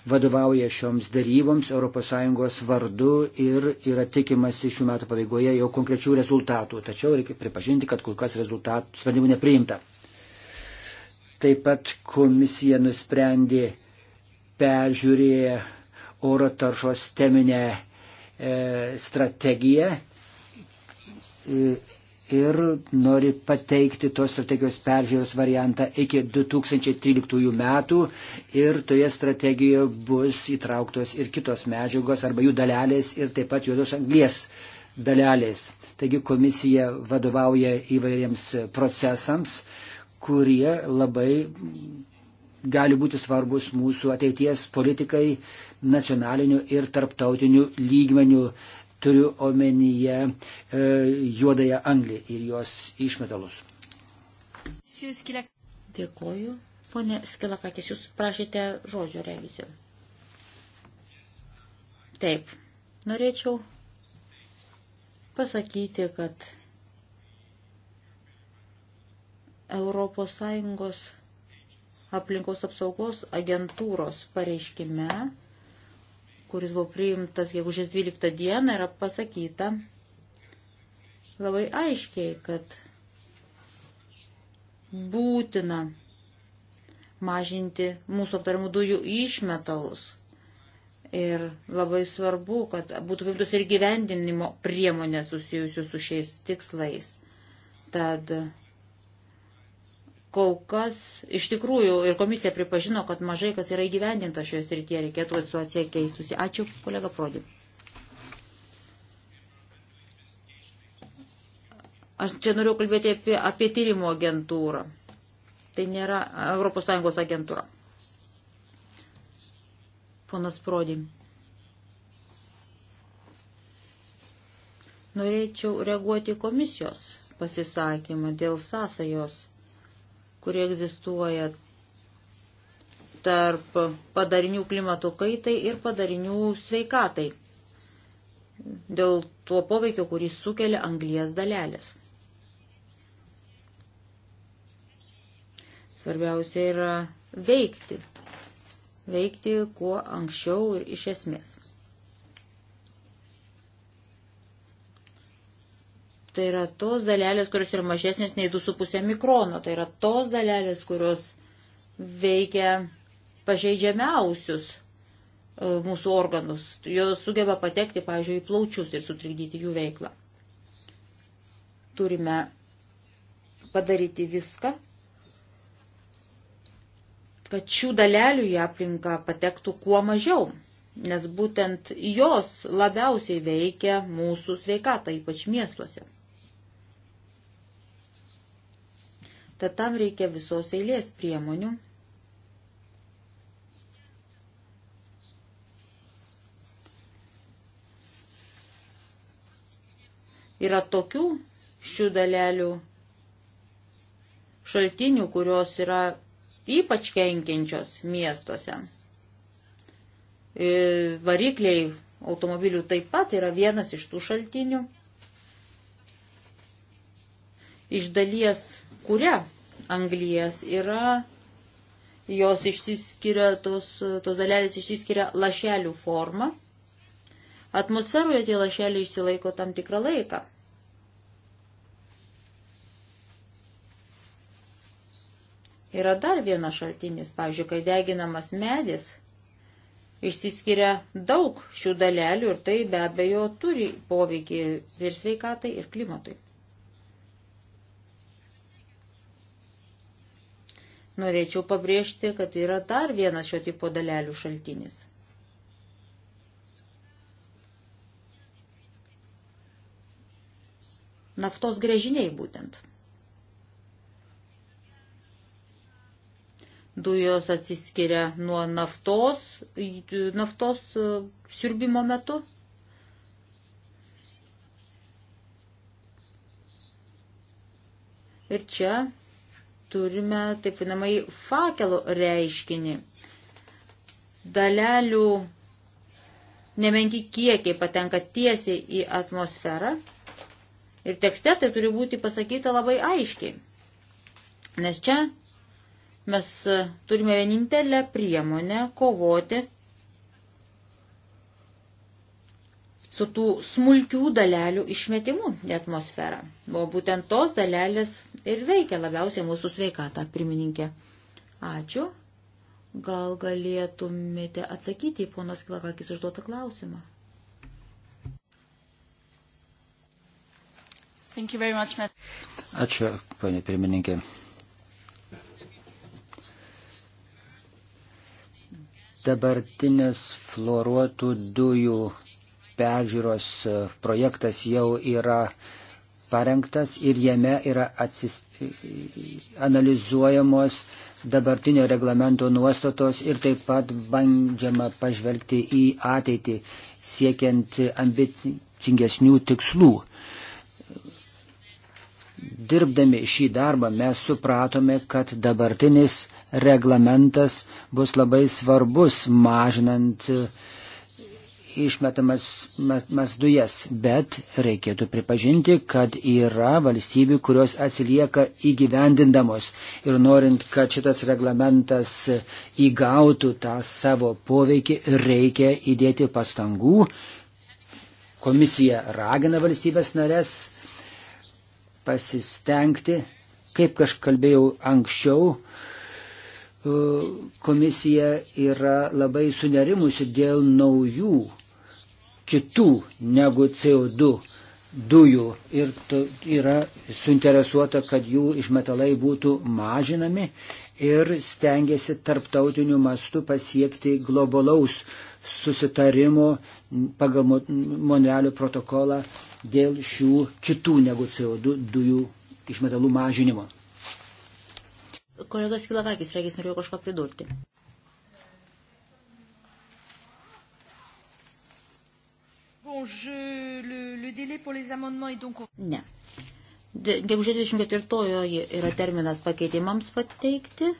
vadovauja šioms daryboms ES vardu ir yra tikimasi šių metų pabaigoje jau konkrečių rezultatų. Tačiau reikia pripažinti, kad kol kas rezultatų sprendimų nepriimta. Taip pat komisija nusprendė peržiūrėję oro taršos teminę e, strategiją. E, ir nori pateikti tos strategijos peržiūros variantą iki 2013 metų ir toje strategijoje bus įtrauktos ir kitos medžiagos arba jų dalelės ir taip pat juodos anglies dalelės. Taigi komisija vadovauja įvairiems procesams, kurie labai gali būti svarbus mūsų ateities politikai nacionaliniu ir tarptautiniu lygmeniu turiu omenyje e, juodąją anglį ir jos išmetalus. Dėkoju. Pone Skilakakis, jūs prašėte žodžio revisi. Taip, norėčiau pasakyti, kad ES aplinkos apsaugos agentūros pareiškime kuris buvo priimtas gegužės 12 dieną, yra pasakyta labai aiškiai, kad būtina mažinti mūsų aptariamų dujų išmetalus. Ir labai svarbu, kad būtų priimtos ir gyvendinimo priemonės susijusios su šiais tikslais. Tad kol kas iš tikrųjų ir komisija pripažino, kad mažai kas yra įgyvendinta šioje srityje, reikėtų situacija keistusi. Ačiū, kolega Prodi. Aš čia noriu kalbėti apie, apie tyrimo agentūrą. Tai nėra ES agentūra. Ponas Prodi. Norėčiau reaguoti komisijos pasisakymą dėl sąsajos kurie egzistuoja tarp padarinių klimato kaitai ir padarinių sveikatai dėl tuo poveikio, kurį sukelia anglijas dalelės. Svarbiausia yra veikti. Veikti kuo anksčiau ir iš esmės. tai yra tos dalelės, kurios yra mažesnės nei 2,5 mikrono, tai yra tos dalelės, kurios veikia pažeidžiamiausius e, mūsų organus. Jos sugeba patekti, pavyzdžiui, į plaučius ir sutrikdyti jų veiklą. Turime padaryti viską, kad šių dalelių į aplinką patektų kuo mažiau, nes būtent jos labiausiai veikia mūsų sveikatą, ypač miestuose. Tad tam reikia visos eilės priemonių. Yra tokių šių dalelių šaltinių, kurios yra ypač kenkiančios miestuose. E, varikliai automobilių taip pat yra vienas iš tų šaltinių. Iš dalies sukuria anglijas yra, jos išsiskiria, tos, tos dalelės išsiskiria lašelių formą. Atmosferoje tie lašeliai išsilaiko tam tikrą laiką. Yra dar vienas šaltinis, pavyzdžiui, kai deginamas medis, išsiskiria daug šių dalelių ir tai be abejo turi poveikį ir sveikatai, ir klimatui. norėčiau pabrėžti, kad yra dar vienas šio tipo dalelių šaltinis. Naftos grėžiniai būtent. Dujos atsiskiria nuo naftos, naftos e, siurbimo metu. Ir čia turime taip vadinamai fakelo reiškinį. Dalelių nemenki kiekiai patenka tiesiai į atmosferą. Ir tekste tai turi būti pasakyta labai aiškiai. Nes čia mes turime vienintelę priemonę kovoti su tų smulkių dalelių išmetimu į atmosferą. O būtent tos dalelės ir veikia labiausiai mūsų sveikatą, pirmininkė. Ačiū. Gal galėtumėte atsakyti į ponos Kilakakis užduotą klausimą? Much, Ačiū, ponė pirmininkė. Dabartinės fluoruotų dujų peržiūros e, projektas jau yra parengtas ir jame yra atsis... analizuojamos dabartinio reglamento nuostatos ir taip pat bandžiama pažvelgti į ateitį siekiant ambicingesnių tikslų. Dirbdami šį darbą mes supratome, kad dabartinis reglamentas bus labai svarbus mažinant uh, išmetamas mas, mas dujas, bet reikėtų pripažinti, kad yra valstybių, kurios atsilieka įgyvendindamos. Ir norint, kad šitas reglamentas įgautų tą savo poveikį, reikia įdėti pastangų. Komisija ragina valstybės narės pasistengti, kaip aš kalbėjau anksčiau, komisija yra labai sunerimusi dėl naujų kitų negu CO2 dujų ir yra suinteresuota, kad jų išmetalai būtų mažinami ir stengiasi tarptautiniu mastu pasiekti globalaus susitarimo pagal Monrealio protokolą dėl šių kitų negu CO2 dujų išmetalų mažinimo. Kolegas Kilavakis, regis, norėjo kažką pridurti. Ne. Gegužė 24 yra terminas pakeitimams pateikti.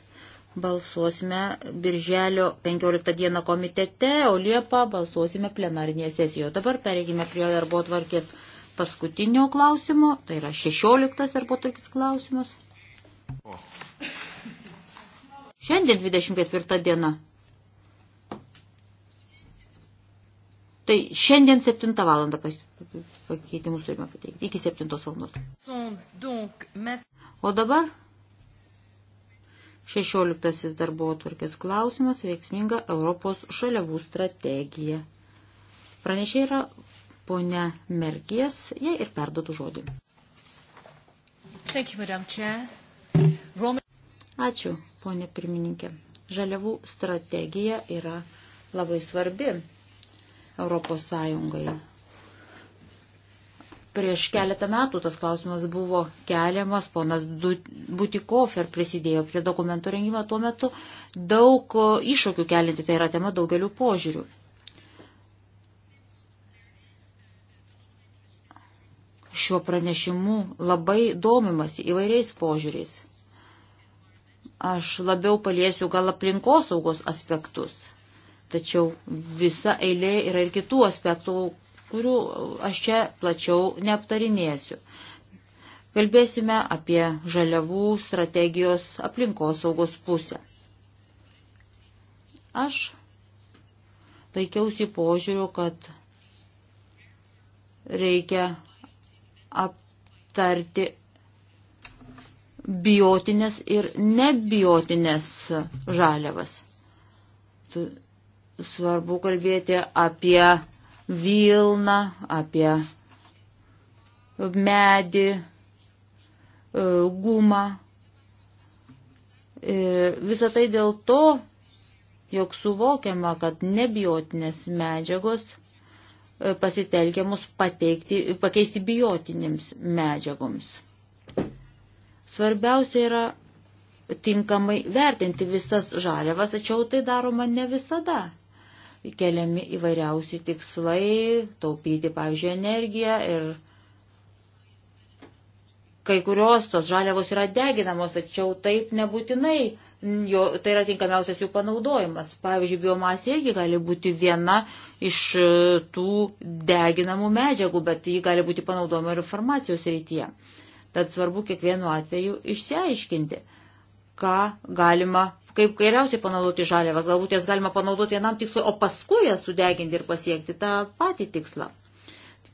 Balsuosime birželio 15 dieną komitete, o Liepą balsuosime plenarinėje sesijoje. Dabar pereikime prie darbo tvarkės paskutinio klausimo. Tai yra 16 darbo tvarkės klausimas. Šiandien 24 diena. Tai šiandien 7 valandą pakeitimus turime pateikti. Iki 7 valandos. O dabar 16 darbo atvarkės klausimas - veiksminga Europos šaliavų strategija. Pranešė yra ponia Merkies, jie ir perdotų žodį. Ačiū, ponė pirmininkė. Žaliavų strategija yra labai svarbi Europos Sąjungai. Prieš keletą metų tas klausimas buvo keliamas, ponas Butikofer prisidėjo prie dokumento rengimo tuo metu, daug e, iššūkių kelinti, tai yra tema daugeliu požiūrių. Šiuo pranešimu labai domimasi įvairiais požiūriais. Aš labiau paliesiu gal aplinkosaugos aspektus Tačiau visa eilė yra ir kitų aspektų, kurių aš čia plačiau neaptarinėsiu. Kalbėsime apie žaliavų strategijos aplinkosaugos pusę. Aš laikiausi požiūriu, kad reikia aptarti biotinės ir nebiotinės žaliavas svarbu kalbėti apie Vilną, apie medį, e, gumą. E, Visą tai dėl to, jog suvokiama, kad nebiotinės medžiagos e, pasitelkiamus pateikti, pakeisti biotinėms medžiagoms. Svarbiausia yra tinkamai vertinti visas žaliavas, tačiau tai daroma ne visada keliami įvairiausi tikslai, taupyti, pavyzdžiui, energiją ir kai kurios tos žaliavos yra deginamos, tačiau taip nebūtinai. Jo, tai yra tinkamiausias jų panaudojimas. Pavyzdžiui, biomasė irgi gali būti viena iš e, tų deginamų medžiagų, bet ji gali būti panaudojama ir farmacijos rytyje. Tad svarbu kiekvienu atveju išsiaiškinti, ką galima kaip geriausiai panaudoti žaliavas. Galbūt jas galima panaudoti vienam tikslui, o paskui jas sudeginti ir pasiekti tą patį tikslą.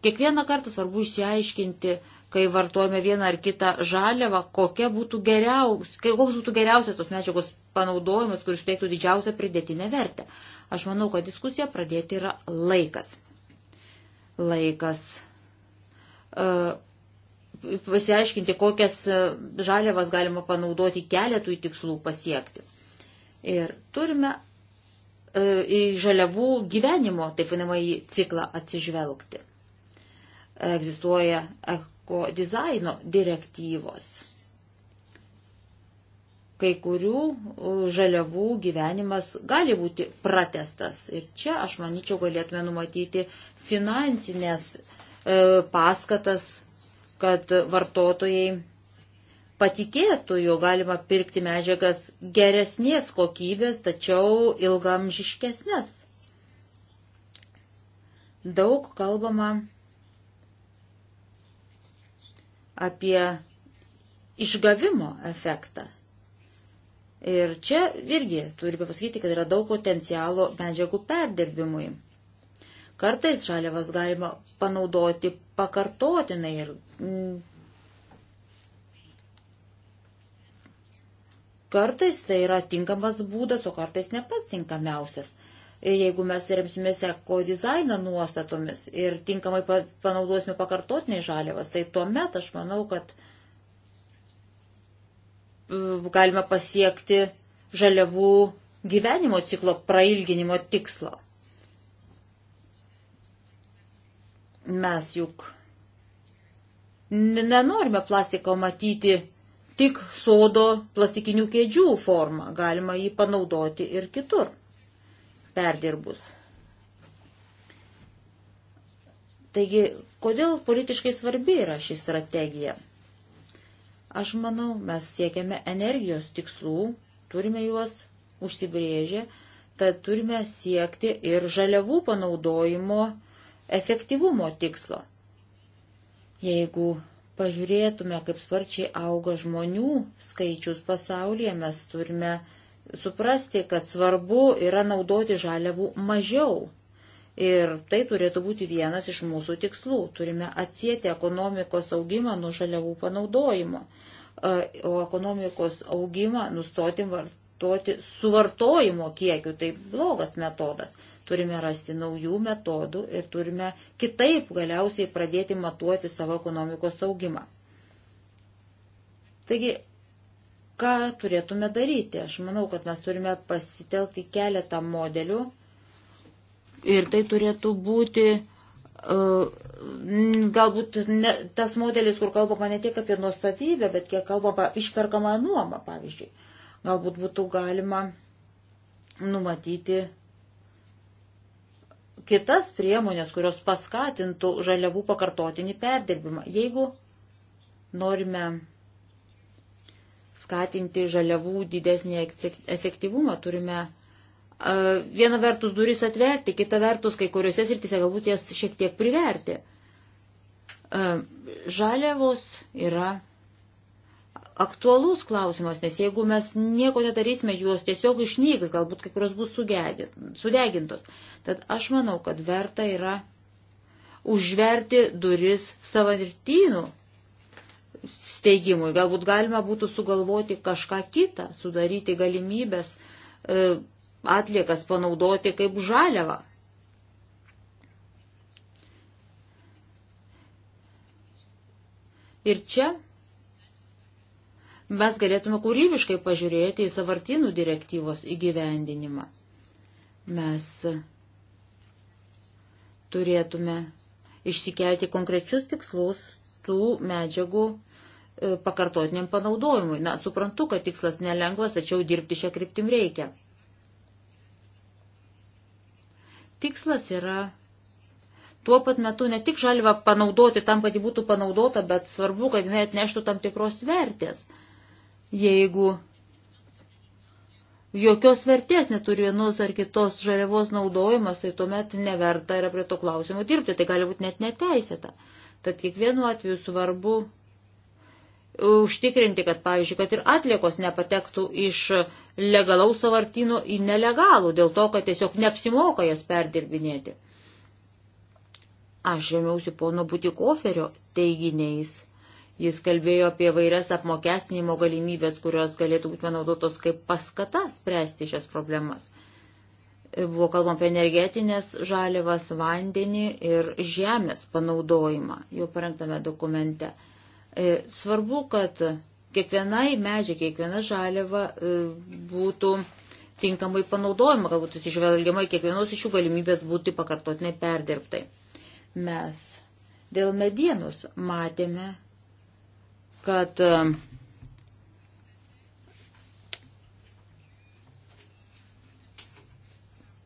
Kiekvieną kartą svarbu išsiaiškinti, kai vartojame vieną ar kitą žaliavą, kokia būtų geriausia, koks būtų geriausias tos medžiagos panaudojimas, kuris suteiktų didžiausią pridėtinę vertę. Aš manau, kad diskusija pradėti yra laikas. Laikas. Uh, pasiaiškinti, kokias e, žaliavas galima panaudoti keletui tikslų pasiekti. Ir turime e, į žaliavų gyvenimo, taip vadinamą, į ciklą atsižvelgti. Egzistuoja eko dizaino direktyvos. Kai kurių e, žaliavų gyvenimas gali būti pratestas. Ir čia, aš manyčiau, galėtume numatyti finansinės e, paskatas, kad vartotojai patikėtojų galima pirkti medžiagas geresnės kokybės, tačiau ilgamžiškesnės. Daug kalbama apie išgavimo efektą. Ir čia irgi turime pasakyti, kad yra daug potencialo medžiagų perdirbimui. Kartais žaliavas galima panaudoti pakartotinai ir mm, Kartais tai yra tinkamas būdas, o kartais ne pats tinkamiausias. Jeigu mes remsimės eko dizaino nuostatomis ir tinkamai panaudosime pakartotiniai žaliavas, tai tuomet aš manau, kad e, galime pasiekti žaliavų gyvenimo ciklo prailginimo tikslo. Mes juk nenorime plastiko matyti tik sodo plastikinių kėdžių formą, galima jį panaudoti ir kitur perdirbus. Taigi, kodėl politiškai svarbi yra ši strategija? Aš manau, mes siekiame energijos tikslų, turime juos užsibrėžę, tad turime siekti ir žaliavų panaudojimo efektyvumo tikslo. Jeigu pažiūrėtume, kaip sparčiai auga žmonių skaičius pasaulyje, mes turime suprasti, kad svarbu yra naudoti žaliavų mažiau. Ir tai turėtų būti vienas iš mūsų tikslų. Turime atsėti ekonomikos augimą nuo žaliavų panaudojimo, e, o ekonomikos augimą nustoti vartoti suvartojimo kiekiu. Tai blogas metodas turime rasti naujų metodų ir turime kitaip galiausiai pradėti matuoti savo ekonomikos augimą. Taigi, ką turėtume daryti? Aš manau, kad mes turime pasitelkti keletą modelių ir tai turėtų būti e, galbūt ne, tas modelis, kur kalbama ne tiek apie nuosavybę, bet kiek kalbama išperkamą nuomą, pavyzdžiui. Galbūt būtų galima numatyti kitas priemonės, kurios paskatintų žaliavų pakartotinį perdirbimą. Jeigu norime skatinti žaliavų didesnį efektyvumą, turime vieną vertus duris atverti, kitą vertus kai kuriuose srityse galbūt jas šiek tiek priverti. Žaliavos yra aktualus klausimas, nes jeigu mes nieko nedarysime, juos tiesiog išnyks, galbūt kai kurios bus sudegintos. Tad aš manau, kad verta yra užverti duris savartynų steigimui. Galbūt galima būtų sugalvoti kažką kitą, sudaryti galimybės e, atliekas panaudoti kaip žaliavą. Ir čia mes galėtume kūrybiškai pažiūrėti į savartinų direktyvos įgyvendinimą. Mes turėtume išsikelti konkrečius tikslus tų medžiagų e, pakartotiniam panaudojimui. Na, suprantu, kad tikslas nelengvas, tačiau dirbti šią kryptim reikia. Tikslas yra tuo pat metu ne tik žalvą panaudoti tam, kad ji būtų panaudota, bet svarbu, kad jinai atneštų tam tikros vertės jeigu jokios vertės neturi vienos ar kitos žaliavos naudojimas, tai tuomet neverta yra prie to klausimo dirbti, tai gali būti net neteisėta. Tad kiekvienu atveju svarbu užtikrinti, kad, pavyzdžiui, kad ir atliekos nepatektų iš legalaus savartino į nelegalų, dėl to, kad tiesiog neapsimoka jas perdirbinėti. Aš žemiausi pono Butikoferio teiginiais Jis kalbėjo apie vairias apmokestinimo galimybės, kurios galėtų būti panaudotos kaip paskata spręsti šias problemas. Buvo kalbama apie energetinės žalėvas, vandenį ir žemės panaudojimą jau parengtame dokumente. E, svarbu, kad kiekvienai medžiai, kiekviena žalėva e, būtų tinkamai panaudojama, kad būtų atsižvelgiama į kiekvienos iš jų galimybės būti pakartotinai perdirbtai. Mes dėl medienos matėme, kad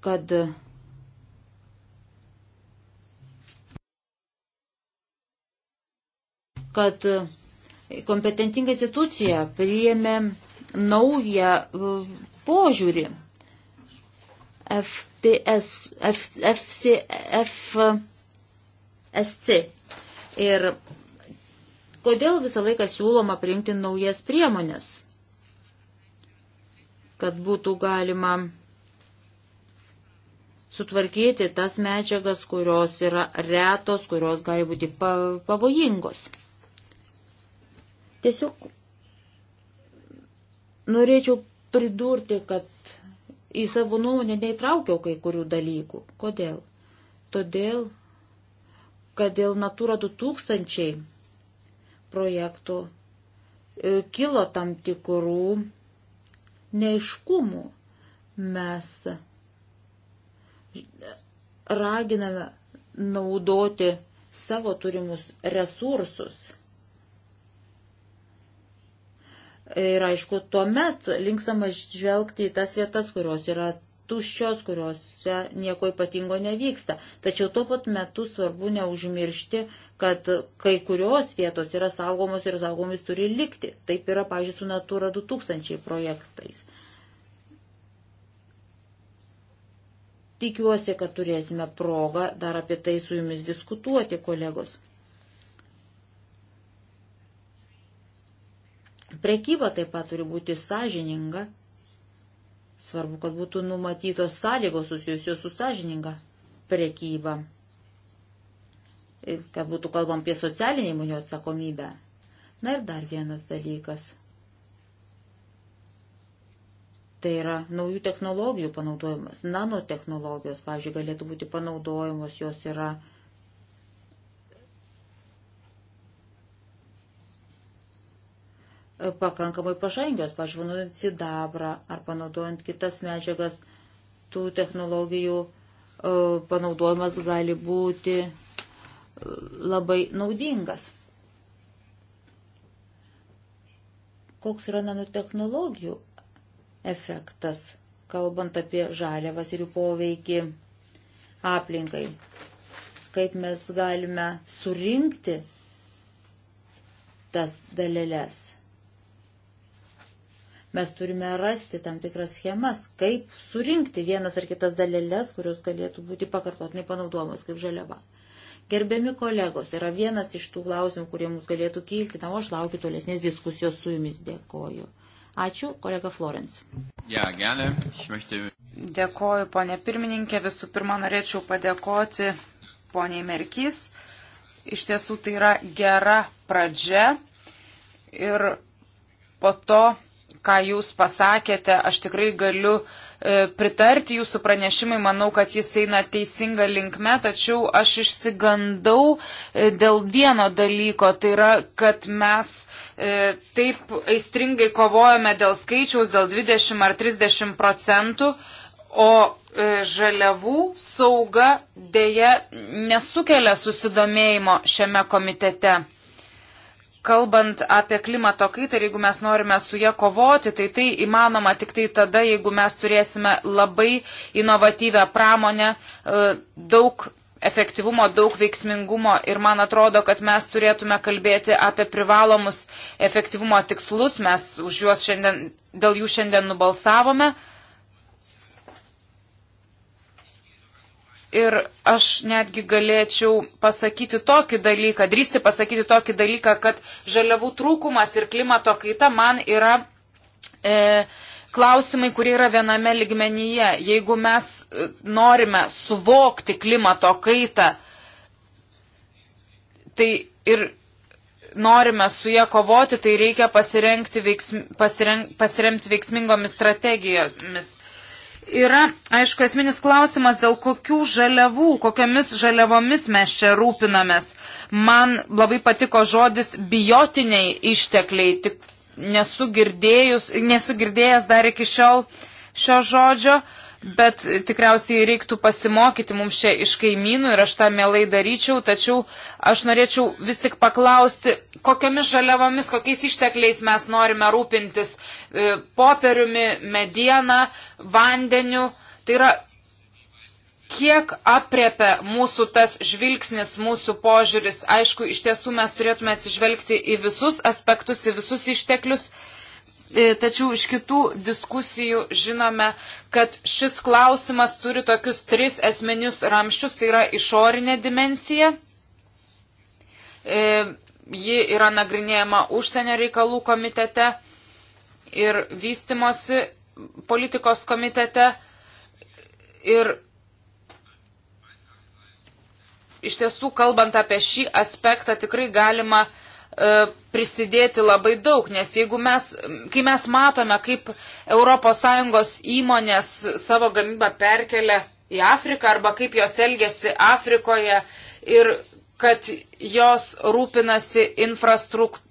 kad kad kompetentinga institucija priėmė naują e, požiūrį. FTS, F, FC, FSC. Ir Kodėl visą laiką siūloma priimti naujas priemonės, kad būtų galima sutvarkyti tas medžiagas, kurios yra retos, kurios gali būti pavojingos. Tiesiog norėčiau pridurti, kad į savo nuomonę neįtraukiau kai kurių dalykų. Kodėl? Todėl, kad dėl Natura 2000 projektų e, kilo tam tikrų neiškumų. Mes raginame naudoti savo turimus resursus. Ir aišku, tuomet linkstama žvelgti į tas vietas, kurios yra tuščios, kuriuose nieko ypatingo nevyksta. Tačiau tuo pat metu svarbu neužmiršti, kad kai kurios vietos yra saugomos ir saugomis turi likti. Taip yra, pažiūrėjau, su Natura 2000 projektais. Tikiuosi, kad turėsime progą dar apie tai su jumis diskutuoti, kolegos. Prekyba taip pat turi būti sąžininga Svarbu, kad būtų numatytos sąlygos susijusios su sąžininga prekyba. Ir kad būtų kalbam apie socialinį įmonių atsakomybę. Na ir dar vienas dalykas. Tai yra naujų technologijų panaudojimas. Nanotehnologijos, pavyzdžiui, galėtų būti panaudojamos, jos yra uh, pakankamai pažangios, pažvanojant sidabrą ar panaudojant kitas medžiagas, tų technologijų e, panaudojimas gali būti e, labai naudingas. Koks yra nanotehnologijų efektas, kalbant apie žaliavas ir jų poveikį aplinkai? Kaip mes galime surinkti tas dalelės? Mes turime rasti tam tikras schemas, kaip surinkti vienas ar kitas dalelės, kurios galėtų būti pakartotinai panaudojamos kaip žaliava. Gerbiami kolegos, yra vienas iš tų klausimų, kurie mums galėtų kilti, na, o aš laukiu tolesnės diskusijos su jumis. Dėkoju. Ačiū, kolega Florence. Ja, gerne. Ich möchte... Dėkoju, ponė pirmininkė. Visų pirma, norėčiau padėkoti poniai Merkys. Iš tiesų tai yra gera pradžia ir po to ką jūs pasakėte, aš tikrai galiu e, pritarti jūsų pranešimui, manau, kad jis eina teisinga linkme, tačiau aš išsigandau e, dėl vieno dalyko, tai yra, kad mes e, taip aistringai kovojame dėl skaičiaus, dėl 20 ar 30 procentų, o žaliavų sauga dėja nesukelia susidomėjimo šiame komitete kalbant apie klimato kaitą ir jeigu mes norime su ją kovoti, tai tai įmanoma tik tai tada, jeigu mes turėsime labai inovatyvę pramonę, e, daug efektyvumo, daug veiksmingumo ir man atrodo, kad mes turėtume kalbėti apie privalomus efektyvumo tikslus, mes už juos šiandien, dėl jų šiandien nubalsavome. Ir aš netgi galėčiau pasakyti tokį dalyką, drįsti pasakyti tokį dalyką, kad žaliavų trūkumas ir klimato kaita man yra e, klausimai, kurie yra viename ligmenyje. Jeigu mes e, norime suvokti klimato kaitą, tai ir norime su ją kovoti, tai reikia veiksm, pasireng, pasiremti veiksmingomis strategijomis yra, aišku, esminis klausimas, dėl kokių žaliavų, kokiamis žaliavomis mes čia rūpinamės. Man labai patiko žodis biotiniai ištekliai, tik nesu, nesu girdėjęs dar iki šiol šio žodžio. Uh, bet tikriausiai reiktų pasimokyti mums čia iš kaimynų ir aš tą mielai daryčiau, tačiau aš norėčiau vis tik paklausti, kokiamis žaliavomis, kokiais ištekliais mes norime rūpintis e, popieriumi, medieną, vandeniu. Tai yra, kiek apriepia mūsų tas žvilgsnis, mūsų požiūris. Aišku, iš tiesų mes turėtume atsižvelgti į visus aspektus, į visus išteklius. E, tačiau iš kitų diskusijų žinome, kad šis klausimas turi tokius tris esminius ramščius, tai yra išorinė dimensija. E, ji yra nagrinėjama užsienio reikalų komitete ir vystimosi politikos komitete. Ir iš tiesų, kalbant apie šį aspektą, tikrai galima uh, E, prisidėti labai daug, nes jeigu mes, kai mes matome, kaip ES įmonės savo gamybą perkelia į Afriką arba kaip jos elgesi Afrikoje ir kad jos rūpinasi infrastruktūrą,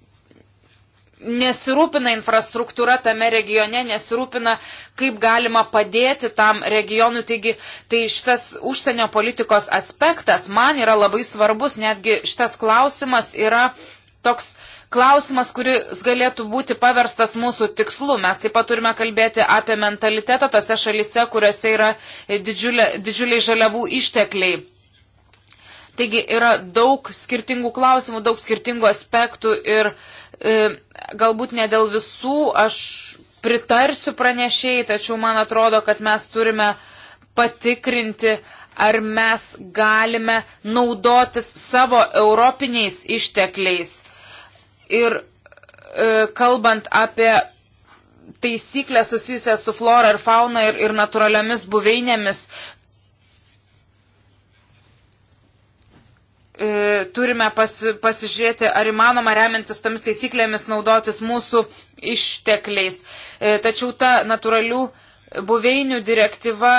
nesirūpina infrastruktūra tame regione, nesirūpina, kaip galima padėti tam regionui. Taigi, tai šitas užsienio politikos aspektas man yra labai svarbus, netgi šitas klausimas yra uh, toks klausimas, kuris galėtų būti paverstas mūsų tikslu. Mes taip pat turime kalbėti apie mentalitetą tose šalise, kuriuose yra didžiulė, didžiuliai žaliavų ištekliai. Taigi yra daug skirtingų klausimų, daug skirtingų aspektų ir e, galbūt ne dėl visų aš pritarsiu pranešėjai, tačiau man atrodo, kad mes turime patikrinti, ar mes galime naudotis savo europiniais ištekliais Ir e, kalbant apie taisyklę susijusią su flora ir fauna ir, ir natūraliomis buveinėmis, e, turime pasi, pasižiūrėti, ar įmanoma remintis tomis taisyklėmis naudotis mūsų ištekliais. E, tačiau ta natūralių buveinių direktyva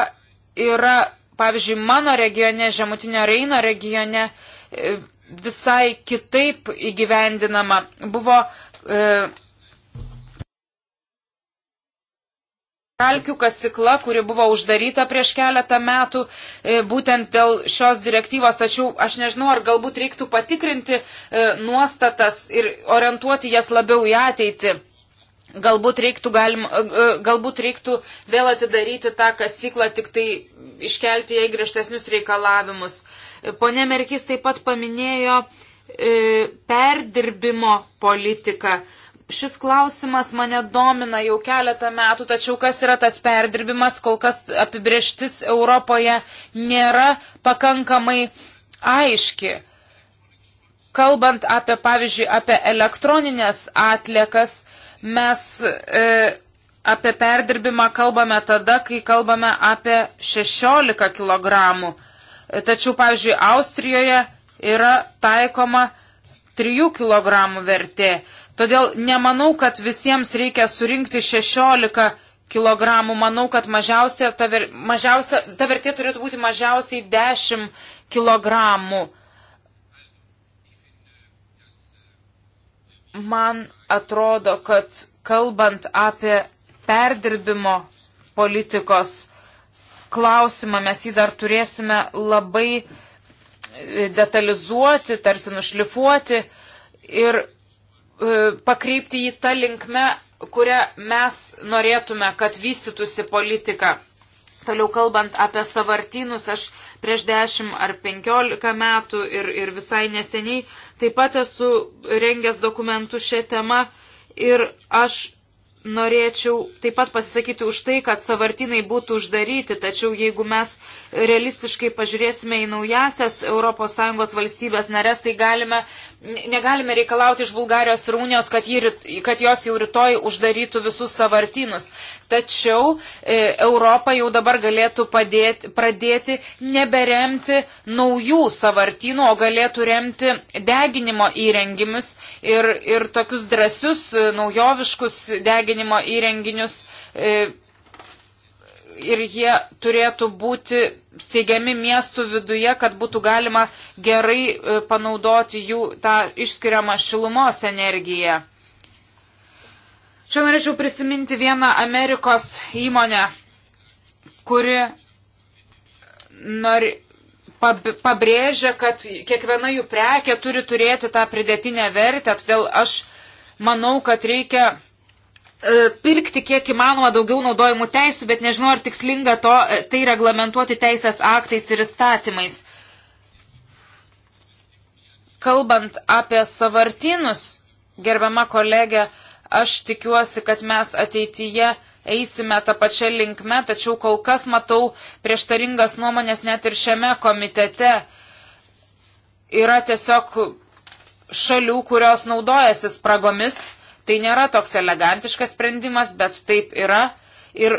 yra, pavyzdžiui, mano regione, Žemutinio Reino regione, e, visai kitaip įgyvendinama. Buvo e, kalkių kasikla, kuri buvo uždaryta prieš keletą metų e, būtent dėl šios direktyvos, tačiau aš nežinau, ar galbūt reiktų patikrinti e, nuostatas ir orientuoti jas labiau į ateitį. Galbūt reiktų, galim, galbūt reiktų vėl atidaryti tą kasyklą, tik tai iškelti jai griežtesnius reikalavimus. Pone Merkis taip pat paminėjo e, perdirbimo politiką. Šis klausimas mane domina jau keletą metų, tačiau kas yra tas perdirbimas, kol kas apibrieštis Europoje nėra pakankamai aiški kalbant apie, pavyzdžiui, apie elektroninės atliekas, Mes e, apie perdirbimą kalbame tada, kai kalbame apie 16 kg. E, tačiau, pavyzdžiui, Austrijoje yra taikoma 3 kg vertė. Todėl nemanau, kad visiems reikia surinkti 16 kg. Manau, kad mažiausia ta, ver, mažiausia, ta vertė turėtų būti mažiausiai 10 kg. Man atrodo, kad kalbant apie perdirbimo politikos klausimą, mes jį dar turėsime labai e, detalizuoti, tarsi nušlifuoti ir e, pakreipti jį tą linkmę, kurią mes norėtume, kad vystytųsi politika. Toliau kalbant apie savartynus, aš prieš 10 ar 15 metų ir, ir visai neseniai taip pat esu rengęs dokumentų šią temą ir aš norėčiau taip pat pasisakyti už tai, kad savartinai būtų uždaryti, tačiau jeigu mes realistiškai pažiūrėsime į naujasias ES valstybės narės, tai galime, negalime reikalauti iš Bulgarijos ir Unijos, kad, jį, kad jos jau rytoj uždarytų visus savartinus. Tačiau e, Europa jau dabar galėtų padėti, pradėti neberemti naujų savartinų, o galėtų remti deginimo įrengimus ir, ir tokius drąsius e, naujoviškus deginimo deginimo įrenginius e, ir jie turėtų būti steigiami miestų viduje, kad būtų galima gerai e, panaudoti jų tą išskiriamą šilumos energiją. Čia norėčiau prisiminti vieną Amerikos įmonę, kuri nori, pabrėžia, kad kiekviena jų prekė turi turėti tą pridėtinę vertę, todėl aš manau, kad reikia E, pirkti kiek įmanoma daugiau naudojimų teisų, bet nežinau, ar tikslinga to, e, tai reglamentuoti teisės aktais ir įstatymais. Kalbant apie savartinus, gerbiama kolegė, aš tikiuosi, kad mes ateityje eisime tą pačią linkmę, tačiau kol kas matau prieštaringas nuomonės net ir šiame komitete. Yra tiesiog šalių, kurios naudojasi spragomis Tai nėra toks elegantiškas sprendimas, bet taip yra. Ir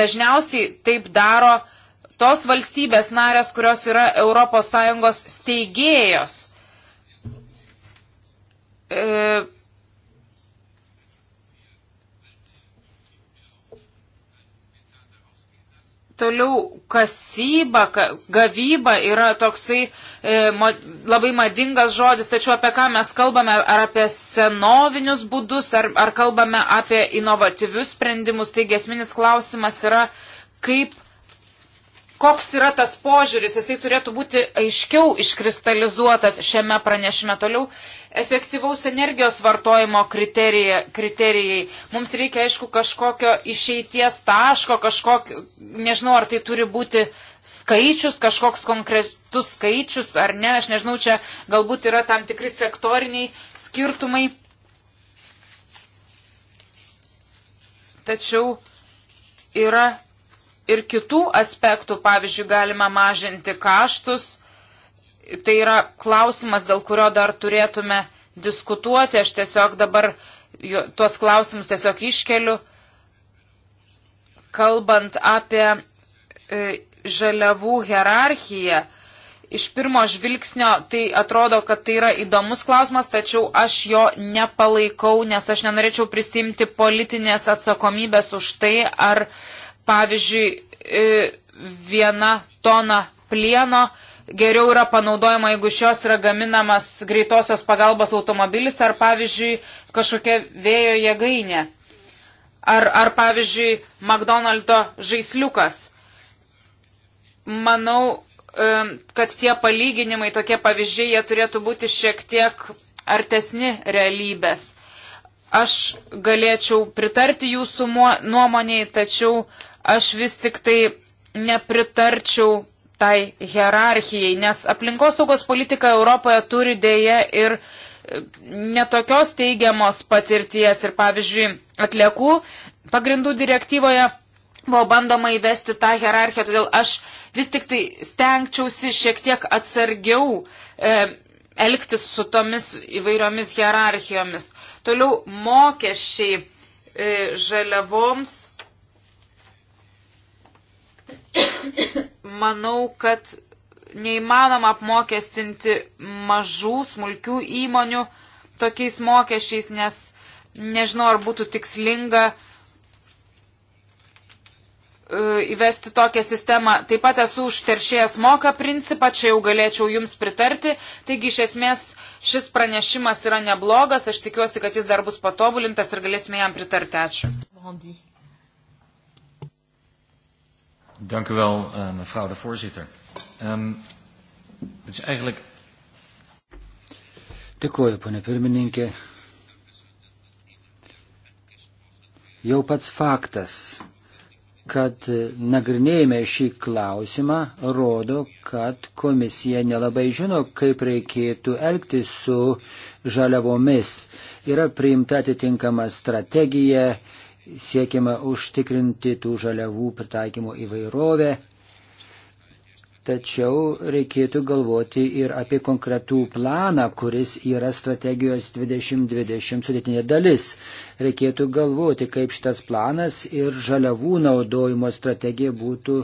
dažniausiai taip daro tos valstybės narės, kurios yra ES steigėjos. E, Toliau kasyba, gavyba yra toksai e, mo, labai madingas žodis, tačiau apie ką mes kalbame, ar apie senovinius būdus, ar, ar kalbame apie inovatyvius sprendimus, tai esminis klausimas yra, kaip koks yra tas požiūris, jisai turėtų būti aiškiau iškristalizuotas šiame pranešime toliau. Efektyvaus energijos vartojimo kriterijai. kriterijai. Mums reikia, aišku, kažkokio išeities taško, kažkokio, nežinau, ar tai turi būti skaičius, kažkoks konkretus skaičius, ar ne, aš nežinau, čia galbūt yra tam tikri sektoriniai skirtumai. Tačiau yra ir kitų aspektų, pavyzdžiui, galima mažinti kaštus. Tai yra klausimas, dėl kurio dar turėtume diskutuoti. Aš tiesiog dabar tuos klausimus tiesiog iškeliu, kalbant apie e, žaliavų hierarchiją. Iš pirmo žvilgsnio tai atrodo, kad tai yra įdomus klausimas, tačiau aš jo nepalaikau, nes aš nenorėčiau prisimti politinės atsakomybės už tai, ar uh, Pavyzdžiui, e, viena tona plieno geriau yra panaudojama, jeigu iš jos yra gaminamas greitosios pagalbos automobilis ar, pavyzdžiui, kažkokia vėjo jėgainė. Ar, ar pavyzdžiui, McDonald's žaisliukas. Manau, e, kad tie palyginimai, tokie pavyzdžiai, jie turėtų būti šiek tiek artesni realybės. Aš galėčiau pritarti jūsų nuomoniai, tačiau uh, aš vis tik tai nepritarčiau tai hierarchijai, nes aplinkosaugos politika Europoje turi dėje ir e, netokios teigiamos patirties ir pavyzdžiui atliekų pagrindų direktyvoje buvo bandoma įvesti tą hierarchiją, todėl aš vis tik tai stengčiausi šiek tiek atsargiau e, elgtis su tomis įvairiomis hierarchijomis. Toliau mokesčiai e, žaliavoms manau, kad neįmanoma apmokestinti mažų, smulkių įmonių tokiais mokesčiais, nes nežinau, ar būtų tikslinga e, įvesti tokią sistemą. Taip pat esu užteršėjęs moka principą, čia jau galėčiau jums pritarti. Taigi iš esmės šis pranešimas yra neblogas, aš tikiuosi, kad jis dar bus patobulintas ir galėsime jam pritarti. Ačiū. Brandy. Dank u wel, uh, mevrouw de voorzitter. Um, het is eigenlijk. Dėkuoju, ponė pirmininkė. Jau pats faktas, kad eh, nagrinėjame šį klausimą, rodo, kad komisija nelabai žino, kaip reikėtų elgtis su žaliavomis. Yra priimta atitinkama strategija, siekiama užtikrinti tų žaliavų pritaikymo įvairovę, tačiau reikėtų galvoti ir apie konkretų planą, kuris yra strategijos 2020 sudėtinė dalis. Reikėtų galvoti, kaip šitas planas ir žaliavų naudojimo strategija būtų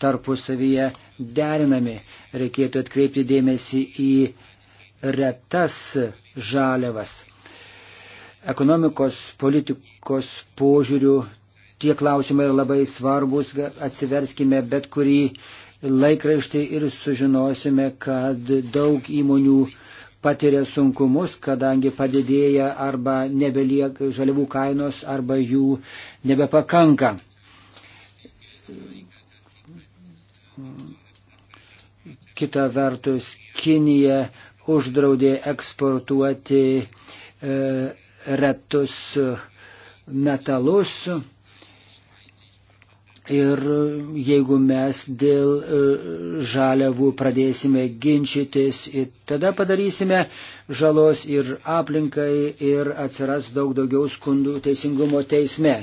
tarpusavyje derinami. Reikėtų atkreipti dėmesį į retas žaliavas Ekonomikos politikos požiūrių tie klausimai yra labai svarbus, atsiverskime bet kurį laikraštį ir sužinosime, kad daug įmonių patiria sunkumus, kadangi padidėja arba nebeliek žaliavų kainos arba jų nebepakanka. Kita vertus, Kinija uždraudė eksportuoti e, retus metalus. Ir jeigu mes dėl e, žaliavų pradėsime ginčytis, tada padarysime žalos ir aplinkai ir atsiras daug daugiau skundų teisingumo teisme.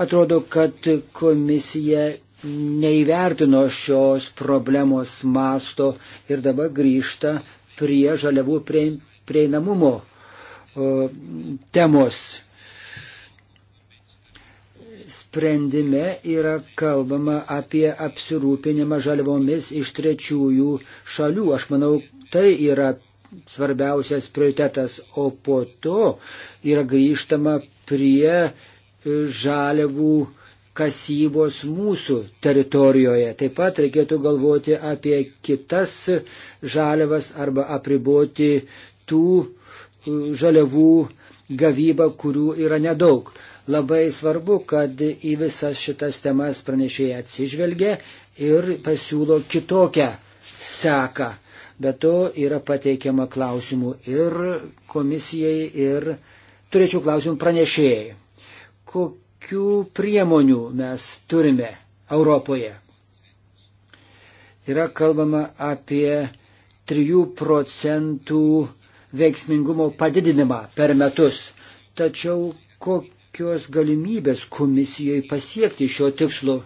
Atrodo, kad komisija neįvertino šios problemos masto ir dabar grįžta prie žaliavų prieinamumo E, temos sprendime yra kalbama apie apsirūpinimą žalvomis iš trečiųjų šalių. Aš manau, tai yra svarbiausias prioritetas, o po to yra grįžtama prie žaliavų kasybos mūsų teritorijoje. Taip pat reikėtų galvoti apie kitas žaliavas arba apriboti tų žaliavų gavybą, kurių yra nedaug. Labai svarbu, kad į visas šitas temas pranešėjai atsižvelgia ir pasiūlo kitokią seką. Be to yra pateikiama klausimų ir komisijai, ir turėčiau klausimų pranešėjai. Kokių priemonių mes turime Europoje? Yra kalbama apie 3 procentų veiksmingumo padidinimą per metus. Tačiau kokios galimybės komisijoje pasiekti šio tikslo?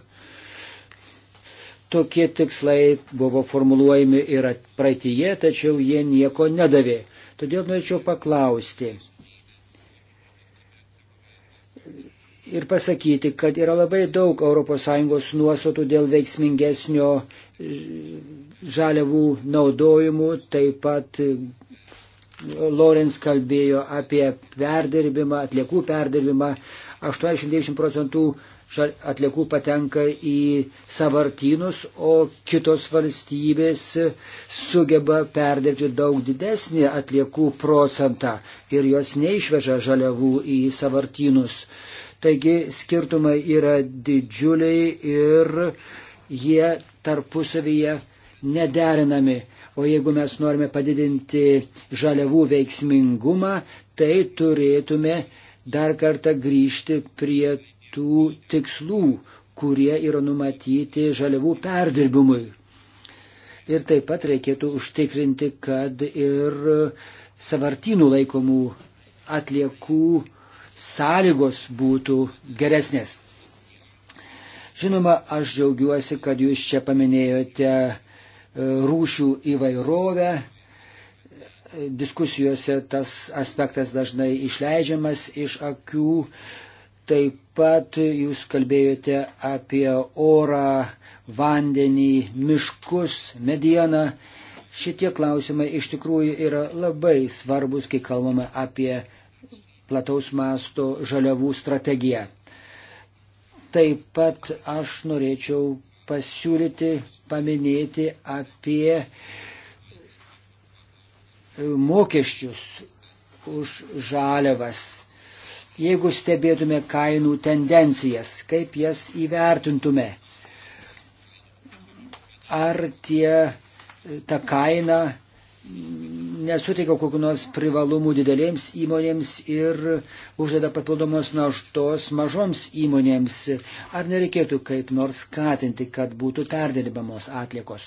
Tokie tikslai buvo formuluojami ir praeitie, tačiau jie nieko nedavė. Todėl norėčiau paklausti ir pasakyti, kad yra labai daug ES nuostatų dėl veiksmingesnio žaliavų naudojimų, taip pat Lorenz kalbėjo apie perdirbimą, atliekų perdirbimą. 80-90 procentų atliekų patenka į savartynus, o kitos valstybės sugeba perdirbti daug didesnį atliekų procentą ir jos neišveža žaliavų į savartynus. Taigi skirtumai yra didžiuliai ir jie tarpusavyje nederinami. O jeigu mes norime padidinti žaliavų veiksmingumą, tai turėtume dar kartą grįžti prie tų tikslų, kurie yra numatyti žaliavų perdirbimui. Ir taip pat reikėtų užtikrinti, kad ir savartynų laikomų atliekų sąlygos būtų geresnės. Žinoma, aš džiaugiuosi, kad jūs čia paminėjote E, rūšių įvairovę. Diskusijose tas aspektas dažnai išleidžiamas iš akių. Taip pat jūs kalbėjote apie orą, vandenį, miškus, medieną. Šitie klausimai iš tikrųjų yra labai svarbus, kai kalbame apie plataus masto žaliavų strategiją. Taip pat aš norėčiau pasiūlyti paminėti apie mokesčius už žaliavas. Jeigu stebėtume kainų tendencijas, kaip jas įvertintume, ar tie, ta kaina nesuteikia kokiu nors privalumų didelėms įmonėms ir uždeda papildomos naštos mažoms įmonėms. Ar nereikėtų kaip nors skatinti, kad būtų perdirbamos atliekos?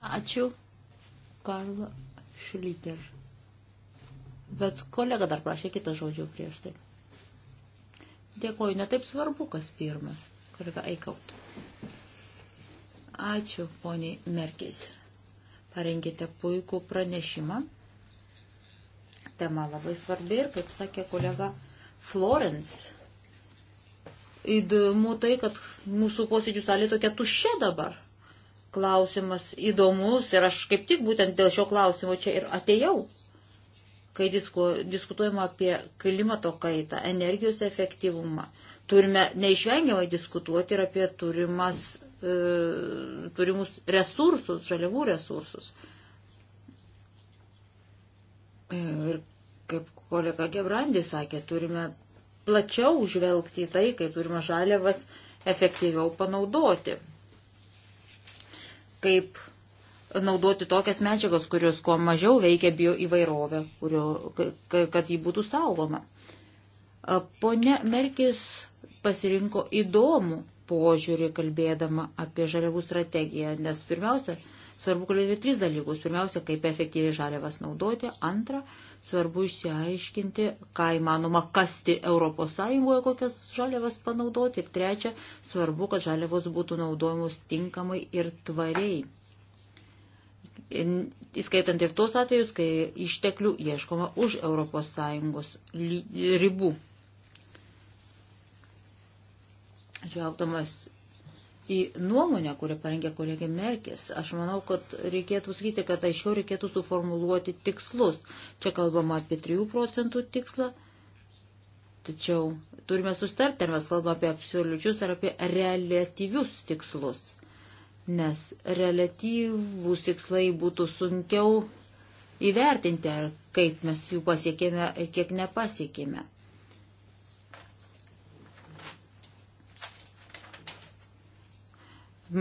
Ačiū, Karla Šliter. Bet kolega dar prašė kitą žodžių prieš tai. Dėkoju, netaip svarbu, kas pirmas, kolega Eikaut. Ačiū, poniai Merkės rengėte puikų pranešimą. Tema labai svarbi ir, kaip sakė kolega Florence, įdomu tai, kad mūsų posėdžių salė tokia tuščia dabar. Klausimas įdomus ir aš kaip tik būtent dėl šio klausimo čia ir atėjau, kai disku, diskutuojama apie klimato kaitą, energijos efektyvumą turime neišvengiamai diskutuoti ir apie turimas E, turimus resursus, žaliavų resursus. E, ir kaip kolega Gebrandi sakė, turime plačiau žvelgti į tai, kai turime žaliavas efektyviau panaudoti. Kaip naudoti tokias medžiagas, kurios kuo mažiau veikia bio įvairovę, kurio, kad jį būtų saugoma. E, Pone Merkis pasirinko įdomų požiūrį, kalbėdama apie žaliavų strategiją, nes pirmiausia, svarbu kalbėti tris dalykus. Pirmiausia, kaip efektyviai žaliavas naudoti. Antra, svarbu išsiaiškinti, ką įmanoma kasti ES, kokias žaliavas panaudoti. Ir trečia, svarbu, kad žaliavos būtų naudojamos tinkamai ir tvariai. Įskaitant ir tos atvejus, kai išteklių ieškoma už ES ribų. žvelgdamas į nuomonę, kurią parengė kolegė Merkis, aš manau, kad reikėtų sakyti, kad aiškiau reikėtų suformuluoti tikslus. Čia kalbama apie 3 procentų tikslą, tačiau turime sustarti, ar mes kalbame apie absoliučius ar apie relatyvius tikslus. Nes relatyvus tikslai būtų sunkiau įvertinti, ar kaip mes jų pasiekėme, kiek nepasiekėme.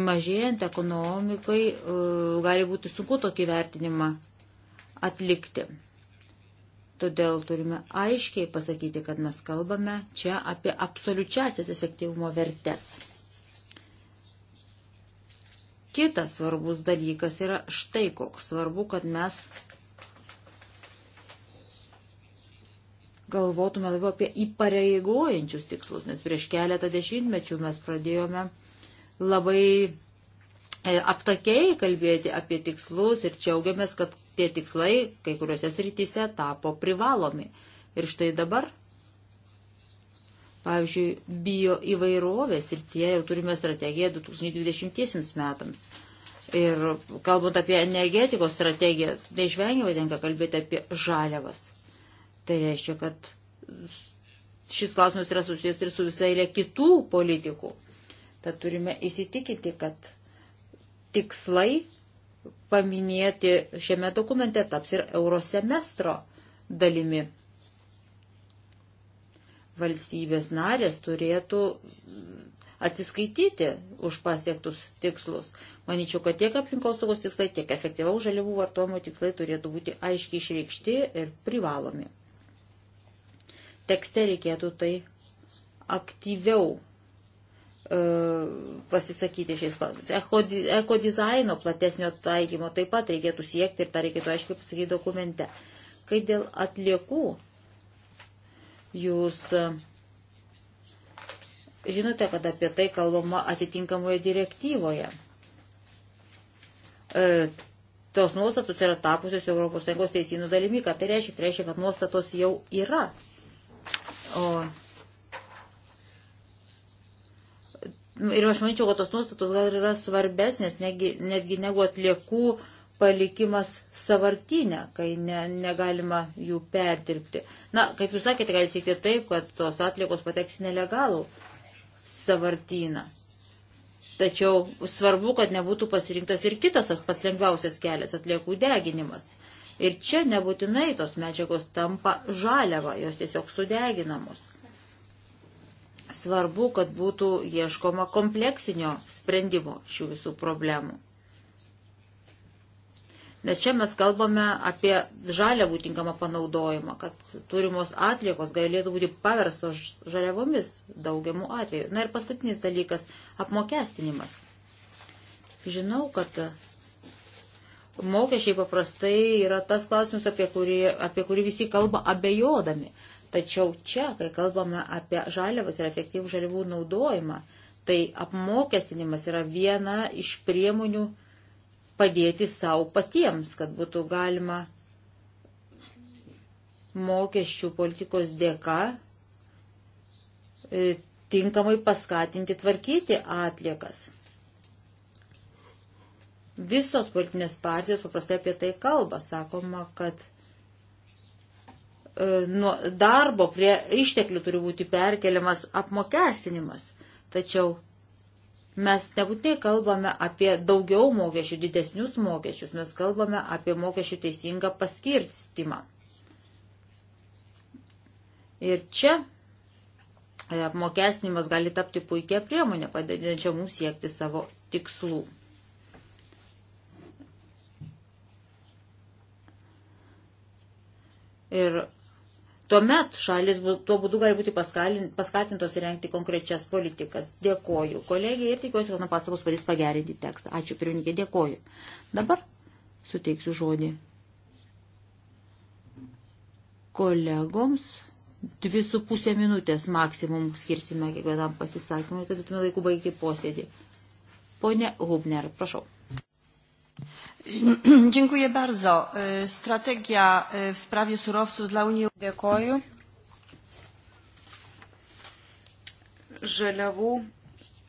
mažėjant ekonomikai e, gali būti sunku tokį vertinimą atlikti. Todėl turime aiškiai pasakyti, kad mes kalbame čia apie absoliučiasias efektyvumo vertes. Kitas svarbus dalykas yra štai koks svarbu, kad mes galvotume labiau apie įpareigojančius tikslus, nes prieš keletą dešimtmečių mes pradėjome uh, labai e, aptakiai kalbėti apie tikslus ir džiaugiamės, kad tie tikslai kai kuriuose srityse tapo privalomi. Ir štai dabar, pavyzdžiui, bio įvairovės ir tie jau turime strategiją 2020 metams. Ir kalbant apie energetikos strategiją, neišvengiamai tenka kalbėti apie žaliavas. Tai reiškia, kad šis klausimas yra susijęs ir su visai lė kitų politikų. Tad turime įsitikinti, kad tikslai paminėti šiame dokumente taps ir eurosemestro dalimi. Valstybės narės turėtų atsiskaityti už pasiektus tikslus. Manyčiau, kad tiek aplinkosaugos tikslai, tiek efektyvaus žaliavų vartojimo tikslai turėtų būti aiškiai išreikšti ir privalomi. Tekste reikėtų tai aktyviau E, pasisakyti šiais klausimais. Eko dizaino platesnio taikymo taip pat reikėtų siekti ir tą reikėtų aiškiai pasakyti dokumente. Kai dėl atliekų jūs e, žinote, kad apie tai kalbama atitinkamoje direktyvoje. E, tos nuostatos yra tapusios ES teisynų dalimi, kad tai reiškia, tai reiškia, kad nuostatos jau yra. O Ir aš manyčiau, kad tos nuostatos gal yra svarbesnės negi, netgi negu atliekų palikimas savartinę, kai ne, negalima jų perdirbti. Na, kaip jūs sakėte, gali sėkti taip, kad tos atliekos pateks nelegalų savartyną. Tačiau svarbu, kad nebūtų pasirinktas ir kitas tas pats lengviausias kelias - atliekų deginimas. Ir čia nebūtinai tos medžiagos tampa žaliava, jos tiesiog sudeginamos. Svarbu, kad būtų ieškoma kompleksinio sprendimo šių visų problemų. Nes čia mes kalbame apie žaliavų tinkamą panaudojimą, kad turimos atliekos galėtų būti paverstos žaliavomis daugiamų atveju. Na ir paskutinis dalykas - apmokestinimas. Žinau, kad mokesčiai paprastai yra tas klausimas, apie kurį, apie kurį visi kalba abejodami. Tačiau čia, kai kalbame apie žaliavas ir efektyvų žaliavų naudojimą, tai apmokestinimas yra viena iš priemonių padėti savo patiems, kad būtų galima mokesčių politikos dėka e, tinkamai paskatinti tvarkyti atliekas. Visos politinės partijos paprastai apie tai kalba, sakoma, kad E, nuo darbo prie išteklių turi būti perkeliamas apmokestinimas. Tačiau mes nebūtinai kalbame apie daugiau mokesčių, didesnius mokesčius, mes kalbame apie mokesčių teisingą paskirstimą. Ir čia e, apmokestinimas gali tapti puikia priemonė, padedančia mums siekti savo tikslų. Ir Tuomet šalis tuo būdu gali būti paskatintos įrengti konkrečias politikas. Dėkoju kolegijai ir tikiuosi, kad mano pastabos padės pagerinti tekstą. Ačiū, pirmininkė, dėkoju. Dabar suteiksiu žodį kolegoms. Dvi su pusė minutės maksimum skirsime kiekvienam pasisakymui, kad turėtume laiku baigti posėdį. Pone Hubner, prašau. Dziękuję bardzo. E, strategia e, w sprawie surowców dla Unii Dėkoju. Žaliavų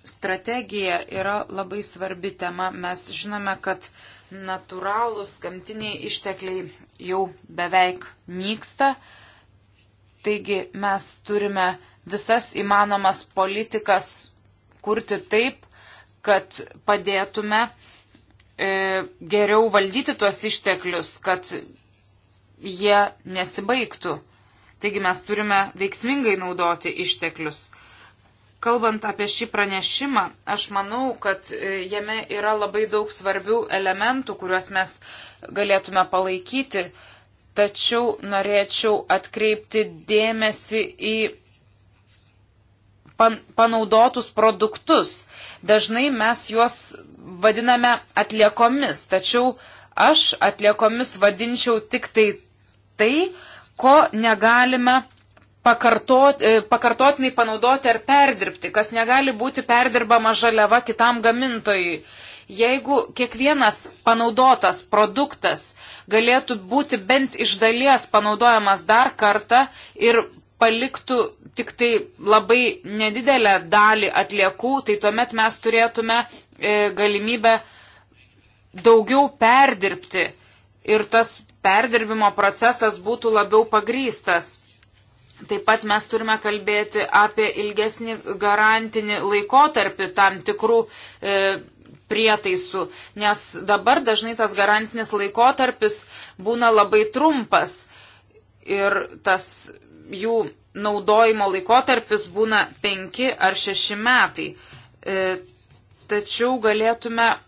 strategija yra labai svarbi tema. Mes žinome, kad natūralūs gamtiniai ištekliai jau beveik nyksta. Taigi mes turime visas įmanomas politikas kurti taip, kad padėtume uh, E, geriau valdyti tuos išteklius, kad jie nesibaigtų. Taigi mes turime veiksmingai naudoti išteklius. Kalbant apie šį pranešimą, aš manau, kad e, jame yra labai daug svarbių elementų, kuriuos mes galėtume palaikyti, tačiau norėčiau atkreipti dėmesį į pan, panaudotus produktus. Dažnai mes juos vadiname atliekomis, tačiau aš atliekomis vadinčiau tik tai tai, ko negalime pakartot, e, pakartotinai panaudoti ar perdirbti, kas negali būti perdirbama žaliava kitam gamintojui. Jeigu kiekvienas panaudotas produktas galėtų būti bent iš dalies panaudojamas dar kartą ir paliktų tik tai labai nedidelę dalį atliekų, tai tuomet mes turėtume e, galimybę daugiau perdirbti ir tas perdirbimo procesas būtų labiau pagrystas. Taip pat mes turime kalbėti apie ilgesnį garantinį laikotarpį tam tikrų e, prietaisų, nes dabar dažnai tas garantinis laikotarpis būna labai trumpas ir tas jų naudojimo laikotarpis būna 5 ar 6 metai. E, tačiau galėtume e,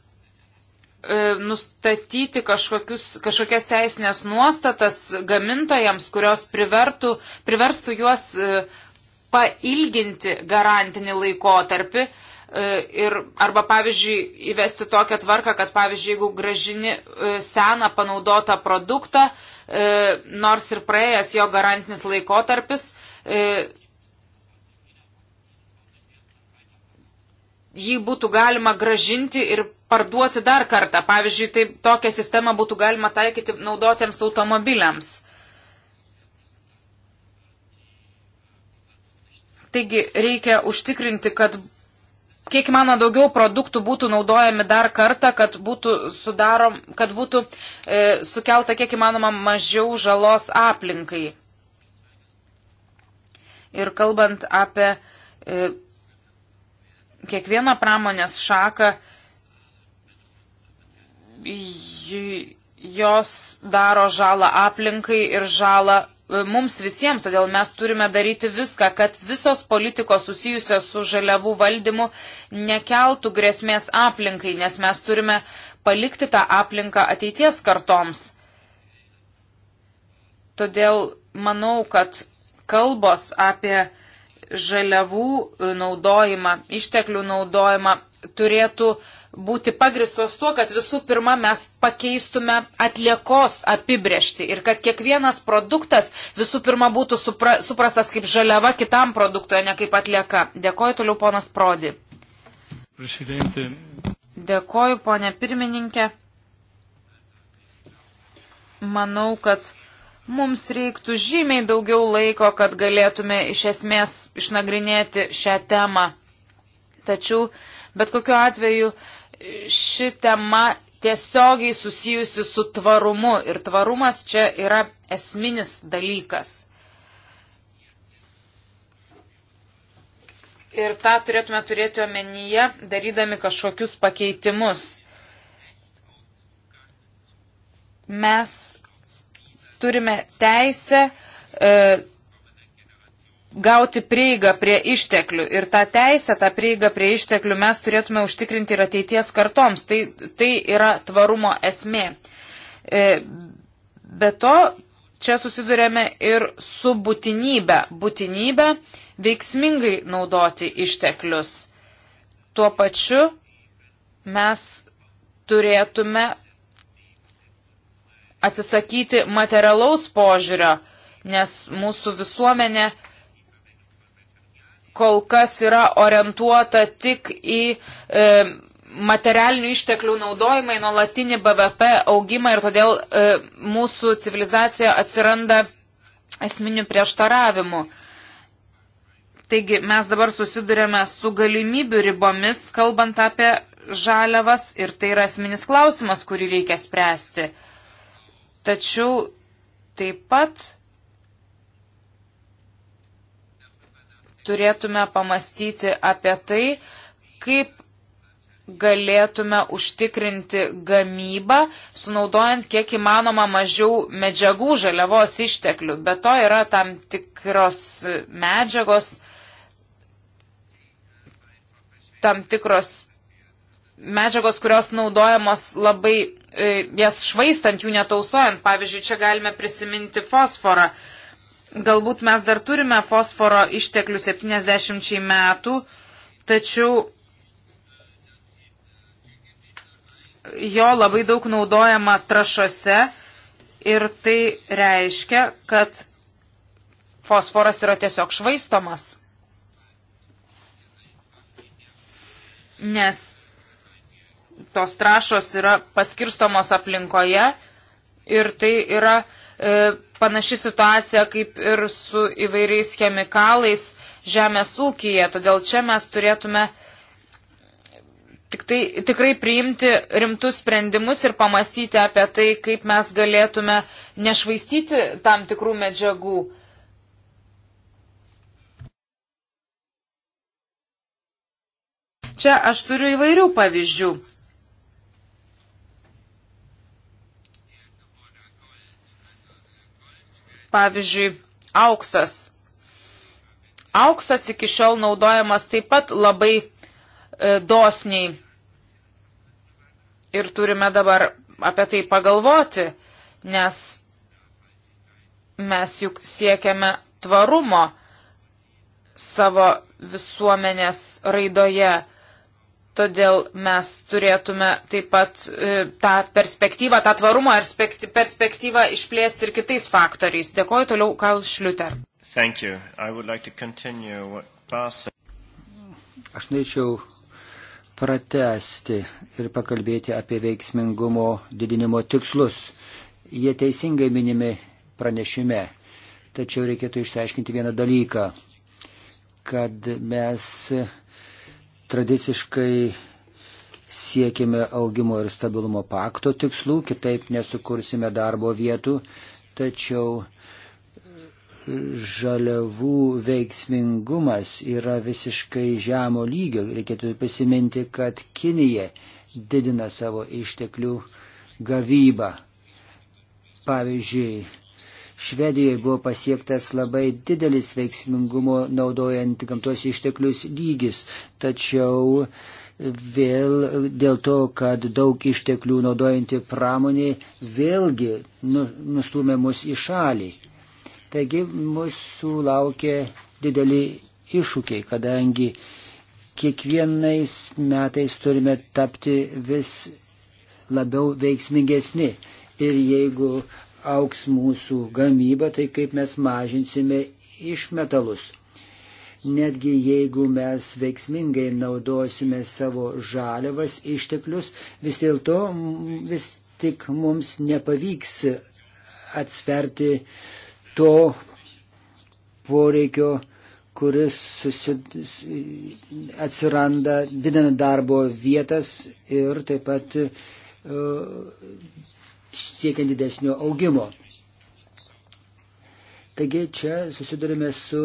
nustatyti kažkokias teisinės nuostatas gamintojams, kurios privertų, priverstų juos e, pailginti garantinį laikotarpį. Ir, arba, pavyzdžiui, įvesti tokią tvarką, kad, pavyzdžiui, jeigu gražini seną panaudotą produktą, E, nors ir praėjęs jo garantinis laikotarpis, e, jį būtų galima gražinti ir parduoti dar kartą. Pavyzdžiui, taip, tokią sistemą būtų galima taikyti naudotiems automobiliams. Taigi reikia užtikrinti, kad kiek įmanoma daugiau produktų būtų naudojami dar kartą, kad būtų, sudarom, kad būtų e, sukelta kiek įmanoma mažiau žalos aplinkai. Ir kalbant apie e, kiekvieną pramonės šaką, jos daro žalą aplinkai ir žalą E, mums visiems, todėl mes turime daryti viską, kad visos politikos susijusios su žaliavų valdymu nekeltų grėsmės aplinkai, nes mes turime palikti tą aplinką ateities kartoms. Todėl manau, kad kalbos apie žaliavų e, naudojimą, išteklių naudojimą turėtų būti pagristos tuo, kad visų pirma mes pakeistume atliekos apibriešti ir kad kiekvienas produktas visų pirma būtų supra, suprastas kaip žaliava kitam produktui, ne kaip atlieka. Dėkoju toliau ponas Prodi. Presidente. Dėkoju ponė pirmininkė. Manau, kad Mums reiktų žymiai daugiau laiko, kad galėtume iš esmės išnagrinėti šią temą. Tačiau, bet kokiu atveju, ši tema tiesiogiai susijusi su tvarumu ir tvarumas čia yra esminis dalykas. Ir tą turėtume turėti omenyje, darydami kažkokius pakeitimus. Mes turime teisę e, gauti prieigą prie išteklių. Ir tą teisę, tą prieigą prie išteklių mes turėtume užtikrinti ir ateities kartoms. Tai, tai yra tvarumo esmė. E, be to, čia susidurėme ir su būtinybė. Būtinybė veiksmingai naudoti išteklius. Tuo pačiu mes turėtume atsisakyti materialaus požiūrio, nes mūsų visuomenė kol kas yra orientuota tik į e, materialinių išteklių naudojimą, į nuolatinį BVP augimą ir todėl e, mūsų civilizacijoje atsiranda esminių prieštaravimų. Taigi mes dabar susidurėme su galimybių ribomis, kalbant apie žaliavas ir tai yra esminis klausimas, kurį reikia spręsti. Tačiau taip pat turėtume pamastyti apie tai, kaip galėtume užtikrinti gamybą, sunaudojant kiek įmanoma mažiau medžiagų žaliavos išteklių. Be to yra tam tikros medžiagos, tam tikros medžiagos, kurios naudojamos labai E, jas švaistant, jų netausojant. Pavyzdžiui, čia galime prisiminti fosforą. Galbūt mes dar turime fosforo išteklių 70 metų, tačiau jo labai daug naudojama trašose ir tai reiškia, kad fosforas yra tiesiog švaistomas. Nes tos trašos yra paskirstomos aplinkoje ir tai yra e, panaši situacija kaip ir su įvairiais chemikalais žemės ūkyje. Todėl čia mes turėtume tik tai, tikrai priimti rimtus sprendimus ir pamastyti apie tai, kaip mes galėtume nešvaistyti tam tikrų medžiagų. Čia aš turiu įvairių pavyzdžių. Pavyzdžiui, auksas. Auksas iki šiol naudojamas taip pat labai e, dosniai. Ir turime dabar apie tai pagalvoti, nes mes juk siekiame tvarumo savo visuomenės raidoje Todėl mes turėtume taip pat e, tą perspektyvą, tą tvarumo perspektyvą išplėsti ir kitais faktoriais. Dėkoju toliau Karl Šliuter. Like Aš norėčiau pratesti ir pakalbėti apie veiksmingumo didinimo tikslus. Jie teisingai minimi pranešime. Tačiau reikėtų išsiaiškinti vieną dalyką, kad mes tradiciškai siekime augimo ir stabilumo pakto tikslų, kitaip nesukursime darbo vietų, tačiau žaliavų veiksmingumas yra visiškai žemo lygio. Reikėtų prisiminti, kad Kinija didina savo išteklių gavybą. Pavyzdžiui, Švedijoje buvo pasiektas labai didelis veiksmingumo naudojant gamtos išteklius lygis, tačiau vėl dėl to, kad daug išteklių naudojanti pramonė vėlgi nu, nustumė mus į šalį. Taigi mūsų laukia dideli iššūkiai, kadangi kiekvienais metais turime tapti vis labiau veiksmingesni. Ir jeigu auks mūsų gamyba, tai kaip mes mažinsime išmetalus. Netgi jeigu mes veiksmingai naudosime savo žaliavas išteklius, vis dėlto vis tik mums nepavyks atsverti to poreikio, kuris atsiranda didinant darbo vietas ir taip pat e, siekiant didesnio augimo. Taigi čia susidurime su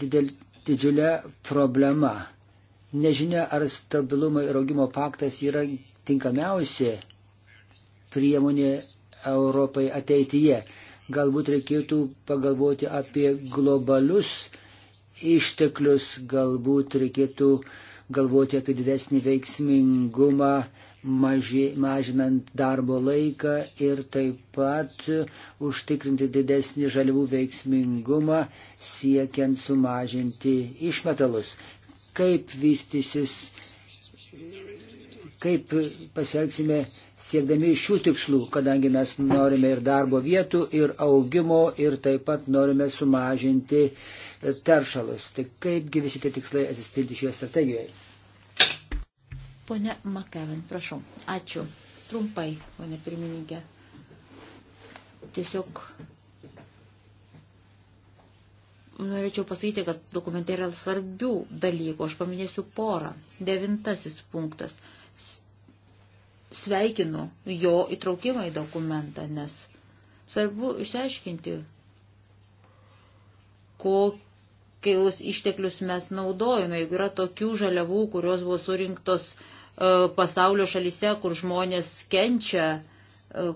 didel, didžiulė problema. Nežinia, ar stabilumo ir augimo paktas yra tinkamiausia priemonė Europai ateityje. Galbūt reikėtų pagalvoti apie globalius išteklius, galbūt reikėtų galvoti apie didesnį veiksmingumą maži, mažinant darbo laiką ir taip pat užtikrinti didesnį žaliavų veiksmingumą, siekiant sumažinti išmetalus. Kaip vystysis, kaip pasielgsime siekdami šių tikslų, kadangi mes norime ir darbo vietų, ir augimo, ir taip pat norime sumažinti teršalus. Tai kaipgi visi tie tikslai atsispindi šioje strategijoje? Pone Makavin, prašau. Ačiū. Trumpai, pone pirmininkė. Tiesiog norėčiau pasakyti, kad dokumente yra svarbių dalykų. Aš paminėsiu porą. Devintasis punktas. Sveikinu jo įtraukimą į dokumentą, nes svarbu išsiaiškinti, kokį kokius išteklius mes naudojame. Jeigu yra tokių žaliavų, kurios buvo surinktos E, pasaulio šalyse, kur žmonės kenčia, e,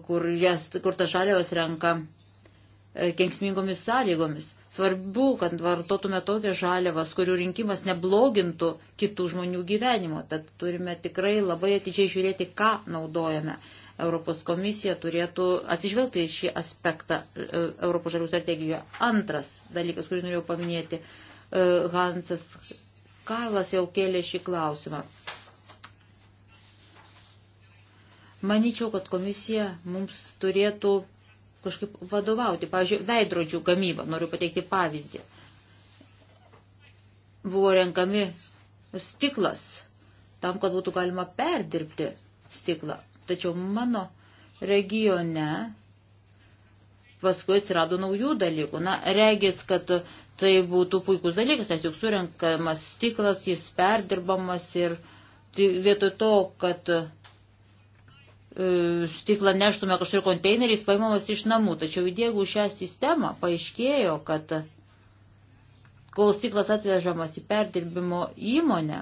kur, jas, kur tas žaliavas renka e, kenksmingomis sąlygomis. Svarbu, kad vartotume tokias žaliavas, kurių rinkimas neblogintų kitų žmonių gyvenimo. Tad turime tikrai labai atidžiai žiūrėti, ką naudojame. Europos komisija turėtų atsižvelgti į šį aspektą Europos žalių strategijoje. Antras dalykas, kurį norėjau paminėti, Hansas Karlas jau kėlė šį klausimą. Maničiau, kad komisija mums turėtų kažkaip vadovauti. Pavyzdžiui, veidrodžių gamyba, noriu pateikti pavyzdį. Buvo renkami stiklas tam, kad būtų galima perdirbti stiklą. Tačiau mano regione paskui atsirado naujų dalykų. Na, regis, kad tai būtų puikus dalykas, nes juk surinkamas stiklas, jis perdirbamas ir tai vietoj to, kad E, stiklą neštume kažkur konteineriais paimamas iš namų. Tačiau įdėgų šią sistemą paaiškėjo, kad kol stiklas atvežamas į perdirbimo įmonę,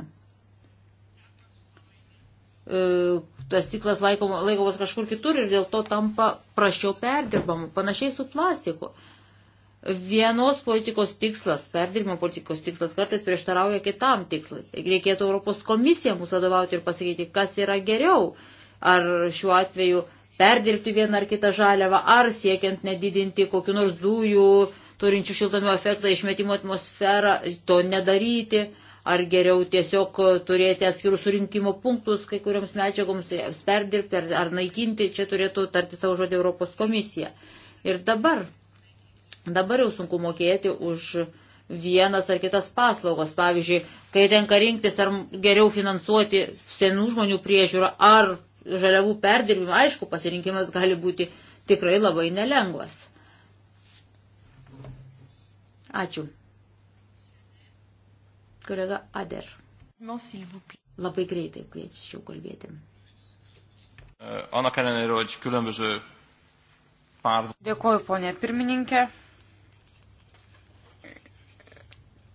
e, tas stiklas laikomas, laikomas kažkur kitur ir dėl to tampa prašiau perdirbamu, panašiai su plastiku. Vienos politikos tikslas, perdirbimo politikos tikslas kartais prieštarauja kitam tikslui. Reikėtų Europos komisija mūsų vadovauti ir pasakyti, kas yra geriau ar šiuo atveju perdirbti vieną ar kitą žaliavą, ar siekiant nedidinti kokiu nors dujų turinčių šiltame efektą išmetimo atmosferą, to nedaryti, ar geriau tiesiog turėti atskirus surinkimo punktus kai kuriams medžiagoms, perdirbti ar, ar naikinti, čia turėtų tarti savo žodį Europos komisija. Ir dabar, dabar jau sunku mokėti už vienas ar kitas paslaugos. Pavyzdžiui, kai tenka rinktis, ar geriau finansuoti senų žmonių priežiūrą, ar žaliavų perdirbimą, aišku, pasirinkimas gali būti tikrai labai nelengvas. Ačiū. Kolega Ader. Labai greitai kviečiu kalbėti. Annak ellenére, hogy különböző pár... Dėkuoju, ponė pirmininkė.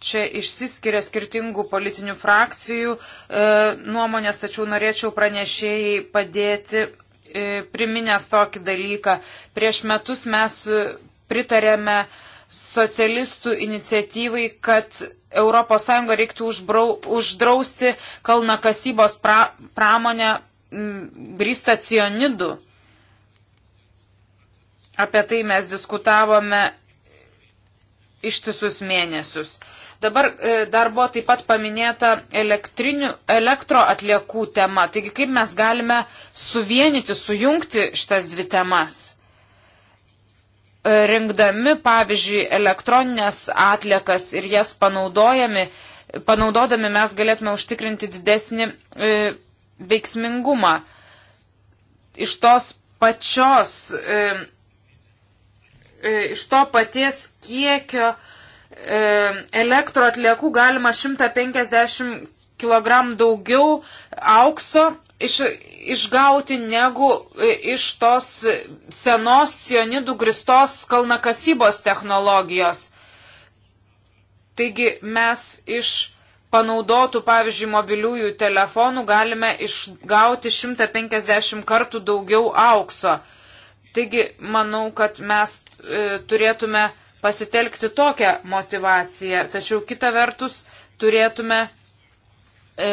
čia išsiskiria skirtingų politinių frakcijų e, nuomonės, tačiau norėčiau pranešėjai padėti, e, priminęs tokį dalyką. Prieš metus mes pritarėme socialistų iniciatyvai, kad ES reiktų užbrau, uždrausti kalnakasybos pra, pramonę brįsta cionidų. Apie tai mes diskutavome ištisus mėnesius. Dabar e, dar buvo taip pat paminėta elektro atliekų tema. Taigi kaip mes galime suvienyti, sujungti šitas dvi temas? E, rinkdami, pavyzdžiui, elektroninės atliekas ir jas panaudojami, panaudodami mes galėtume užtikrinti didesnį e, veiksmingumą. Iš tos pačios, e, e, iš to paties kiekio e, E, elektro atliekų galima 150 kg daugiau aukso iš, išgauti negu e, iš tos senos cionidų gristos kalnakasybos technologijos. Taigi mes iš panaudotų, pavyzdžiui, mobiliųjų telefonų galime išgauti 150 kartų daugiau aukso. Taigi manau, kad mes e, turėtume e, pasitelkti tokią motivaciją. Tačiau kita vertus turėtume e,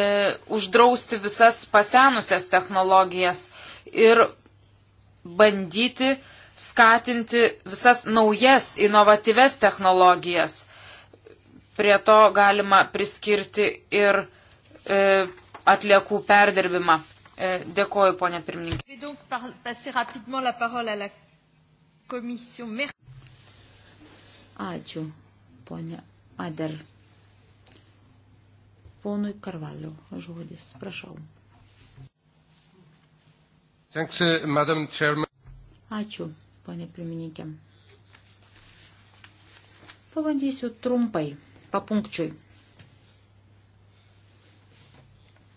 uždrausti visas pasenusias technologijas ir bandyti skatinti visas naujas, inovatyves technologijas. Prie to galima priskirti ir e, atliekų perdirbimą. E, dėkoju, ponė pirmininkė. Ačiū, ponė Ader. Ponui Karvaliu žodis, prašau. Thanks, uh, Madam Chairman. Ačiū, ponė pirmininkė. Pabandysiu trumpai, papunkčiui.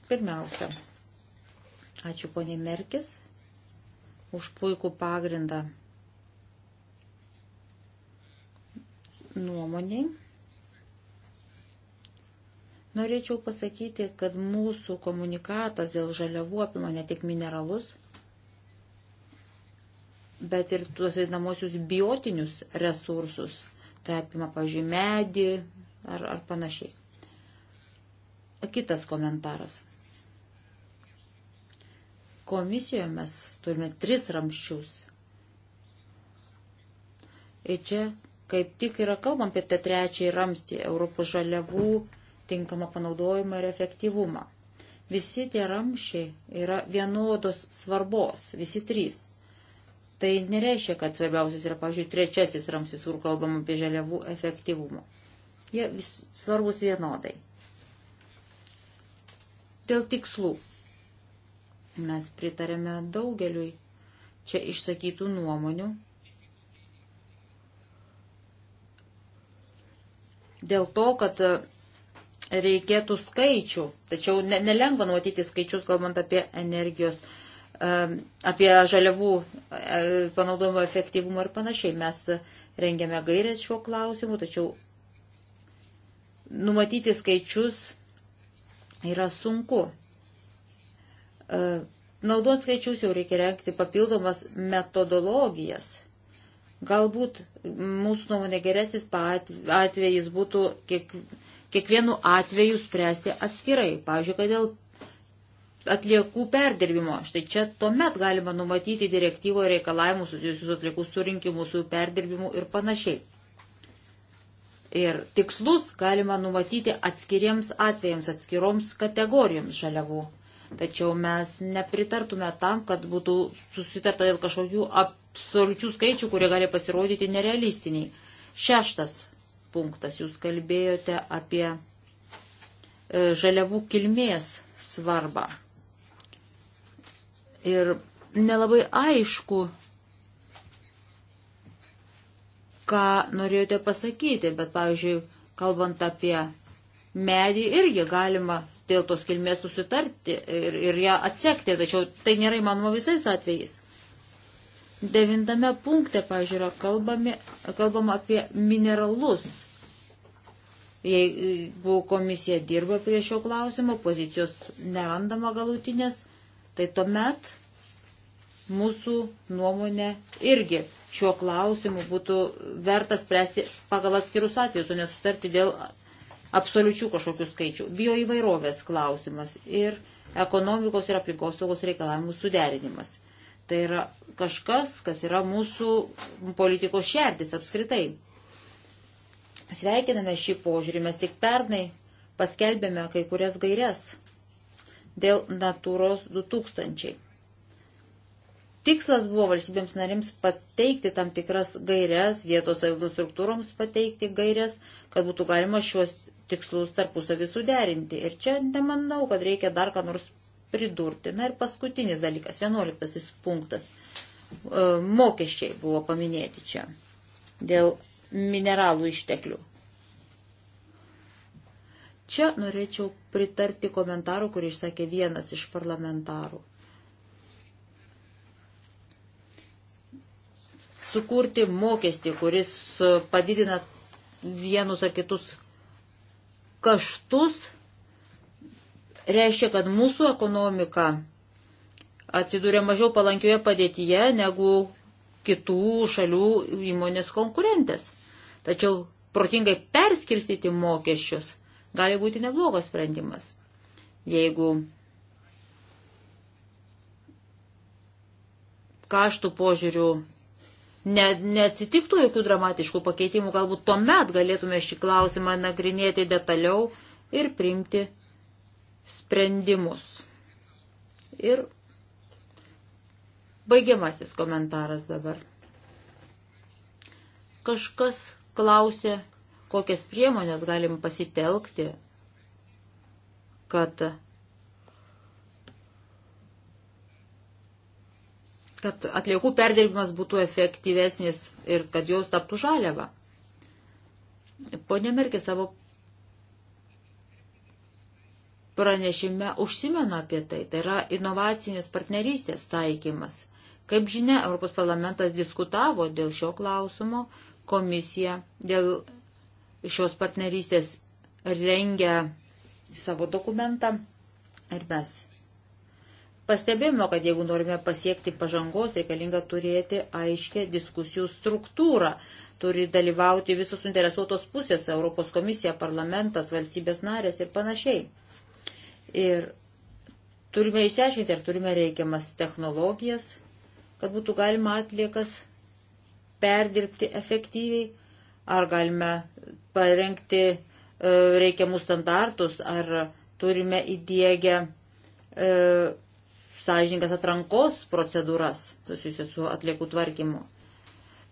Pirmiausia, ačiū ponė Merkis už puikų pagrindą nuomoniai. Norėčiau pasakyti, kad mūsų komunikatas dėl žaliavų apima ne tik mineralus, bet ir tuos vadinamosius biotinius resursus. Tai apima, pavyzdžiui, medį ar, ar panašiai. Kitas komentaras. Komisijoje mes turime tris ramščius. Ir čia kaip tik yra kalbam apie tą trečiąjį ramstį Europos žaliavų tinkamą panaudojimą ir efektyvumą. Visi tie ramšiai yra vienodos svarbos, visi trys. Tai nereiškia, kad svarbiausias yra, pavyzdžiui, trečiasis ramsis, kur kalbam apie žaliavų efektyvumą. Jie vis, svarbus vienodai. Dėl tikslų. Mes pritarėme daugeliui čia išsakytų nuomonių dėl to, kad e, reikėtų skaičių, tačiau ne, nelengva numatyti skaičius, kalbant apie energijos, e, apie žaliavų e, panaudojimo efektyvumą ir panašiai. Mes rengiame gairės šiuo klausimu, tačiau numatyti skaičius yra sunku. Naudojant skaičius jau reikia renkti papildomas metodologijas Galbūt mūsų nuomonė geresnis atvejis būtų kiek, kiekvienu atveju spręsti atskirai. Pavyzdžiui, kad dėl atliekų perdirbimo. Štai čia tuomet galima numatyti direktyvoje reikalavimus susijusius su atliekų surinkimu, su perdirbimu ir panašiai. Ir tikslus galima numatyti atskiriems atvejams, atskiroms kategorijoms žaliavų. Tačiau mes nepritartume tam, kad būtų susitarta dėl kažkokių ap absoliučių skaičių, kurie gali pasirodyti nerealistiniai. Šeštas punktas, jūs kalbėjote apie e, žaliavų kilmės svarbą. Ir nelabai aišku, ką norėjote pasakyti, bet, pavyzdžiui, kalbant apie medį, irgi galima dėl tos kilmės susitarti ir, ir ją atsekti, tačiau tai nėra įmanoma visais atvejais. Devintame punkte, pažiūrėjau, kalbame, kalbama apie mineralus. Jeigu e, komisija dirba prie šio klausimo, pozicijos nerandama galutinės, tai tuomet mūsų nuomonė irgi šiuo klausimu būtų verta spręsti pagal atskirus atvejus, o nesutarti dėl absoliučių kažkokių skaičių. Bioįvairovės klausimas ir ekonomikos ir aplinkosaugos reikalavimų suderinimas. Tai yra kažkas, kas yra mūsų politikos šerdis apskritai. Sveikiname šį požiūrį, mes tik pernai paskelbėme kai kurias gairias dėl Natūros 2000. Tikslas buvo valstybėms narims pateikti tam tikras gairias, vietos savivaldos struktūroms pateikti gairias, kad būtų galima šiuos tikslus tarpusavį suderinti. Ir čia nemanau, kad reikia dar ką nors pridurti. Na ir paskutinis dalykas, vienuoliktasis punktas. E, mokesčiai buvo paminėti čia dėl mineralų išteklių. Čia norėčiau pritarti komentarų, kurį išsakė vienas iš parlamentarų. Sukurti mokestį, kuris padidina vienus ar kitus kaštus, reiškia, kad mūsų ekonomika atsidūrė mažiau palankioje padėtyje negu kitų šalių įmonės konkurentės. Tačiau protingai perskirstyti mokesčius gali būti neblogas sprendimas. Jeigu kaštų požiūrių ne, neatsitiktų jokių dramatiškų pakeitimų, galbūt tuomet galėtume šį klausimą nagrinėti detaliau ir priimti sprendimus. Ir Baigiamasis komentaras dabar. Kažkas klausė, kokias priemonės galim pasitelkti, kad, kad atliekų perdirbimas būtų efektyvesnis ir kad jos taptų žaliava. Pone Merkė savo pranešime užsimena apie tai, tai yra inovacinės partnerystės taikymas – Kaip žinia, Europos parlamentas diskutavo dėl šio klausimo, komisija dėl šios partnerystės rengia savo dokumentą ir mes Pastebėjome, kad jeigu norime pasiekti pažangos, reikalinga turėti aiškę diskusijų struktūrą. Turi dalyvauti visos suinteresuotos pusės - Europos komisija, parlamentas, valstybės narės ir panašiai. Ir turime išsiaiškinti, ar turime reikiamas technologijas, kad būtų galima atliekas perdirbti efektyviai, ar galime parengti e, reikiamus standartus, ar turime įdėgę e, sąžininkas atrankos procedūras susijusios su atliekų tvarkymu.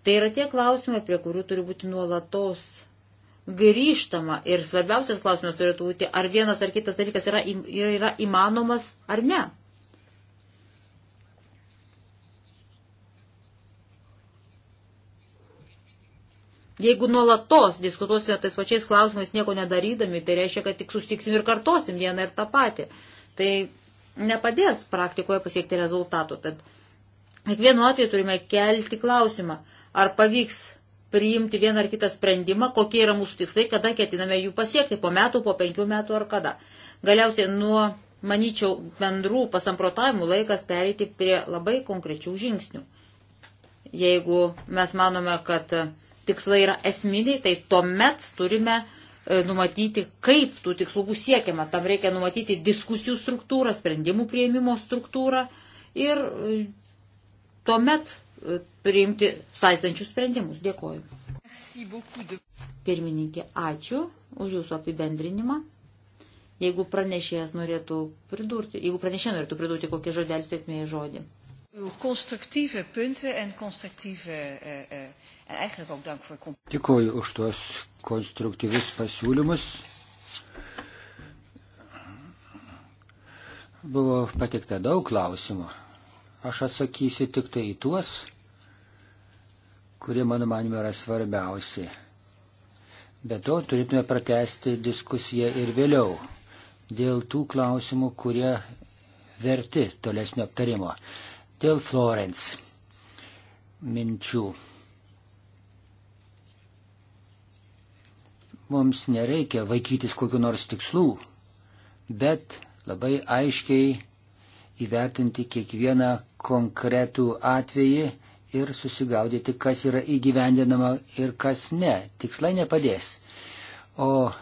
Tai yra tie klausimai, prie kurių turi būti nuolatos grįžtama ir svarbiausias klausimas turėtų būti, ar vienas ar kitas dalykas yra, yra, yra įmanomas ar ne. Jeigu nuolatos diskutuosime tais pačiais klausimais nieko nedarydami, tai reiškia, kad tik sustiksim ir kartosim vieną ir tą patį. Tai nepadės praktikoje pasiekti rezultatų. Tad kiekvienu atveju turime kelti klausimą, ar pavyks priimti vieną ar kitą sprendimą, kokie yra mūsų tikslai, kada ketiname jų pasiekti, po metų, po penkių metų ar kada. Galiausiai nuo, manyčiau, bendrų pasamprotavimų laikas pereiti prie labai konkrečių žingsnių. Jeigu mes manome, kad tikslai yra esminiai, tai tuomet turime e, numatyti, kaip tų tikslų bus siekiama. Tam reikia numatyti diskusijų struktūrą, sprendimų prieimimo struktūrą ir e, tuomet e, priimti saistančius sprendimus. Dėkoju. Pirmininkė, ačiū už jūsų apibendrinimą. Jeigu pranešėjas norėtų pridurti, jeigu pranešėjas norėtų pridurti kokį žodelį, sėkmėjai žodį uw constructieve punten en constructieve. Uh, uh, en eigenlijk ook dank voor. Dėkuoju už tuos konstruktyvius pasiūlymus. Buvo patikta daug klausimų. Aš atsakysiu tik tai į tuos, kurie mano manimo yra svarbiausi. Be to turėtume pratesti diskusiją ir vėliau dėl tų klausimų, kurie verti tolesnio aptarimo. Dėl Florence minčių. Mums nereikia vaikytis kokiu nors tikslų, bet labai aiškiai įvertinti kiekvieną konkretų atvejį ir susigaudyti, kas yra įgyvendinama ir kas ne. Tikslai nepadės. O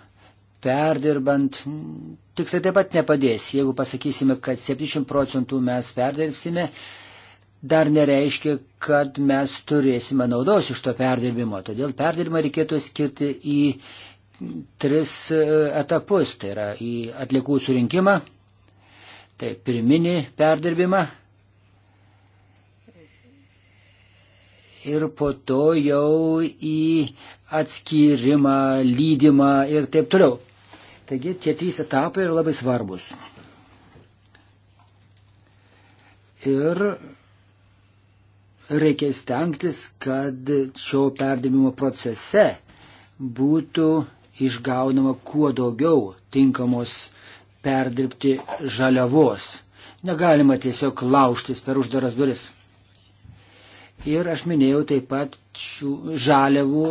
perdirbant tikslai taip pat nepadės. Jeigu pasakysime, kad 70 procentų mes perdirbsime, dar nereiškia, kad mes turėsime naudos iš to perdirbimo. Todėl perdirbimą reikėtų skirti į tris e, etapus. Tai yra į atliekų surinkimą, tai pirminį perdirbimą ir po to jau į atskyrimą, lydimą ir taip toliau. Taigi tie trys etapai yra labai svarbus. Ir reikia stengtis, kad šio perdavimo procese būtų išgaunama kuo daugiau tinkamos perdirbti žaliavos. Negalima tiesiog lauštis per uždaras duris. Ir aš minėjau taip pat šių žaliavų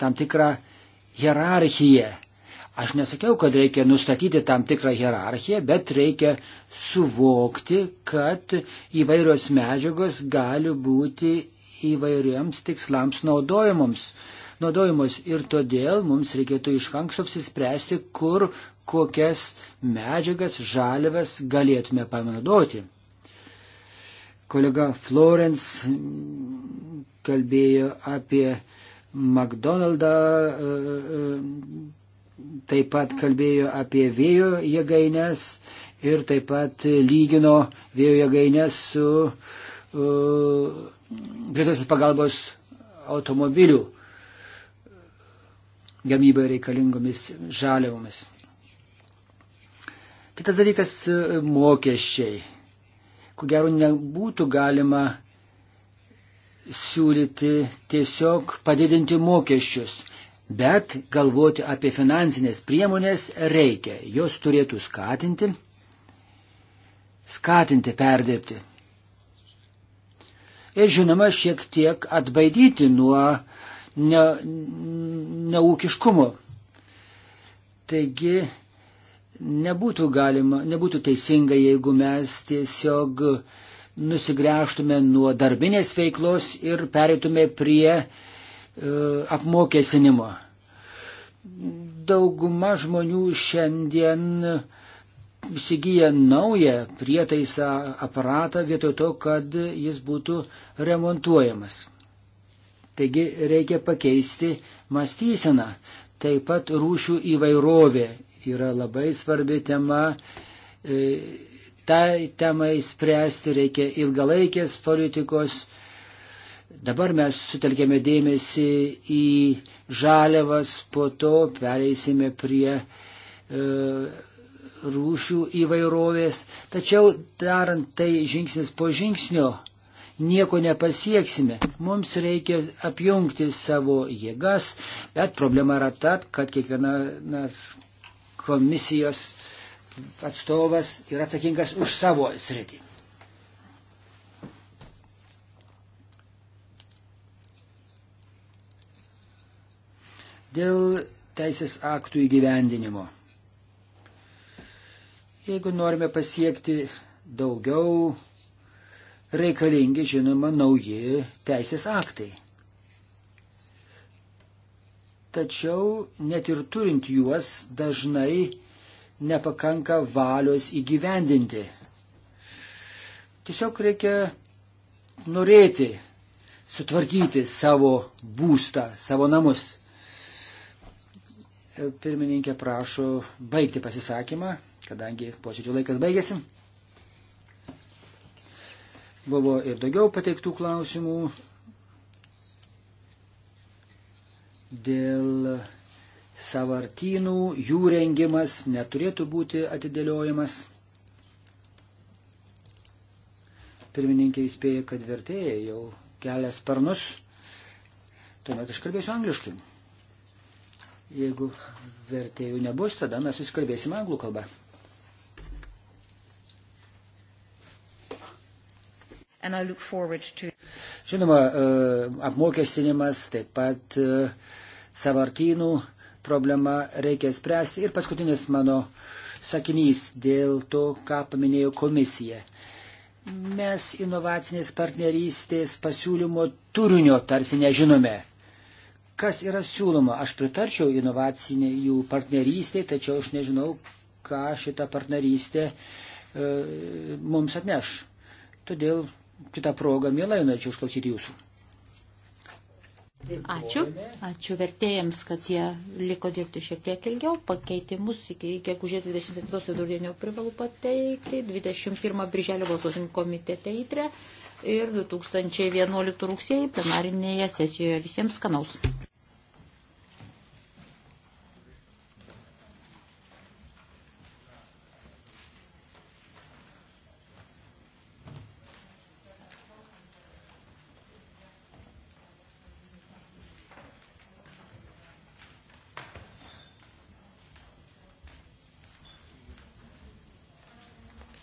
tam tikrą hierarchiją. Aš nesakiau, kad reikia nustatyti tam tikrą hierarchiją, bet reikia suvokti, kad įvairios medžiagos gali būti įvairiems tikslams naudojamoms. Naudojamos ir todėl mums reikėtų iš anksto apsispręsti, kur kokias medžiagas žalvės galėtume panaudoti. Kolega Florence kalbėjo apie McDonald'ą e, e, taip pat kalbėjo apie vėjo jėgainės ir taip pat lygino vėjo jėgainės su uh, greitosios pagalbos automobilių gamybai reikalingomis žaliavomis. Kitas dalykas uh, - mokesčiai. Ko gero nebūtų galima siūlyti tiesiog padidinti mokesčius. Bet galvoti apie finansinės priemonės reikia. Jos turėtų skatinti, skatinti perdirbti. Ir žinoma, šiek tiek atbaidyti nuo ne, neūkiškumo. Taigi, nebūtų galima, nebūtų teisinga, jeigu mes tiesiog nusigręžtume nuo darbinės veiklos ir pereitume prie E, apmokėsinimo. Dauguma žmonių šiandien įsigyja naują prietaisą aparatą vietoj to, kad jis būtų remontuojamas. Taigi reikia pakeisti mąstyseną. Taip pat rūšių įvairovė yra labai svarbi tema. E, tai temai spręsti reikia ilgalaikės politikos Dabar mes sutelkėme dėmesį į žaliavas, po to pereisime prie e, rūšių įvairovės. Tačiau darant tai žingsnis po žingsnio, nieko nepasieksime. Mums reikia apjungti savo jėgas, bet problema yra ta, kad kiekvienas komisijos atstovas yra atsakingas už savo sritį. dėl teisės aktų įgyvendinimo. Jeigu norime pasiekti daugiau, reikalingi, žinoma, nauji teisės aktai. Tačiau net ir turint juos dažnai nepakanka valios įgyvendinti. Tiesiog reikia norėti sutvarkyti savo būstą, savo namus. Pirmininkė prašo baigti pasisakymą, kadangi posėdžio laikas baigėsi. Buvo ir daugiau pateiktų klausimų dėl savartynų, jų rengimas neturėtų būti atidėliojamas. Pirmininkė įspėja, kad vertėjai jau kelia sparnus. Tuomet aš kalbėsiu angliškai. Jeigu vertėjų nebus, tada mes susikalbėsim anglų kalbą. To... Žinoma, e, apmokestinimas, taip pat e, savartynų problema reikia spręsti. Ir paskutinis mano sakinys dėl to, ką paminėjo komisija. Mes inovacinės partnerystės pasiūlymo turinio tarsi nežinome kas yra siūloma. Aš pritarčiau inovacinė jų partnerystė, tačiau aš nežinau, ką šita partnerystė e, mums atneš. Todėl kitą progą mielai norėčiau išklausyti jūsų. Ačiū. Ačiū vertėjams, kad jie liko dirbti šiek tiek ilgiau. Pakeitimus iki gegužės 27 vidurdienio privalu pateikti. 21 birželio balsuosim komitete įtrė ir 2011 rugsėjai plenarinėje sesijoje visiems skanaus.